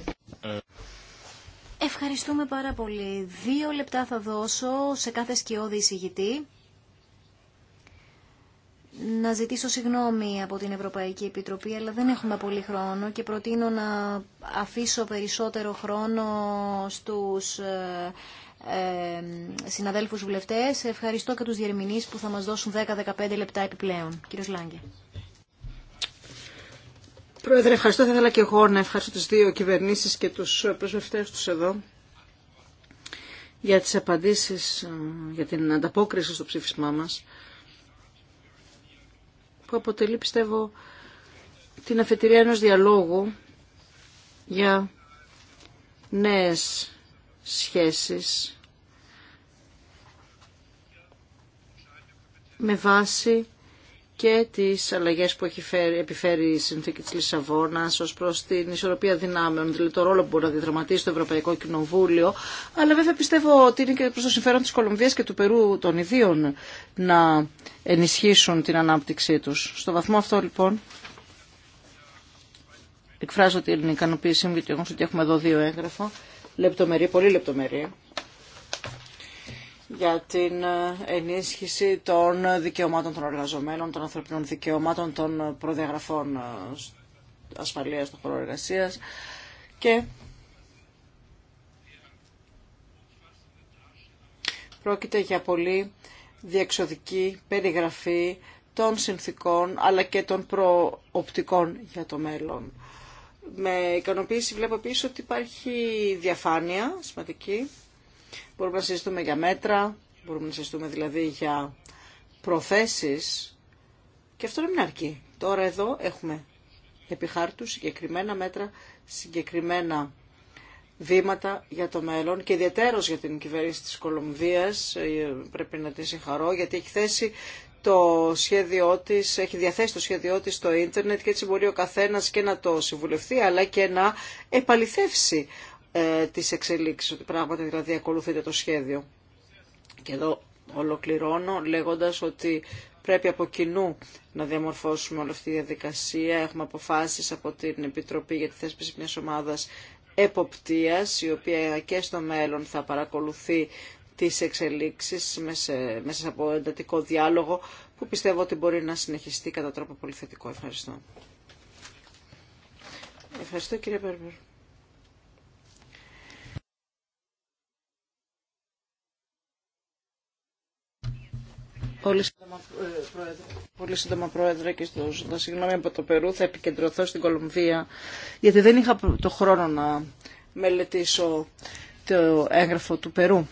Ευχαριστούμε πάρα πολύ. Δύο λεπτά θα δώσω σε κάθε σκιώδη εισηγητή. Να ζητήσω συγγνώμη από την Ευρωπαϊκή Επιτροπή, αλλά δεν έχουμε πολύ χρόνο και προτείνω να αφήσω περισσότερο χρόνο στους ε, ε συναδέλφους βουλευτές. Ευχαριστώ και τους διερμηνείς που θα μας δώσουν 10-15 λεπτά επιπλέον. Κύριος Λάγκη. Πρόεδρε, ευχαριστώ. Θα ήθελα και εγώ να ευχαριστώ τις δύο κυβερνήσεις και τους προσβευτές τους εδώ για τις απαντήσεις, ε, για την ανταπόκριση στο ψήφισμά μας που αποτελεί πιστεύω την αφετηρία ενός διαλόγου για νέες σχέσεις με βάση και τις αλλαγές που έχει φέρει, επιφέρει η συνθήκη της Λισαβόνας ως προς την ισορροπία δυνάμεων, δηλαδή το ρόλο που μπορεί να διδραματίσει το Ευρωπαϊκό Κοινοβούλιο. Αλλά βέβαια πιστεύω ότι είναι και προς το συμφέρον της Κολομβίας και του Περού των ιδίων να ενισχύσουν την ανάπτυξή τους. Στο βαθμό αυτό λοιπόν εκφράζω την ικανοποίησή μου γιατί έχουμε εδώ δύο έγγραφα, λεπτομερή, πολύ λεπτομερία για την ε, ενίσχυση των δικαιωμάτων των εργαζομένων, των ανθρωπινών δικαιωμάτων, των προδιαγραφών ε, ασφαλείας των χώρων εργασίας και πρόκειται για πολύ διεξοδική περιγραφή των συνθήκων αλλά και των προοπτικών για το μέλλον. Με ικανοποίηση βλέπω επίσης ότι υπάρχει διαφάνεια σημαντική Μπορούμε να συζητούμε για μέτρα, μπορούμε να συζητούμε δηλαδή για προθέσεις και αυτό δεν είναι αρκεί. Τώρα εδώ έχουμε επί συγκεκριμένα μέτρα, συγκεκριμένα βήματα για το μέλλον και ιδιαίτερος για την κυβέρνηση της Κολομβίας ε, πρέπει να τη συγχαρώ γιατί έχει θέσει το σχέδιό έχει διαθέσει το σχέδιό της στο ίντερνετ και έτσι μπορεί ο καθένας και να το συμβουλευτεί αλλά και να επαληθεύσει ε, τις εξελίξεις, ότι πράγματι δηλαδή ακολουθείται το σχέδιο. Και εδώ ολοκληρώνω λέγοντας ότι πρέπει από κοινού να διαμορφώσουμε όλη αυτή τη διαδικασία. Έχουμε αποφάσεις από την Επιτροπή για τη θέσπιση μια ομάδα εποπτείας, η οποία και στο μέλλον θα παρακολουθεί τις εξελίξεις μέσα, μέσα από εντατικό διάλογο που πιστεύω ότι μπορεί να συνεχιστεί κατά τρόπο πολύ θετικό. Ευχαριστώ. Ευχαριστώ κύριε Πέρμπερ. Ε, Πολύ σύντομα, πρόεδρε. και στο συγγνώμη από το Περού, θα επικεντρωθώ στην Κολομβία, γιατί δεν είχα το χρόνο να μελετήσω το έγγραφο του Περού.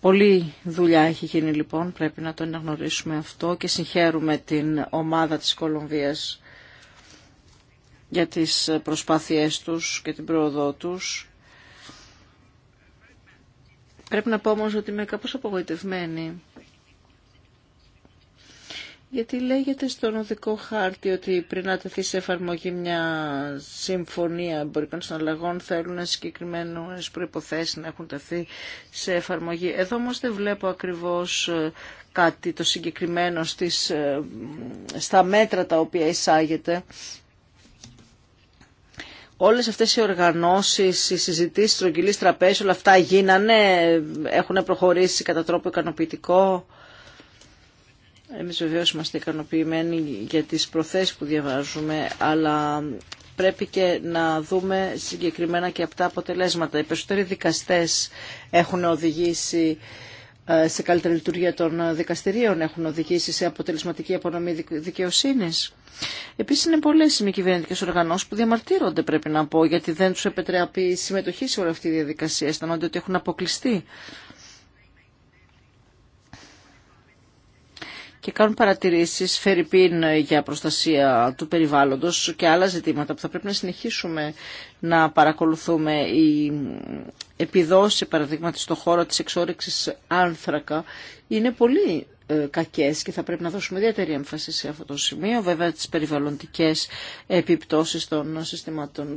Πολύ δουλειά έχει γίνει λοιπόν, πρέπει να το αναγνωρίσουμε αυτό και συγχαίρουμε την ομάδα της Κολομβίας για τις προσπάθειές τους και την πρόοδό τους. Πρέπει να πω όμως ότι είμαι κάπως απογοητευμένη. Γιατί λέγεται στον οδικό χάρτη ότι πριν να τεθεί σε εφαρμογή μια συμφωνία εμπορικών συναλλαγών θέλουν συγκεκριμένε προποθέσει να έχουν τεθεί σε εφαρμογή. Εδώ όμω δεν βλέπω ακριβώ ε, κάτι το συγκεκριμένο στις, ε, στα μέτρα τα οποία εισάγεται όλες αυτές οι οργανώσεις, οι συζητήσεις στρογγυλής τραπέζι, όλα αυτά γίνανε, έχουν προχωρήσει κατά τρόπο ικανοποιητικό. Εμείς βεβαίως είμαστε ικανοποιημένοι για τις προθέσεις που διαβάζουμε, αλλά πρέπει και να δούμε συγκεκριμένα και αυτά αποτελέσματα. Οι περισσότεροι δικαστές έχουν οδηγήσει ε, σε καλύτερη λειτουργία των ε, δικαστηρίων έχουν οδηγήσει σε αποτελεσματική απονομή δικαιοσύνη. Επίση, είναι πολλέ οι μη κυβερνητικέ οργανώσει που διαμαρτύρονται, πρέπει να πω, γιατί δεν του επιτρέπει η συμμετοχή σε όλη αυτή τη διαδικασία. Αισθάνονται ότι έχουν αποκλειστεί και κάνουν παρατηρήσεις πίν ε, για προστασία του περιβάλλοντος και άλλα ζητήματα που θα πρέπει να συνεχίσουμε να παρακολουθούμε. Η ε, επιδόση παραδείγματι στον χώρο της εξόρυξης άνθρακα είναι πολύ ε, κακές και θα πρέπει να δώσουμε ιδιαίτερη έμφαση σε αυτό το σημείο. Βέβαια τις περιβαλλοντικές επιπτώσεις των,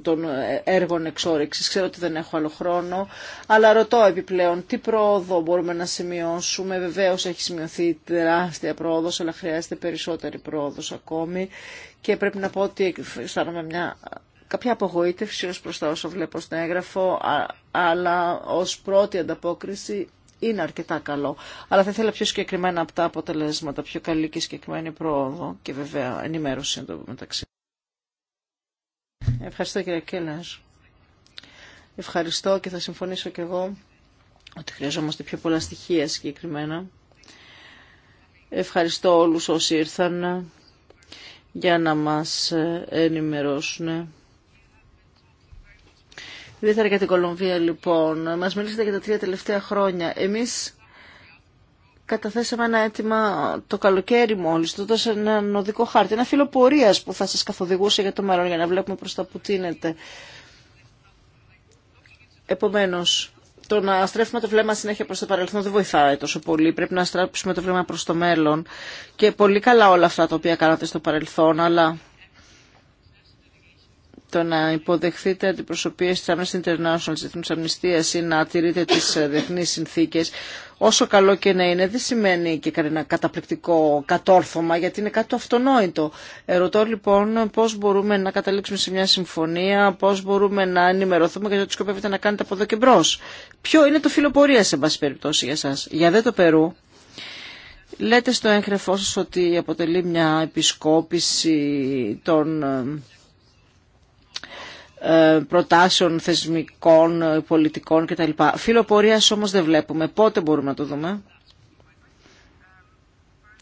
των ε, έργων εξόρυξης. Ξέρω ότι δεν έχω άλλο χρόνο, αλλά ρωτώ επιπλέον τι πρόοδο μπορούμε να σημειώσουμε. Βεβαίως έχει σημειωθεί τεράστια πρόοδος, αλλά χρειάζεται περισσότερη πρόοδος ακόμη και πρέπει να πω ότι αισθάνομαι μια κάποια απογοήτευση ως προς τα όσα βλέπω στο έγγραφο, αλλά ως πρώτη ανταπόκριση είναι αρκετά καλό. Αλλά θα ήθελα πιο συγκεκριμένα από τα αποτελέσματα, πιο καλή και συγκεκριμένη πρόοδο και βέβαια ενημέρωση εν μεταξύ. Ευχαριστώ κύριε Κέλλας. Ευχαριστώ και θα συμφωνήσω και εγώ ότι χρειαζόμαστε πιο πολλά στοιχεία συγκεκριμένα. Ευχαριστώ όλους όσοι ήρθαν για να μας ενημερώσουν. Ιδιαίτερα για την Κολομβία λοιπόν. Μας μιλήσατε για τα τρία τελευταία χρόνια. Εμείς καταθέσαμε ένα αίτημα το καλοκαίρι μόλις, το σε ένα οδικό χάρτη, ένα φύλλο πορείας που θα σας καθοδηγούσε για το μέλλον, για να βλέπουμε προς τα που τίνεται. Επομένως, το να στρέφουμε το βλέμμα συνέχεια προς το παρελθόν δεν βοηθάει τόσο πολύ. Πρέπει να στρέψουμε το βλέμμα προς το μέλλον. Και πολύ καλά όλα αυτά τα οποία κάνατε στο παρελθόν, αλλά το να υποδεχθείτε αντιπροσωπείε τη Amnesty International, τη Διεθνού Αμνηστία ή να τηρείτε τι ε, διεθνεί συνθήκε, όσο καλό και να είναι, δεν σημαίνει και κανένα καταπληκτικό κατόρθωμα, γιατί είναι κάτι το αυτονόητο. Ερωτώ λοιπόν πώ μπορούμε να καταλήξουμε σε μια συμφωνία, πώ μπορούμε να ενημερωθούμε για το τι σκοπεύετε να κάνετε από εδώ και μπρο. Ποιο είναι το φιλοπορία, σε πάση περιπτώσει, για εσά. Για δε το Περού, λέτε στο έγγραφό σα ότι αποτελεί μια επισκόπηση των ε, ε, προτάσεων θεσμικών, ε, πολιτικών κτλ. Φύλλο πορείας όμως δεν βλέπουμε. Πότε μπορούμε να το δούμε.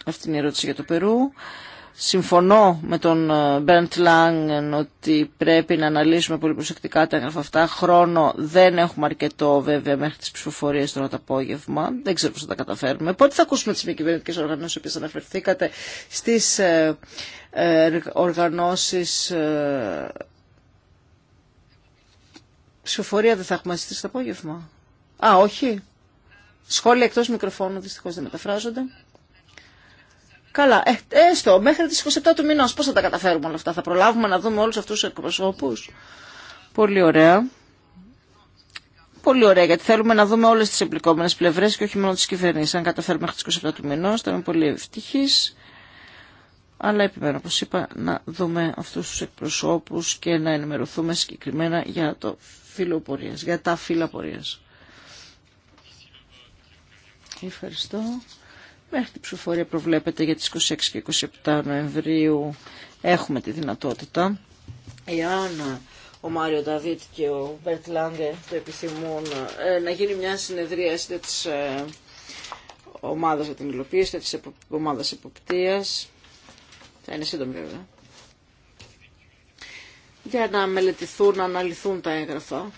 Αυτή είναι η ερώτηση για το Περού. Συμφωνώ με τον ε, Μπεντ Λάγκ ότι πρέπει να αναλύσουμε πολύ προσεκτικά τα έγγραφα αυτά. Χρόνο δεν έχουμε αρκετό βέβαια μέχρι τις ψηφοφορίες τώρα το απόγευμα. Δεν ξέρω πώς θα τα καταφέρουμε. Πότε θα ακούσουμε τις μη κυβερνητικές οργανώσεις που αναφερθήκατε στις οργανώσεις Ψηφοφορία δεν θα έχουμε στις το απόγευμα. Α, όχι. Σχόλια εκτός μικροφώνου δυστυχώς δεν μεταφράζονται. Καλά, ε, έστω, μέχρι τις 27 του μηνός πώς θα τα καταφέρουμε όλα αυτά. Θα προλάβουμε να δούμε όλους αυτούς τους εκπροσώπους. Πολύ ωραία. Πολύ ωραία, γιατί θέλουμε να δούμε όλες τις εμπλεκόμενες πλευρές και όχι μόνο τις κυβερνήσεις. Αν καταφέρουμε μέχρι τις 27 του μηνός, θα είμαι πολύ ευτυχή. Αλλά επιμένω, όπω είπα, να δούμε αυτούς τους εκπροσώπους και να ενημερωθούμε συγκεκριμένα για το φιλοπορίας, για τα φύλλα πορείας. Ευχαριστώ. Μέχρι την ψηφορία προβλέπεται για τις 26 και 27 Νοεμβρίου έχουμε τη δυνατότητα. Εάν ο Μάριο Νταβίτ και ο Μπερτ Λάγκε το επιθυμούν ε, να γίνει μια συνεδρία είτε της ε, ομάδας για την υλοποίηση, της ομάδας εποπτείας. Θα είναι σύντομη βέβαια για να μελετηθούν, να αναλυθούν τα έγγραφα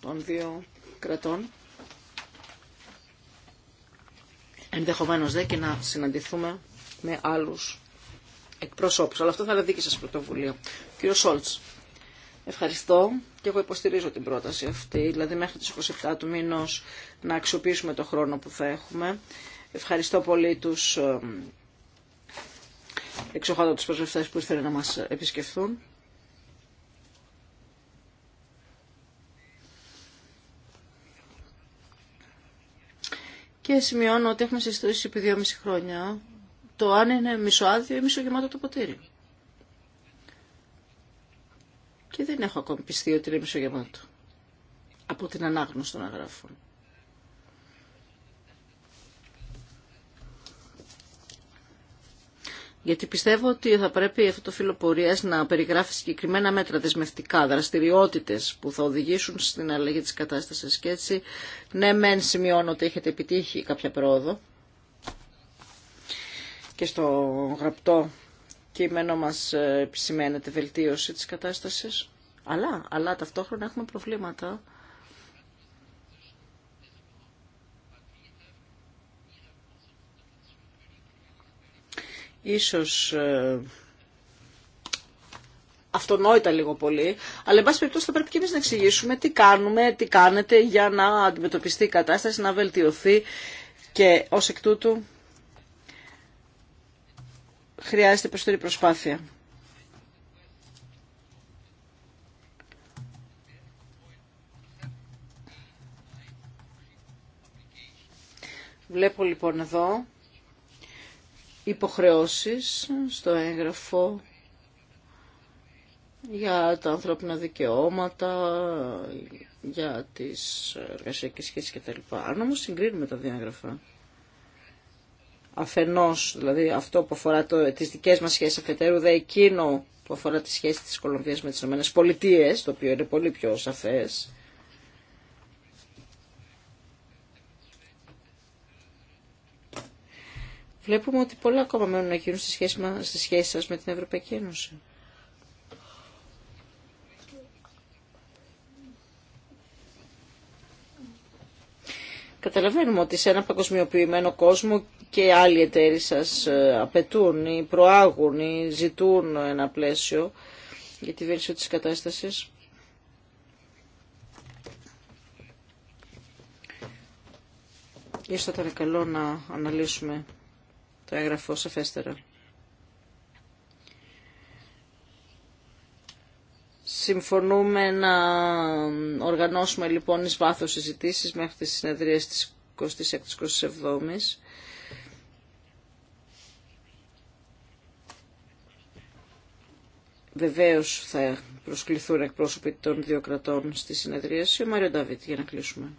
των δύο κρατών. Ενδεχομένως δε και να συναντηθούμε με άλλους εκπροσώπους. Αλλά αυτό θα είναι δίκη σας πρωτοβουλία. Κύριο Σόλτς, ευχαριστώ και εγώ υποστηρίζω την πρόταση αυτή. Δηλαδή μέχρι τις 27 του μήνος να αξιοποιήσουμε το χρόνο που θα έχουμε. Ευχαριστώ πολύ τους ε, τους προσβευτές που ήρθαν να μας επισκεφθούν. Και σημειώνω ότι έχουμε συζητήσει επί δύο μισή χρόνια το αν είναι μισοάδιο ή μισογεμάτο το ποτήρι. Και δεν έχω ακόμη πιστεί ότι είναι μισογεμάτο. Από την ανάγνωση των αγράφων. γιατί πιστεύω ότι θα πρέπει αυτό το φύλλο να περιγράφει συγκεκριμένα μέτρα δεσμευτικά, δραστηριότητε που θα οδηγήσουν στην αλλαγή τη κατάσταση. και έτσι ναι μεν σημειώνω ότι έχετε επιτύχει κάποια πρόοδο και στο γραπτό κείμενο μας επισημαίνεται βελτίωση της κατάστασης αλλά, αλλά ταυτόχρονα έχουμε προβλήματα ίσως ε, αυτονόητα λίγο πολύ, αλλά εν πάση περιπτώσει θα πρέπει και εμείς να εξηγήσουμε τι κάνουμε, τι κάνετε για να αντιμετωπιστεί η κατάσταση, να βελτιωθεί και ως εκ τούτου χρειάζεται περισσότερη προσπάθεια. Βλέπω λοιπόν εδώ υποχρεώσεις στο έγγραφο για τα ανθρώπινα δικαιώματα, για τις εργασιακές σχέσεις κτλ. Αν όμως συγκρίνουμε τα διαγραφά αφενός, δηλαδή αυτό που αφορά το, τις δικές μας σχέσεις αφετέρου, δε εκείνο που αφορά τις σχέσεις της Κολομβίας με τις ΗΠΑ, το οποίο είναι πολύ πιο σαφές, βλέπουμε ότι πολλά ακόμα μένουν να γίνουν στη σχέση, μας, στη σχέση σας με την Ευρωπαϊκή Ένωση. Καταλαβαίνουμε ότι σε ένα παγκοσμιοποιημένο κόσμο και άλλοι εταίροι σας ε, απαιτούν ή προάγουν ή ζητούν ένα πλαίσιο για τη βέλτιση της κατάστασης. Ίσως θα ήταν καλό να αναλύσουμε το έγραφό σαφέστερα. Συμφωνούμε να οργανώσουμε λοιπόν εις βάθος συζητήσεις μέχρι τις συνεδρίες της 26ης-27ης. Βεβαίως θα προσκληθούν εκπρόσωποι των δύο κρατών στη συνεδρίαση. Ο Μάριο για να κλείσουμε.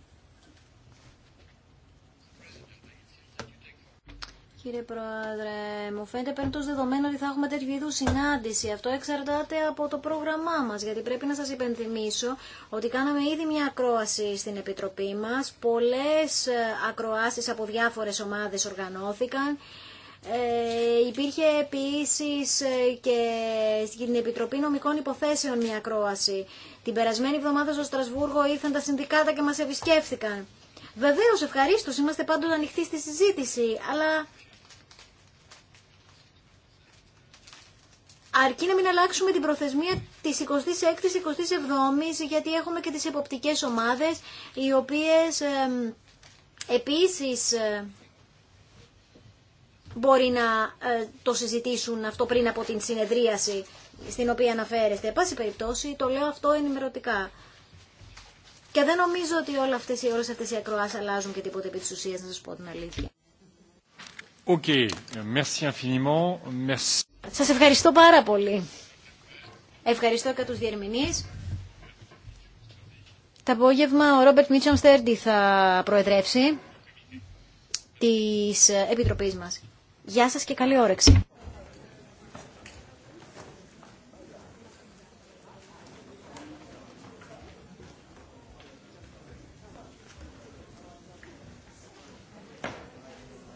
Κύριε Πρόεδρε, μου φαίνεται παίρνοντα δεδομένο ότι θα έχουμε τέτοιου είδου συνάντηση. Αυτό εξαρτάται από το πρόγραμμά μα. Γιατί πρέπει να σα υπενθυμίσω ότι κάναμε ήδη μια ακρόαση στην Επιτροπή μα. Πολλέ ε, ακροάσει από διάφορε ομάδε οργανώθηκαν. Ε, υπήρχε επίσης ε, και στην Επιτροπή Νομικών Υποθέσεων μια ακρόαση. Την περασμένη εβδομάδα στο Στρασβούργο ήρθαν τα συνδικάτα και μας επισκέφθηκαν. Βεβαίω ευχαρίστω, είμαστε πάντοτε ανοιχτοί στη συζήτηση, αλλά αρκεί να μην αλλάξουμε την προθεσμία τη 26ης, 27ης, γιατί έχουμε και τις εποπτικέ ομάδες, οι οποίες επίσης ε, μπορεί να ε, το συζητήσουν αυτό πριν από την συνεδρίαση στην οποία αναφέρεστε. Πάση περιπτώσει, το λέω αυτό ενημερωτικά. Και δεν νομίζω ότι όλες αυτές οι ώρες αυτές οι ακροα αλλάζουν και τίποτε επί τη ουσία να σα πω την αλήθεια. Merci infiniment. Merci. Σας ευχαριστώ πάρα πολύ. Ευχαριστώ και τους διερμηνείς. Το απόγευμα ο Ρόμπερτ Μίτσομς Στέρντι θα προεδρεύσει της Επιτροπής μας. Γεια σας και καλή όρεξη.